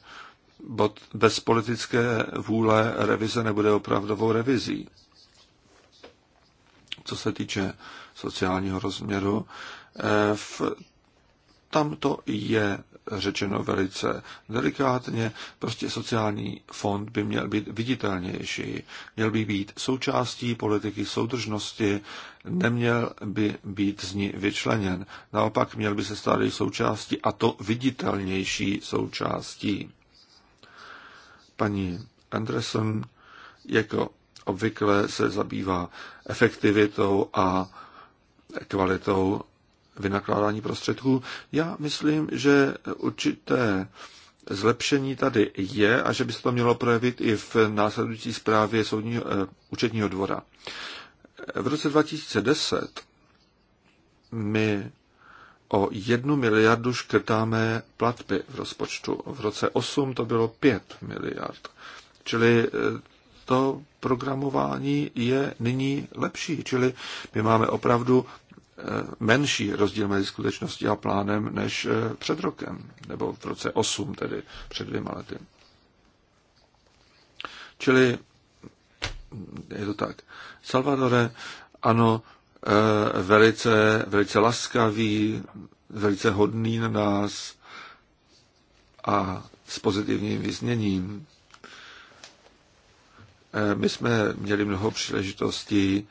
S1: bez politické vůle revize nebude opravdovou revizí co se týče sociálního rozměru, eh, v, tam to je řečeno velice delikátně, prostě sociální fond by měl být viditelnější, měl by být součástí politiky soudržnosti, neměl by být z ní vyčleněn, naopak měl by se stát její součástí a to viditelnější součástí. Paní Anderson jako obvykle se zabývá efektivitou a kvalitou vynakládání prostředků. Já myslím, že určité zlepšení tady je a že by se to mělo projevit i v následující zprávě soudního, e, účetního dvora. V roce 2010 my o jednu miliardu škrtáme platby v rozpočtu. V roce 8 to bylo 5 miliard. Čili eh, to programování je nyní lepší, čili my máme opravdu eh, menší rozdíl mezi skutečností a plánem než eh, před rokem, nebo v roce 8, tedy před dvěma lety. Čili mm, je to tak. Salvadore, ano, eh, velice, velice laskavý, velice hodný na nás a s pozitivním vyzněním. Eh, my jsme měli mnoho příležitostí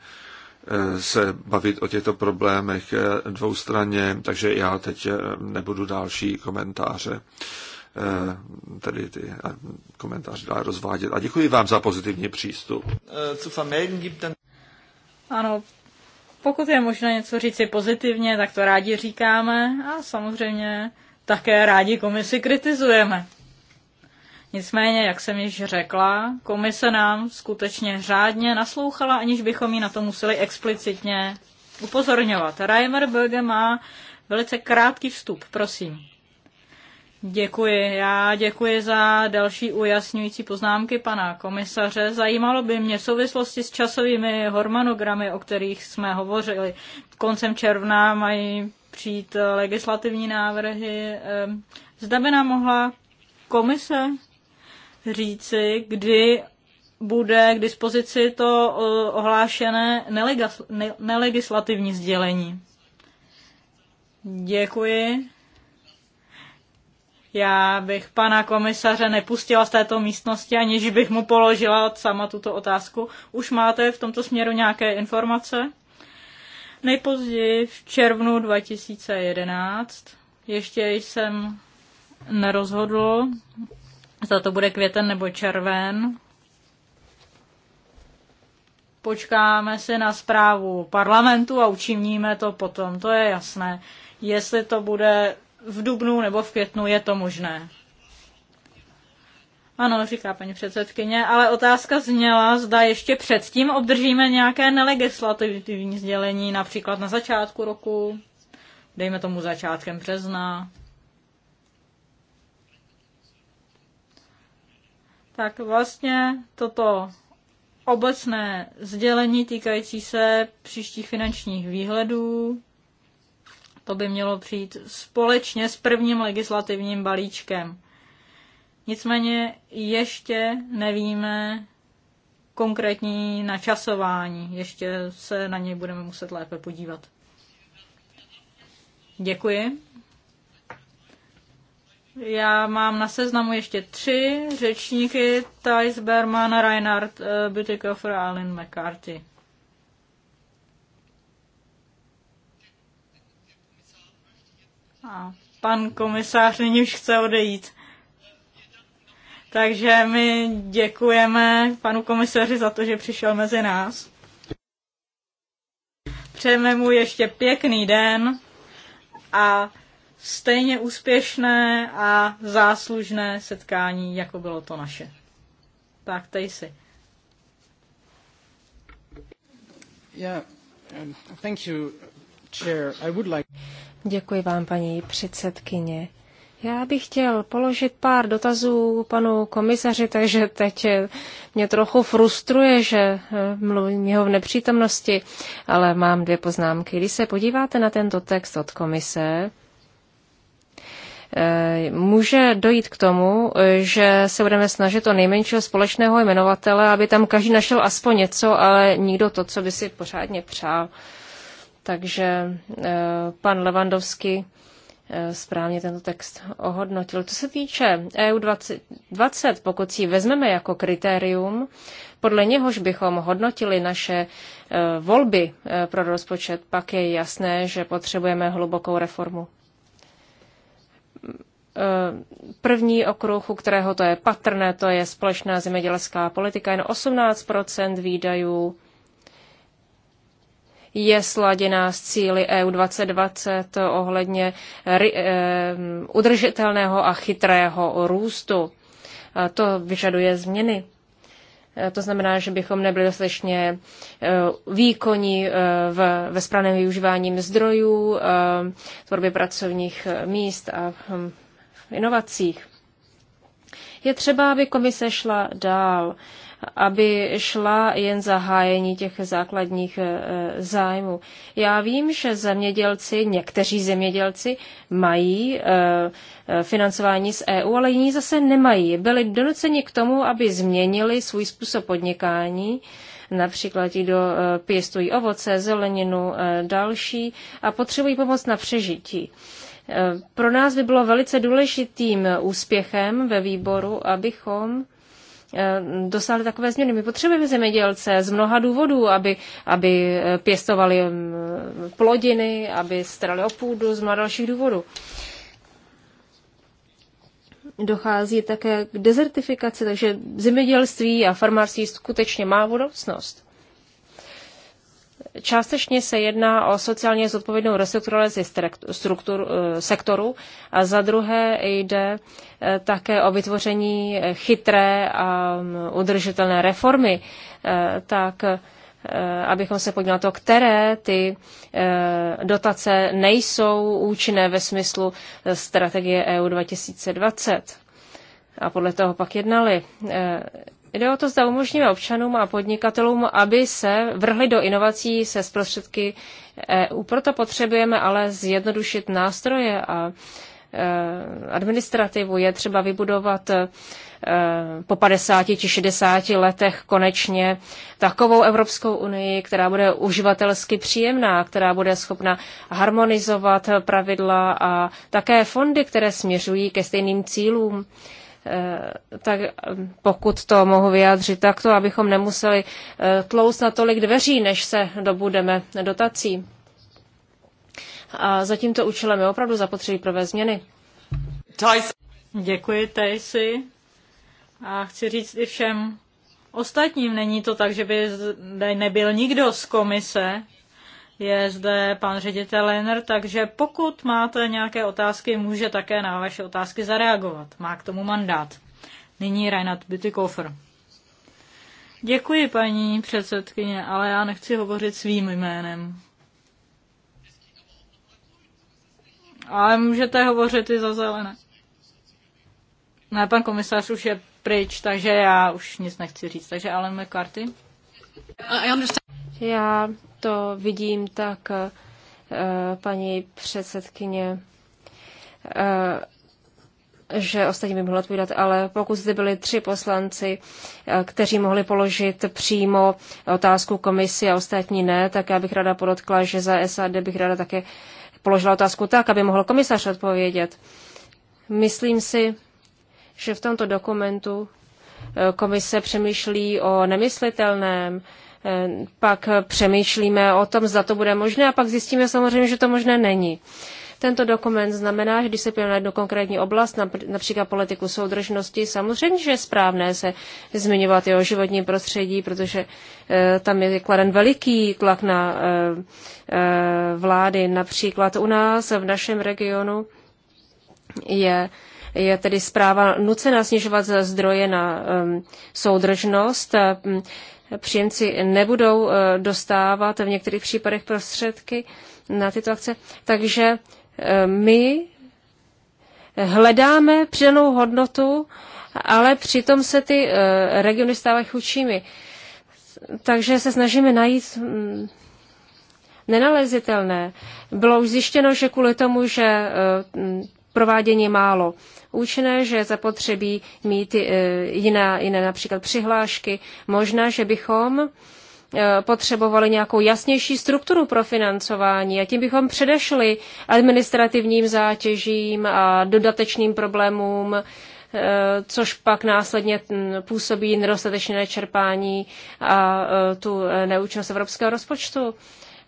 S1: eh, se bavit o těchto problémech eh, dvoustranně, takže já teď nebudu další komentáře tedy ty komentáře dále rozvádět. A děkuji vám za pozitivní přístup.
S2: Ano, pokud je možné něco říci pozitivně, tak to rádi říkáme a samozřejmě také rádi komisi kritizujeme. Nicméně, jak jsem již řekla, komise nám skutečně řádně naslouchala, aniž bychom ji na to museli explicitně upozorňovat. Reimer Böge má velice krátký vstup, prosím. Děkuji. Já děkuji za další ujasňující poznámky pana komisaře. Zajímalo by mě v souvislosti s časovými hormonogramy, o kterých jsme hovořili. Koncem června mají přijít legislativní návrhy. Ehm, zda by nám mohla komise říci, kdy bude k dispozici to eh, ohlášené nelegislativní sdělení. Děkuji. Já bych pana komisaře nepustila z této místnosti, aniž bych mu položila sama tuto otázku. Už máte v tomto směru nějaké informace? Nejpozději v červnu 2011. Ještě jsem nerozhodl, Zda to bude květen nebo červen. Počkáme si na zprávu parlamentu a učiníme to potom, to je jasné. Jestli to bude v dubnu nebo v květnu, je to možné. Ano, říká paní předsedkyně, ale otázka zněla, zda ještě předtím obdržíme nějaké nelegislativní sdělení, například na začátku roku, dejme tomu začátkem března, tak vlastně toto obecné sdělení týkající se příštích finančních výhledů, to by mělo přijít společně s prvním legislativním balíčkem. Nicméně ještě nevíme konkrétní načasování, ještě se na něj budeme muset lépe podívat. Děkuji. Já mám na seznamu ještě tři řečníky, Thijs Berman, Reinhard eh, Bütikofer a Alan McCarthy. A pan komisář nyní už chce odejít. Takže my děkujeme panu komisaři za to, že přišel mezi nás. Přejeme mu ještě pěkný den a stejně úspěšné a záslužné setkání, jako bylo to naše. Tak, tej si.
S3: Um, Děkuji vám, paní předsedkyně. Já bych chtěl položit pár dotazů panu komisaři, takže teď mě trochu frustruje, že eh, mluvím jeho v nepřítomnosti, ale mám dvě poznámky. Když se podíváte na tento text od komise, může dojít k tomu, že se budeme snažit o nejmenšího společného jmenovatele, aby tam každý našel aspoň něco, ale nikdo to, co by si pořádně přál. Takže eh, pan Levandovský eh, správně tento text ohodnotil. Co se týče EU 2020, pokud si vezmeme jako kritérium, podle něhož bychom hodnotili naše eh, volby pro rozpočet, pak je jasné, že potřebujeme hlubokou reformu. Eh, první okruh, u kterého to je patrné, to je společná zemědělská politika. Jen 18 výdajů je sladěná s cíly EU 2020 ohledně eh, udržitelného a chytrého růstu. To vyžaduje změny. Eh, to znamená, že bychom nebyli dostatečně výkonní v, ve správném využívání zdrojů, tvorbě pracovních míst a hm, v inovacích. Je třeba, aby komise šla dál, aby šla jen zahájení těch základních eh, zájmů. Já vím, že zemědělci, někteří zemědělci mají eh, financování z EU, ale jiní zase nemají. Byli donuceni k tomu, aby změnili svůj způsob podnikání, například i do eh, pěstují ovoce, zeleninu, další a potřebují pomoc na přežití. Pro nás by bylo velice důležitým úspěchem ve výboru, abychom eh, dosáhli takové změny. My potřebujeme zemědělce z mnoha důvodů, aby, aby eh, pěstovali mm, plodiny, aby starali o půdu, z mnoha dalších důvodů. Dochází také k dezertifikaci, takže zemědělství a farmářství skutečně má budoucnost. Částečně se jedná o sociálně zodpovědnou restrukturalizaci struktur, eh, sektoru a za druhé jde eh, také o vytvoření eh, chytré a mm, udržitelné reformy, tak abychom se podívali na to, které ty dotace nejsou účinné ve smyslu strategie EU 2020. A podle toho pak jednali. Jde o to, zda umožníme občanům a podnikatelům, aby se vrhli do inovací se zprostředky EU. Proto potřebujeme ale zjednodušit nástroje a e, administrativu, je třeba vybudovat e, po 50 či 60 letech konečně takovou Evropskou unii, která bude uživatelsky příjemná, která bude schopna harmonizovat pravidla a také fondy, které směřují ke stejným cílům. Eh, tak eh, pokud to mohu vyjádřit takto, abychom nemuseli eh, tlouct na tolik dveří, než se dobudeme dotací.
S2: A za tímto účelem je opravdu zapotřebí provést změny. Děkuji, Tejsi. A chci říct i všem ostatním, není to tak, že by zde nebyl nikdo z komise, je zde pan ředitel Lehner, takže pokud máte nějaké otázky, může také na vaše otázky zareagovat. Má k tomu mandát. Nyní Reinhard Bütikofer. Děkuji, paní předsedkyně, ale já nechci hovořit svým jménem. Ale můžete hovořit i za zelené. Ne, pan komisař už je pryč, takže já už nic nechci říct. Takže Alan McCarthy.
S3: Uh, já to vidím tak, eh, paní předsedkyně, eh, že ostatní by mohli odpovídat, ale pokud zde byli tři poslanci, eh, kteří mohli položit přímo otázku komisi a ostatní ne, tak já bych ráda podotkla, že za SAD bych ráda také položila otázku tak, aby mohl komisař odpovědět. Myslím si, že v tomto dokumentu komise přemýšlí o nemyslitelném, Eh, pak přemýšlíme o tom, zda to bude možné a pak zjistíme samozřejmě, že to možné není. Tento dokument znamená, že když se na jednu konkrétní oblast, například politiku soudržnosti, samozřejmě, že je správné se zmiňovat i o životním prostředí, protože eh, tam je kladen veliký tlak na eh, vlády. Například u nás v našem regionu je je tedy zpráva nucena snižovat zdroje na ehm, soudržnost. Ehm, příjemci nebudou eh, dostávat v některých případech prostředky na tyto akce. Takže eh, my hledáme přidanou hodnotu, ale přitom se ty eh, regiony stávají chudšími. Takže se snažíme najít mm, nenalezitelné. Bylo už zjištěno, že kvůli tomu, že provádění málo účinné, že je zapotřebí mít e, jiná, jiné například přihlášky. Možná, že bychom e, potřebovali nějakou jasnější strukturu pro financování a tím bychom předešli administrativním zátěžím a dodatečným problémům, e, což pak následně působí nedostatečné čerpání a tu neúčinnost evropského rozpočtu.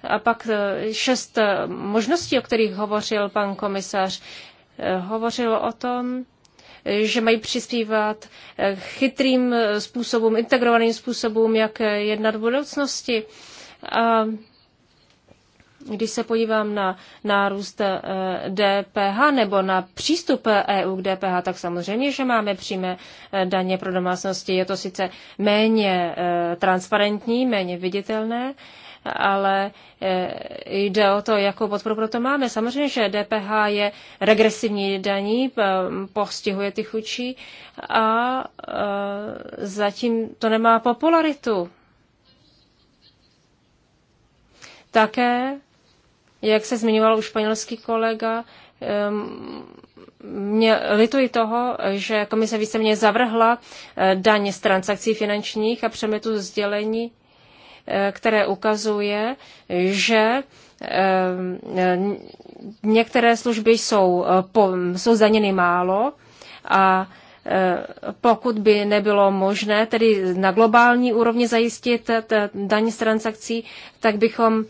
S3: A pak šest možností, o kterých hovořil pan komisař hovořil o tom, že mají přispívat chytrým způsobům, integrovaným způsobům, jak jednat v budoucnosti. A když se podívám na nárůst DPH eh, nebo na přístup EU eh, e k DPH, tak samozřejmě, že máme přímé eh, daně pro domácnosti. Je to sice méně transparentní, méně viditelné, ale eh, jde o to, jakou podporu proto máme. Samozřejmě, že DPH je regresivní daní, eh, postihuje ty chučí a eh, zatím to nemá popularitu. Také, jak se zmiňoval už španělský kolega, ehm, mě lituji toho, že komise víceméně zavrhla daně z transakcí finančních a přemětu sdělení Eh, které ukazuje, že eh, některé služby jsou, eh, jsou zdaněny málo a pokud by nebylo možné tedy na globální úrovni zajistit daň z transakcí, tak bychom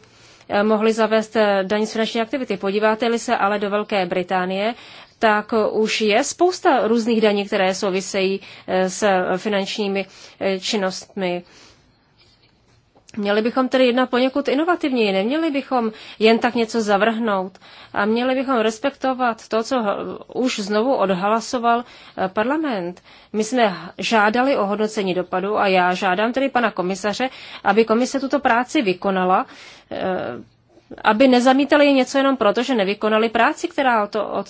S3: mohli zavést daň z finanční aktivity. Podíváte-li se ale do Velké Británie, tak už je spousta různých daní, které souvisejí s finančními činnostmi. Měli bychom tedy jednat poněkud inovativněji, neměli bychom jen tak něco zavrhnout a měli bychom respektovat to, co už znovu odhlasoval eh, parlament. My jsme žádali o hodnocení dopadu a já žádám tedy pana komisaře, aby komise tuto práci vykonala, eh, aby nezamítali něco jenom proto, že nevykonali práci, která to, od,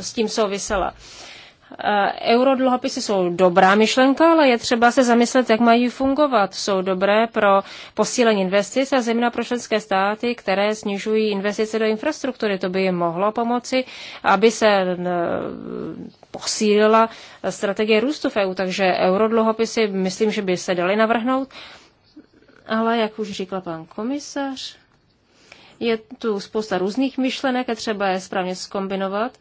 S3: s tím souvisela. Eh, eurodluhopisy jsou dobrá myšlenka, ale je třeba se zamyslet, jak mají fungovat. Jsou dobré pro posílení investic a zejména pro členské státy, které snižují investice do infrastruktury. To by jim mohlo pomoci, aby se eh, posílila strategie růstu v EU. Takže eurodluhopisy myslím, že by se daly navrhnout. Ale jak už říkal pan komisař, je tu spousta různých myšlenek a třeba je správně zkombinovat.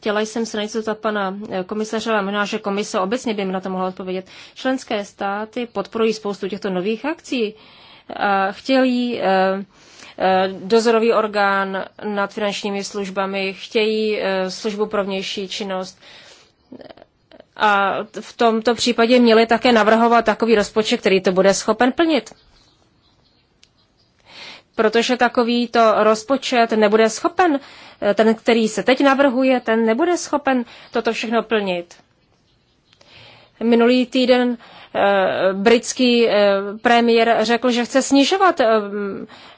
S3: Chtěla jsem se najít zeptat pana eh, komisaře, ale možná, že komise obecně by mi na to mohla odpovědět. Členské státy podporují spoustu těchto nových akcí. Chtějí eh, eh, dozorový orgán nad finančními službami, chtějí službu pro vnější činnost. A v tomto případě měli také navrhovat takový rozpočet, který to bude schopen plnit protože takovýto rozpočet nebude schopen, eh, ten, který se teď navrhuje, ten nebude schopen toto všechno plnit. Minulý týden eh, britský eh, premiér řekl, že chce snižovat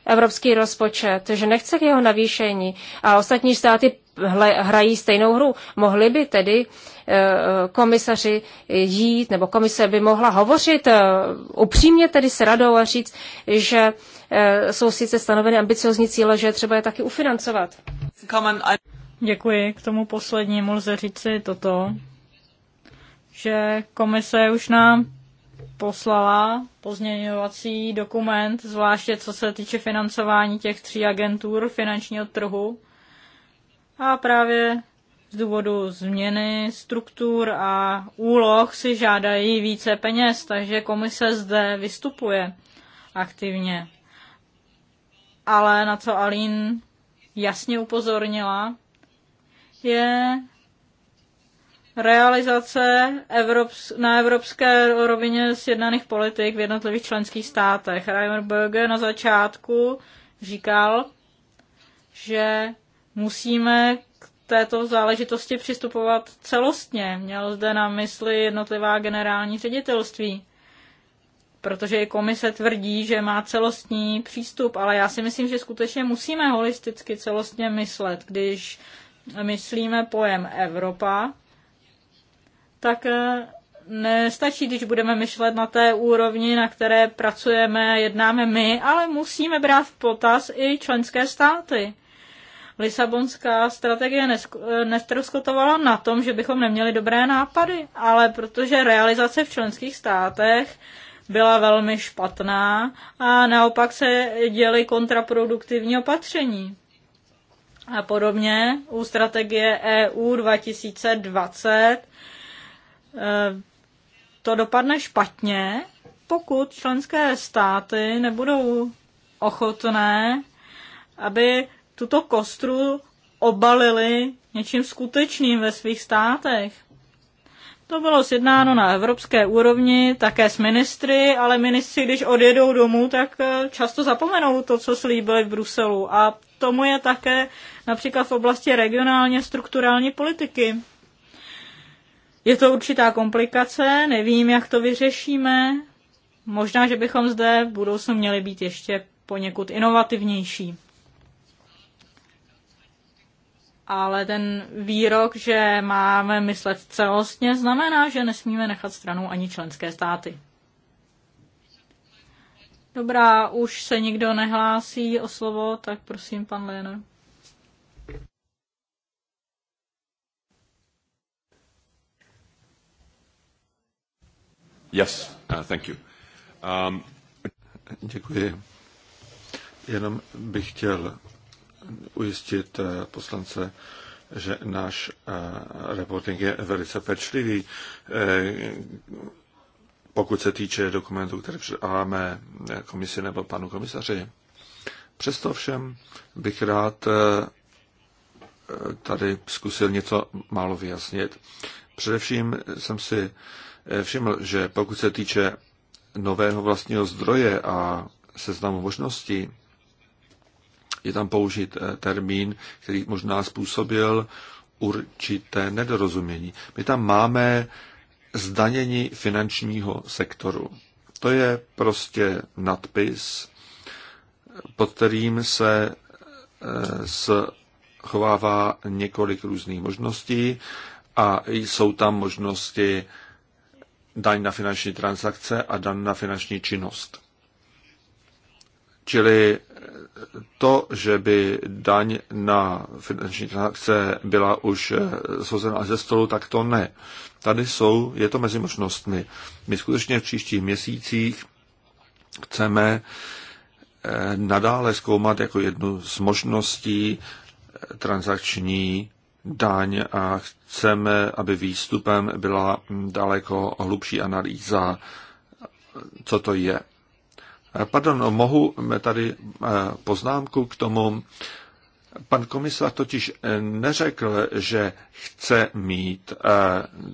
S3: evropský rozpočet, že nechce k jeho navýšení a ostatní státy hrají stejnou hru. Mohli by tedy eh, komisaři jít, nebo komise by mohla hovořit eh, upřímně tedy s radou a říct, že eh, jsou sice stanoveny
S2: ambiciozní cíle, že třeba je taky ufinancovat. Děkuji. K tomu poslednímu lze říci toto, že komise už nám poslala pozměňovací dokument, zvláště co se týče financování těch tří agentur finančního trhu a právě z důvodu změny struktur a úloh si žádají více peněz, takže komise zde vystupuje aktivně. Ale na co Alín jasně upozornila, je realizace Evrops- na evropské rovině sjednaných politik v jednotlivých členských státech. Reimer Böge na začátku říkal, že musíme k této záležitosti přistupovat celostně. Měl zde na mysli jednotlivá generální ředitelství, protože i komise tvrdí, že má celostní přístup, ale já si myslím, že skutečně musíme holisticky celostně myslet, když myslíme pojem Evropa, tak eh, nestačí, když budeme myšlet na té úrovni, na které pracujeme, jednáme my, ale musíme brát v potaz i členské státy. Lisabonská strategie nestroskotovala na tom, že bychom neměli dobré nápady, ale protože realizace v členských státech byla velmi špatná a naopak se děly kontraproduktivní opatření. A podobně u strategie EU 2020 eh, to dopadne špatně, pokud členské státy nebudou ochotné, aby tuto kostru obalili něčím skutečným ve svých státech. To bylo sjednáno na evropské úrovni, také s ministry, ale ministři, když odjedou domů, tak eh, často zapomenou to, co slíbili v Bruselu. A tomu je také například v oblasti regionálně strukturální politiky. Je to určitá komplikace, nevím, jak to vyřešíme. Možná, že bychom zde v budoucnu měli být ještě poněkud inovativnější. ale ten výrok, že máme myslet celostně, znamená, že nesmíme nechat stranou ani členské státy. Dobrá, už se nikdo nehlásí o slovo, tak prosím, pan Léner.
S1: Yes, uh, thank you. Um... Děkuji. Jenom bych chtěl ujistit eh, poslance, že náš eh, reporting je velice pečlivý. Eh, pokud se týče dokumentů, které předáváme komisi nebo panu komisaři. Přesto všem bych rád tady zkusil něco málo vyjasnit. Především jsem si všiml, že pokud se týče nového vlastního zdroje a seznamu možností, je tam použit eh, termín, který možná způsobil určité nedorozumění. My tam máme zdanění finančního sektoru. To je prostě nadpis, pod kterým se eh, schovává několik různých možností a jsou tam možnosti daň na finanční transakce a daň na finanční činnost. Čili to, že by daň na finanční transakce byla už eh, shozena ze stolu, tak to ne. Tady jsou, je to mezi možnostmi. My skutečně v příštích měsících chceme eh, nadále zkoumat jako jednu z možností eh, transakční daň a chceme, aby výstupem byla daleko hlubší analýza, co to je. Eh, pardon, mohu eh, tady eh, poznámku k tomu. Pan komisař totiž neřekl, že chce mít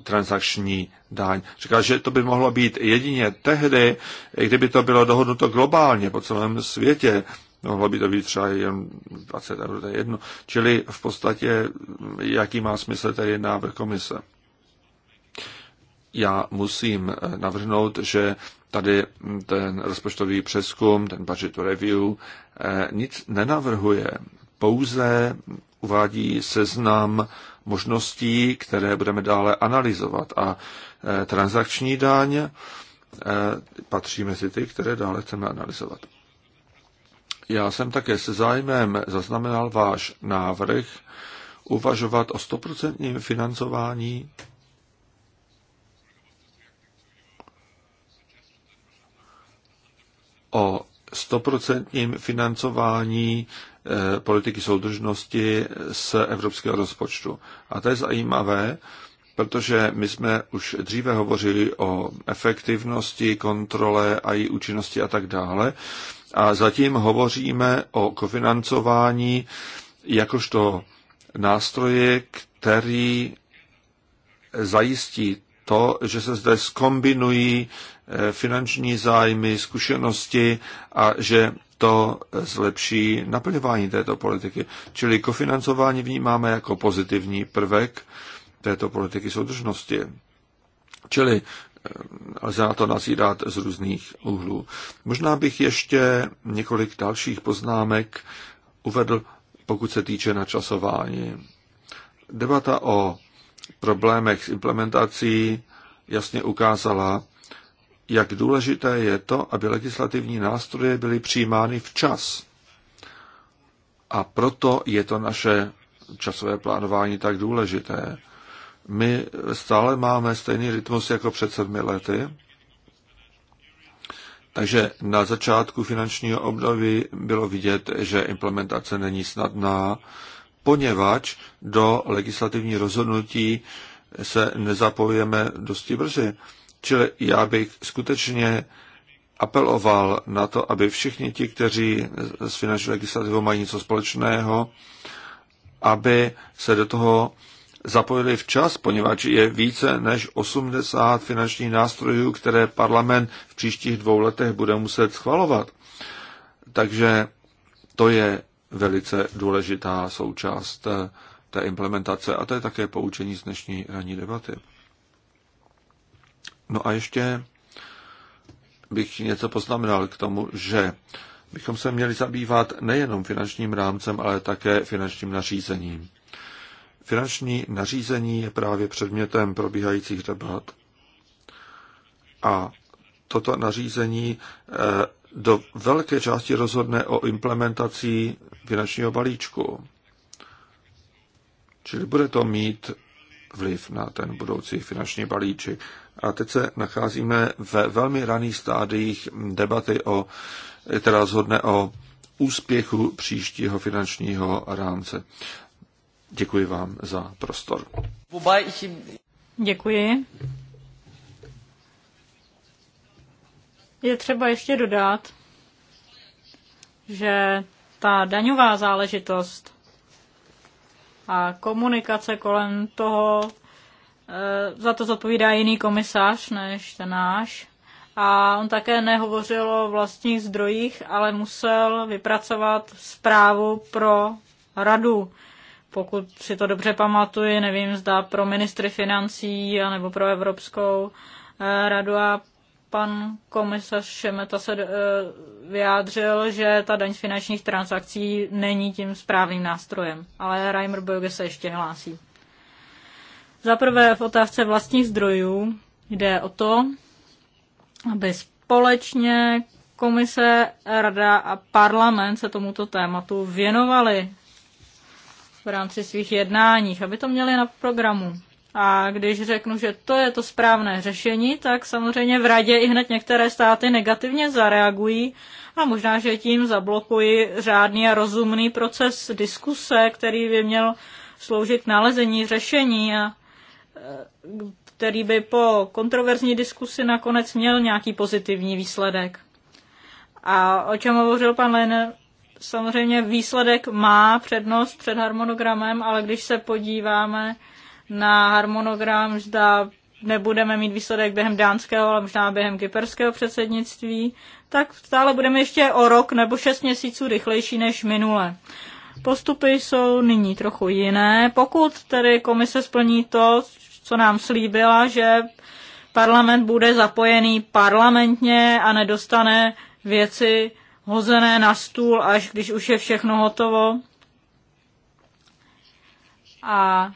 S1: transakční daň. Říkal, že to by mohlo být jedině tehdy, kdyby to bylo dohodnuto globálně po celém světě. Mohlo by to být třeba jen 20 euro, to je jedno. Čili v podstatě, jaký má smysl tady návrh komise? Já musím navrhnout, že tady ten rozpočtový přeskum, ten budget review, eh, nic nenavrhuje, pouze uvádí seznam možností, které budeme dále analyzovat. A eh, transakční daň eh, patří mezi ty, které dále chceme analyzovat. Já jsem také se zájmem zaznamenal váš návrh uvažovat o stoprocentním financování o stoprocentním financování eh, politiky soudržnosti z evropského rozpočtu. A to je zajímavé, protože my jsme už dříve hovořili o efektivnosti, kontrole a její účinnosti a tak dále. A zatím hovoříme o kofinancování jakožto nástroje, který zajistí to, že se zde skombinují Eh, finanční zájmy, zkušenosti a že to zlepší naplňování této politiky. Čili kofinancování vnímáme jako pozitivní prvek této politiky soudržnosti. Čili eh, lze na to nazírat z různých úhlů. Možná bych ještě několik dalších poznámek uvedl, pokud se týče načasování. Debata o problémech s implementací jasně ukázala, jak důležité je to, aby legislativní nástroje byly přijímány včas. A proto je to naše časové plánování tak důležité. My stále máme stejný rytmus jako před sedmi lety, takže na začátku finančního období bylo vidět, že implementace není snadná, poněvadž do legislativní rozhodnutí se nezapojeme dosti brzy. Čili já bych skutečně apeloval na to, aby všichni ti, kteří s finanční legislativou mají něco společného, aby se do toho zapojili včas, poněvadž je více než 80 finančních nástrojů, které parlament v příštích dvou letech bude muset schvalovat. Takže to je velice důležitá součást eh, té implementace a to je také poučení z dnešní ranní debaty. No a ještě bych něco poznamenal k tomu, že bychom se měli zabývat nejenom finančním rámcem, ale také finančním nařízením. Finanční nařízení je právě předmětem probíhajících debat a toto nařízení eh, do velké části rozhodne o implementaci finančního balíčku. Čili bude to mít vliv na ten budoucí finanční balíček. A teď se nacházíme ve velmi raných stádiích debaty o, která zhodne o úspěchu příštího finančního rámce. Děkuji vám za prostor.
S2: Děkuji. Je třeba ještě dodat, že ta daňová záležitost a komunikace kolem toho Eh, za to zodpovídá jiný komisař než ten náš. A on také nehovořil o vlastních zdrojích, ale musel vypracovat zprávu pro radu. Pokud si to dobře pamatuji, nevím, zda pro ministry financí nebo pro Evropskou eh, radu a pan komisař Šemeta se eh, vyjádřil, že ta daň z finančních transakcí není tím správným nástrojem. Ale Reimer Böge se ještě hlásí. Za prvé v otázce vlastních zdrojů jde o to, aby společně komise, rada a parlament se tomuto tématu věnovali v rámci svých jednáních, aby to měli na programu. A když řeknu, že to je to správné řešení, tak samozřejmě v radě i hned některé státy negativně zareagují a možná, že tím zablokují řádný a rozumný proces diskuse, který by měl sloužit k nalezení řešení a který by po kontroverzní diskusi nakonec měl nějaký pozitivní výsledek. A o čem hovořil pan Lehner, samozřejmě výsledek má přednost před harmonogramem, ale když se podíváme na harmonogram, zda nebudeme mít výsledek během dánského, ale možná během kyperského předsednictví, tak stále budeme ještě o rok nebo šest měsíců rychlejší než minule. Postupy jsou nyní trochu jiné. Pokud tedy komise splní to, co nám slíbila, že parlament bude zapojený parlamentně a nedostane věci hozené na stůl, až když už je všechno hotovo. A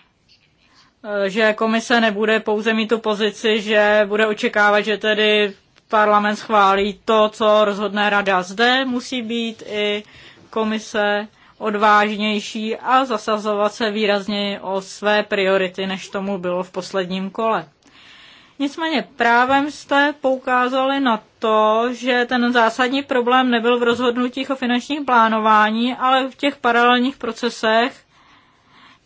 S2: e, že komise nebude pouze mít tu pozici, že bude očekávat, že tedy parlament schválí to, co rozhodne rada. Zde musí být i komise odvážnější a zasazovat se výrazně o své priority, než tomu bylo v posledním kole. Nicméně právem jste poukázali na to, že ten zásadní problém nebyl v rozhodnutích o finančním plánování, ale v těch paralelních procesech,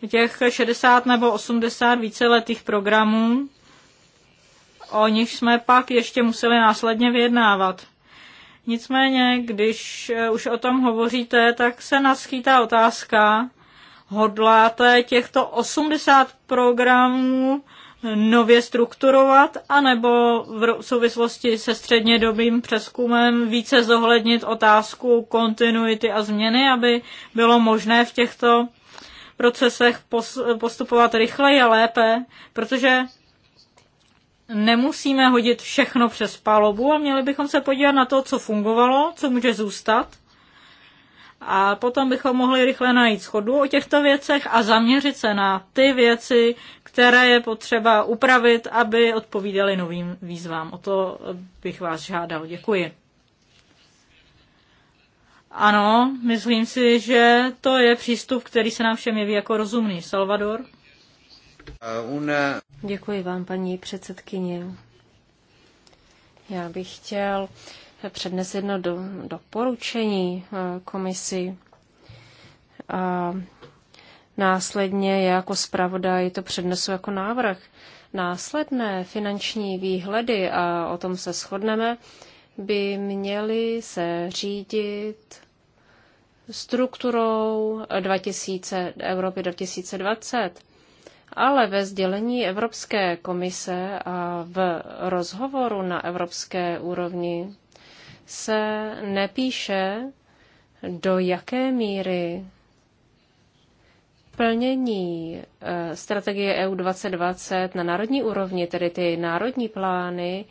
S2: těch 60 nebo 80 víceletých programů, o nich jsme pak ještě museli následně vyjednávat. Nicméně, když eh, už o tom hovoříte, tak se naskýtá otázka, hodláte těchto 80 programů nově strukturovat, anebo v souvislosti se střednědobým přeskumem více zohlednit otázku kontinuity a změny, aby bylo možné v těchto procesech postupovat rychleji a lépe, protože nemusíme hodit všechno přes palobu a měli bychom se podívat na to, co fungovalo, co může zůstat. A potom bychom mohli rychle najít schodu o těchto věcech a zaměřit se na ty věci, které je potřeba upravit, aby odpovídaly novým výzvám. O to bych vás žádal. Děkuji. Ano, myslím si, že to je přístup, který se nám všem jeví jako rozumný. Salvador? Děkuji vám, paní předsedkyně. Já bych
S3: chtěl přednes jedno do, doporučení eh, komisi a následně jako zpravodaj to přednesu jako návrh. Následné finanční výhledy, a o tom se shodneme, by měly se řídit strukturou 2000, eh, Evropy 2020 ale ve sdělení Evropské komise a v rozhovoru na evropské úrovni se nepíše, do jaké míry plnění eh, strategie EU 2020 na národní úrovni, tedy ty národní plány,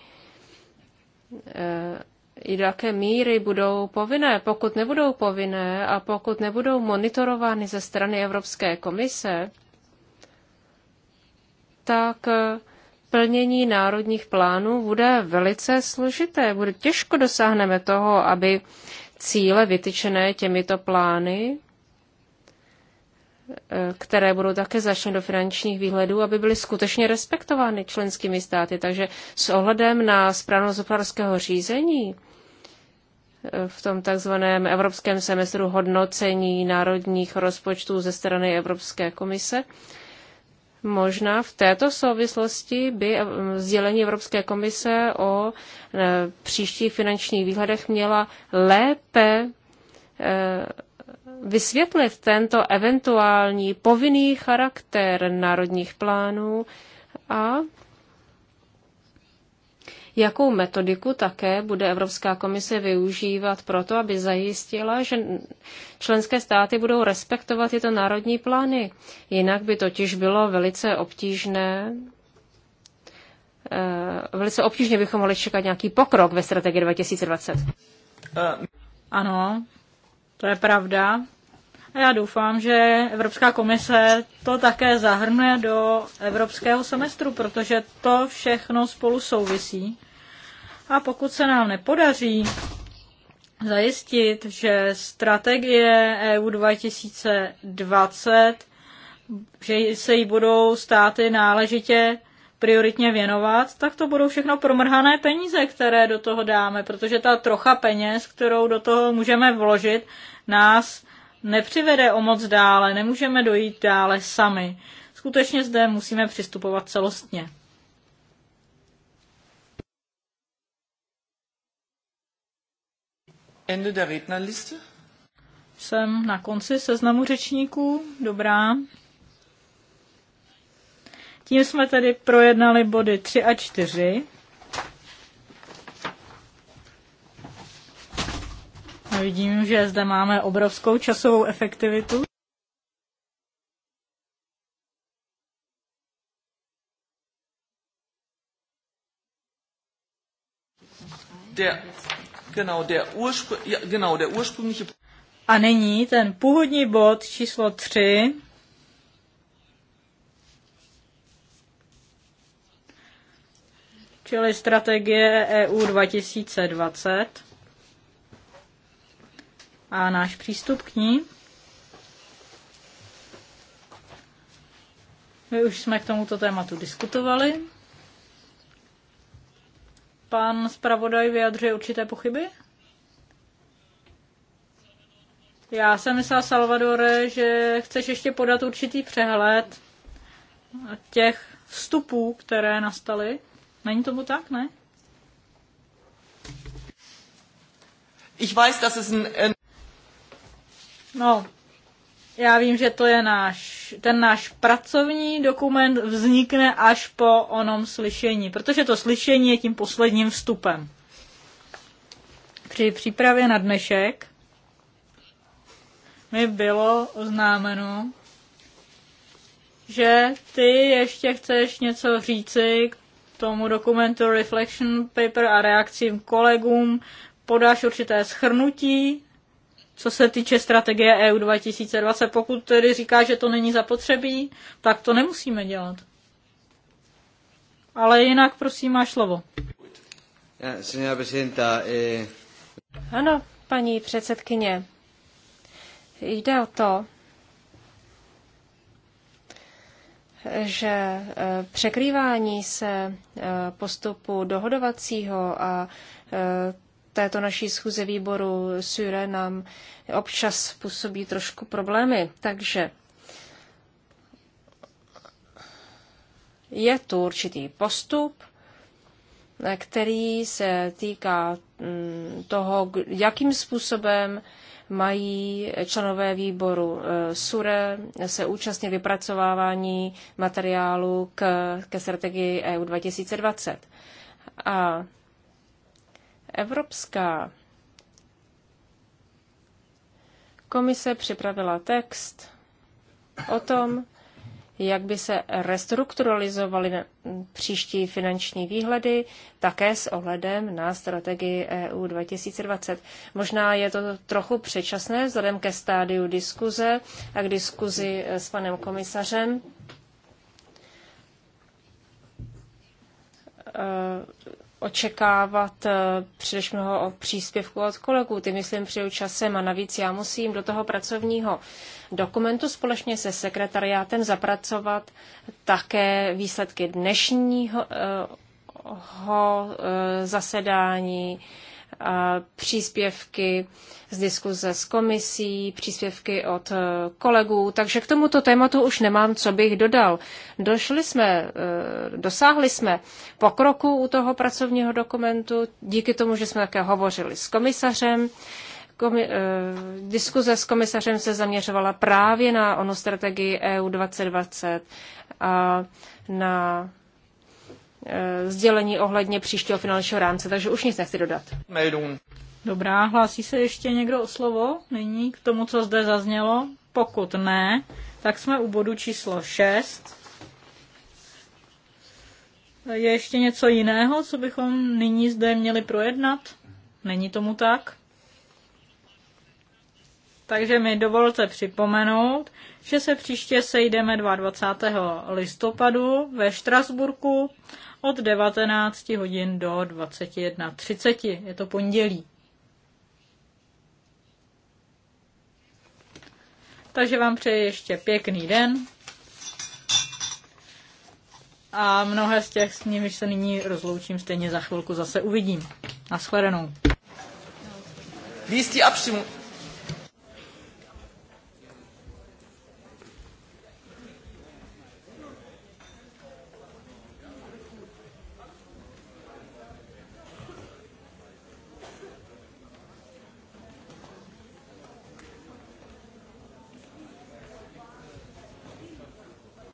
S3: eh, i do jaké míry budou povinné. Pokud nebudou povinné a pokud nebudou monitorovány ze strany Evropské komise, tak eh, plnění národních plánů bude velice složité. Bude těžko dosáhneme toho, aby cíle vytyčené těmito plány, eh, které budou také začleny do finančních výhledů, aby byly skutečně respektovány členskými státy. Takže s ohledem na správnost hospodářského řízení eh, v tom takzvaném evropském semestru hodnocení národních rozpočtů ze strany Evropské komise, Možná v této souvislosti by eh, sdělení Evropské komise o eh, příštích finančních výhledech měla lépe eh, vysvětlit tento eventuální povinný charakter národních plánů a Jakou metodiku také bude Evropská komise využívat proto, aby zajistila, že členské státy budou respektovat tyto národní plány? Jinak by totiž bylo velice obtížné eh, velice obtížně bychom mohli čekat nějaký pokrok ve strategii
S2: 2020. Eh, ano, to je pravda. A já doufám, že Evropská komise to také zahrnuje do evropského semestru, protože to všechno spolu souvisí. A pokud se nám nepodaří zajistit, že strategie EU 2020, že se jí budou státy náležitě prioritně věnovat, tak to budou všechno promrhané peníze, které do toho dáme, protože ta trocha peněz, kterou do toho můžeme vložit, nás nepřivede o moc dále, nemůžeme dojít dále sami. Skutečně zde musíme přistupovat celostně. Ende der Rednerliste. Jsem na konci seznamu řečníků. Dobrá. Tím jsme tedy projednali body 3 a 4. A vidím, že zde máme obrovskou časovou efektivitu.
S1: Der Genau, der urspr- ja, genau, der ursprüngliche...
S2: A nyní ten původní bod číslo 3. Čili strategie EU 2020 a náš přístup k ní. My už jsme k tomuto tématu diskutovali pan zpravodaj vyjadřuje určité pochyby? Já jsem myslela, Salvadore, že chceš ještě podat určitý přehled těch vstupů, které nastaly. Není tomu tak, ne? Ich weiß, dass es ein... No, já vím, že to je náš, ten náš pracovní dokument vznikne až po onom slyšení, protože to slyšení je tím posledním vstupem. Při přípravě na dnešek mi bylo oznámeno, že ty ještě chceš něco říci k tomu dokumentu Reflection Paper a reakcím kolegům, podáš určité schrnutí co se týče strategie EU 2020, pokud tedy říká, že to není zapotřebí, tak to nemusíme dělat. Ale jinak, prosím, máš slovo.
S1: Eh, eh.
S3: Ano, paní předsedkyně. Jde o to, že eh, překrývání se postupu dohodovacího a této naší schůze výboru Syre nám občas působí trošku problémy. Takže je tu určitý postup, který se týká mm, toho, jakým způsobem mají členové výboru e, SURE se účastnit vypracovávání materiálu k, ke strategii EU 2020. A Evropská komise připravila text o tom, jak by se restrukturalizovaly příští finanční výhledy, také s ohledem na strategii EU 2020. Možná je to trochu předčasné vzhledem ke stádiu diskuze a k diskuzi s panem komisařem očekávat eh, především mnoho příspěvku od kolegů. Ty myslím přijdu časem a navíc já musím do toho pracovního dokumentu společně se sekretariátem zapracovat také výsledky dnešního eh, ho, eh, zasedání, příspěvky z diskuze s komisí, příspěvky od e, kolegů, takže k tomuto tématu už nemám, co bych dodal. Došli jsme, e, dosáhli jsme pokroku u toho pracovního dokumentu, díky tomu, že jsme také hovořili s komisařem, komi- eh, diskuze s komisařem se zaměřovala právě na onu strategii EU 2020 a na Eh, sdělení ohledně příštího finančního rámce, takže už nic nechci dodat.
S2: Mailun. Dobrá, hlásí se ještě někdo o slovo nyní k tomu, co zde zaznělo? Pokud ne, tak jsme u bodu číslo 6. Je ještě něco jiného, co bychom nyní zde měli projednat? Není tomu tak? Takže mi dovolte připomenout, že se příště sejdeme 22. listopadu ve Štrasburku od 19 hodin do 21.30. Je to pondělí. Takže vám přeji ještě pěkný den. A mnohé z těch, s nimiž se nyní rozloučím, stejně za chvilku zase uvidím. Naschledanou. Výstí ist die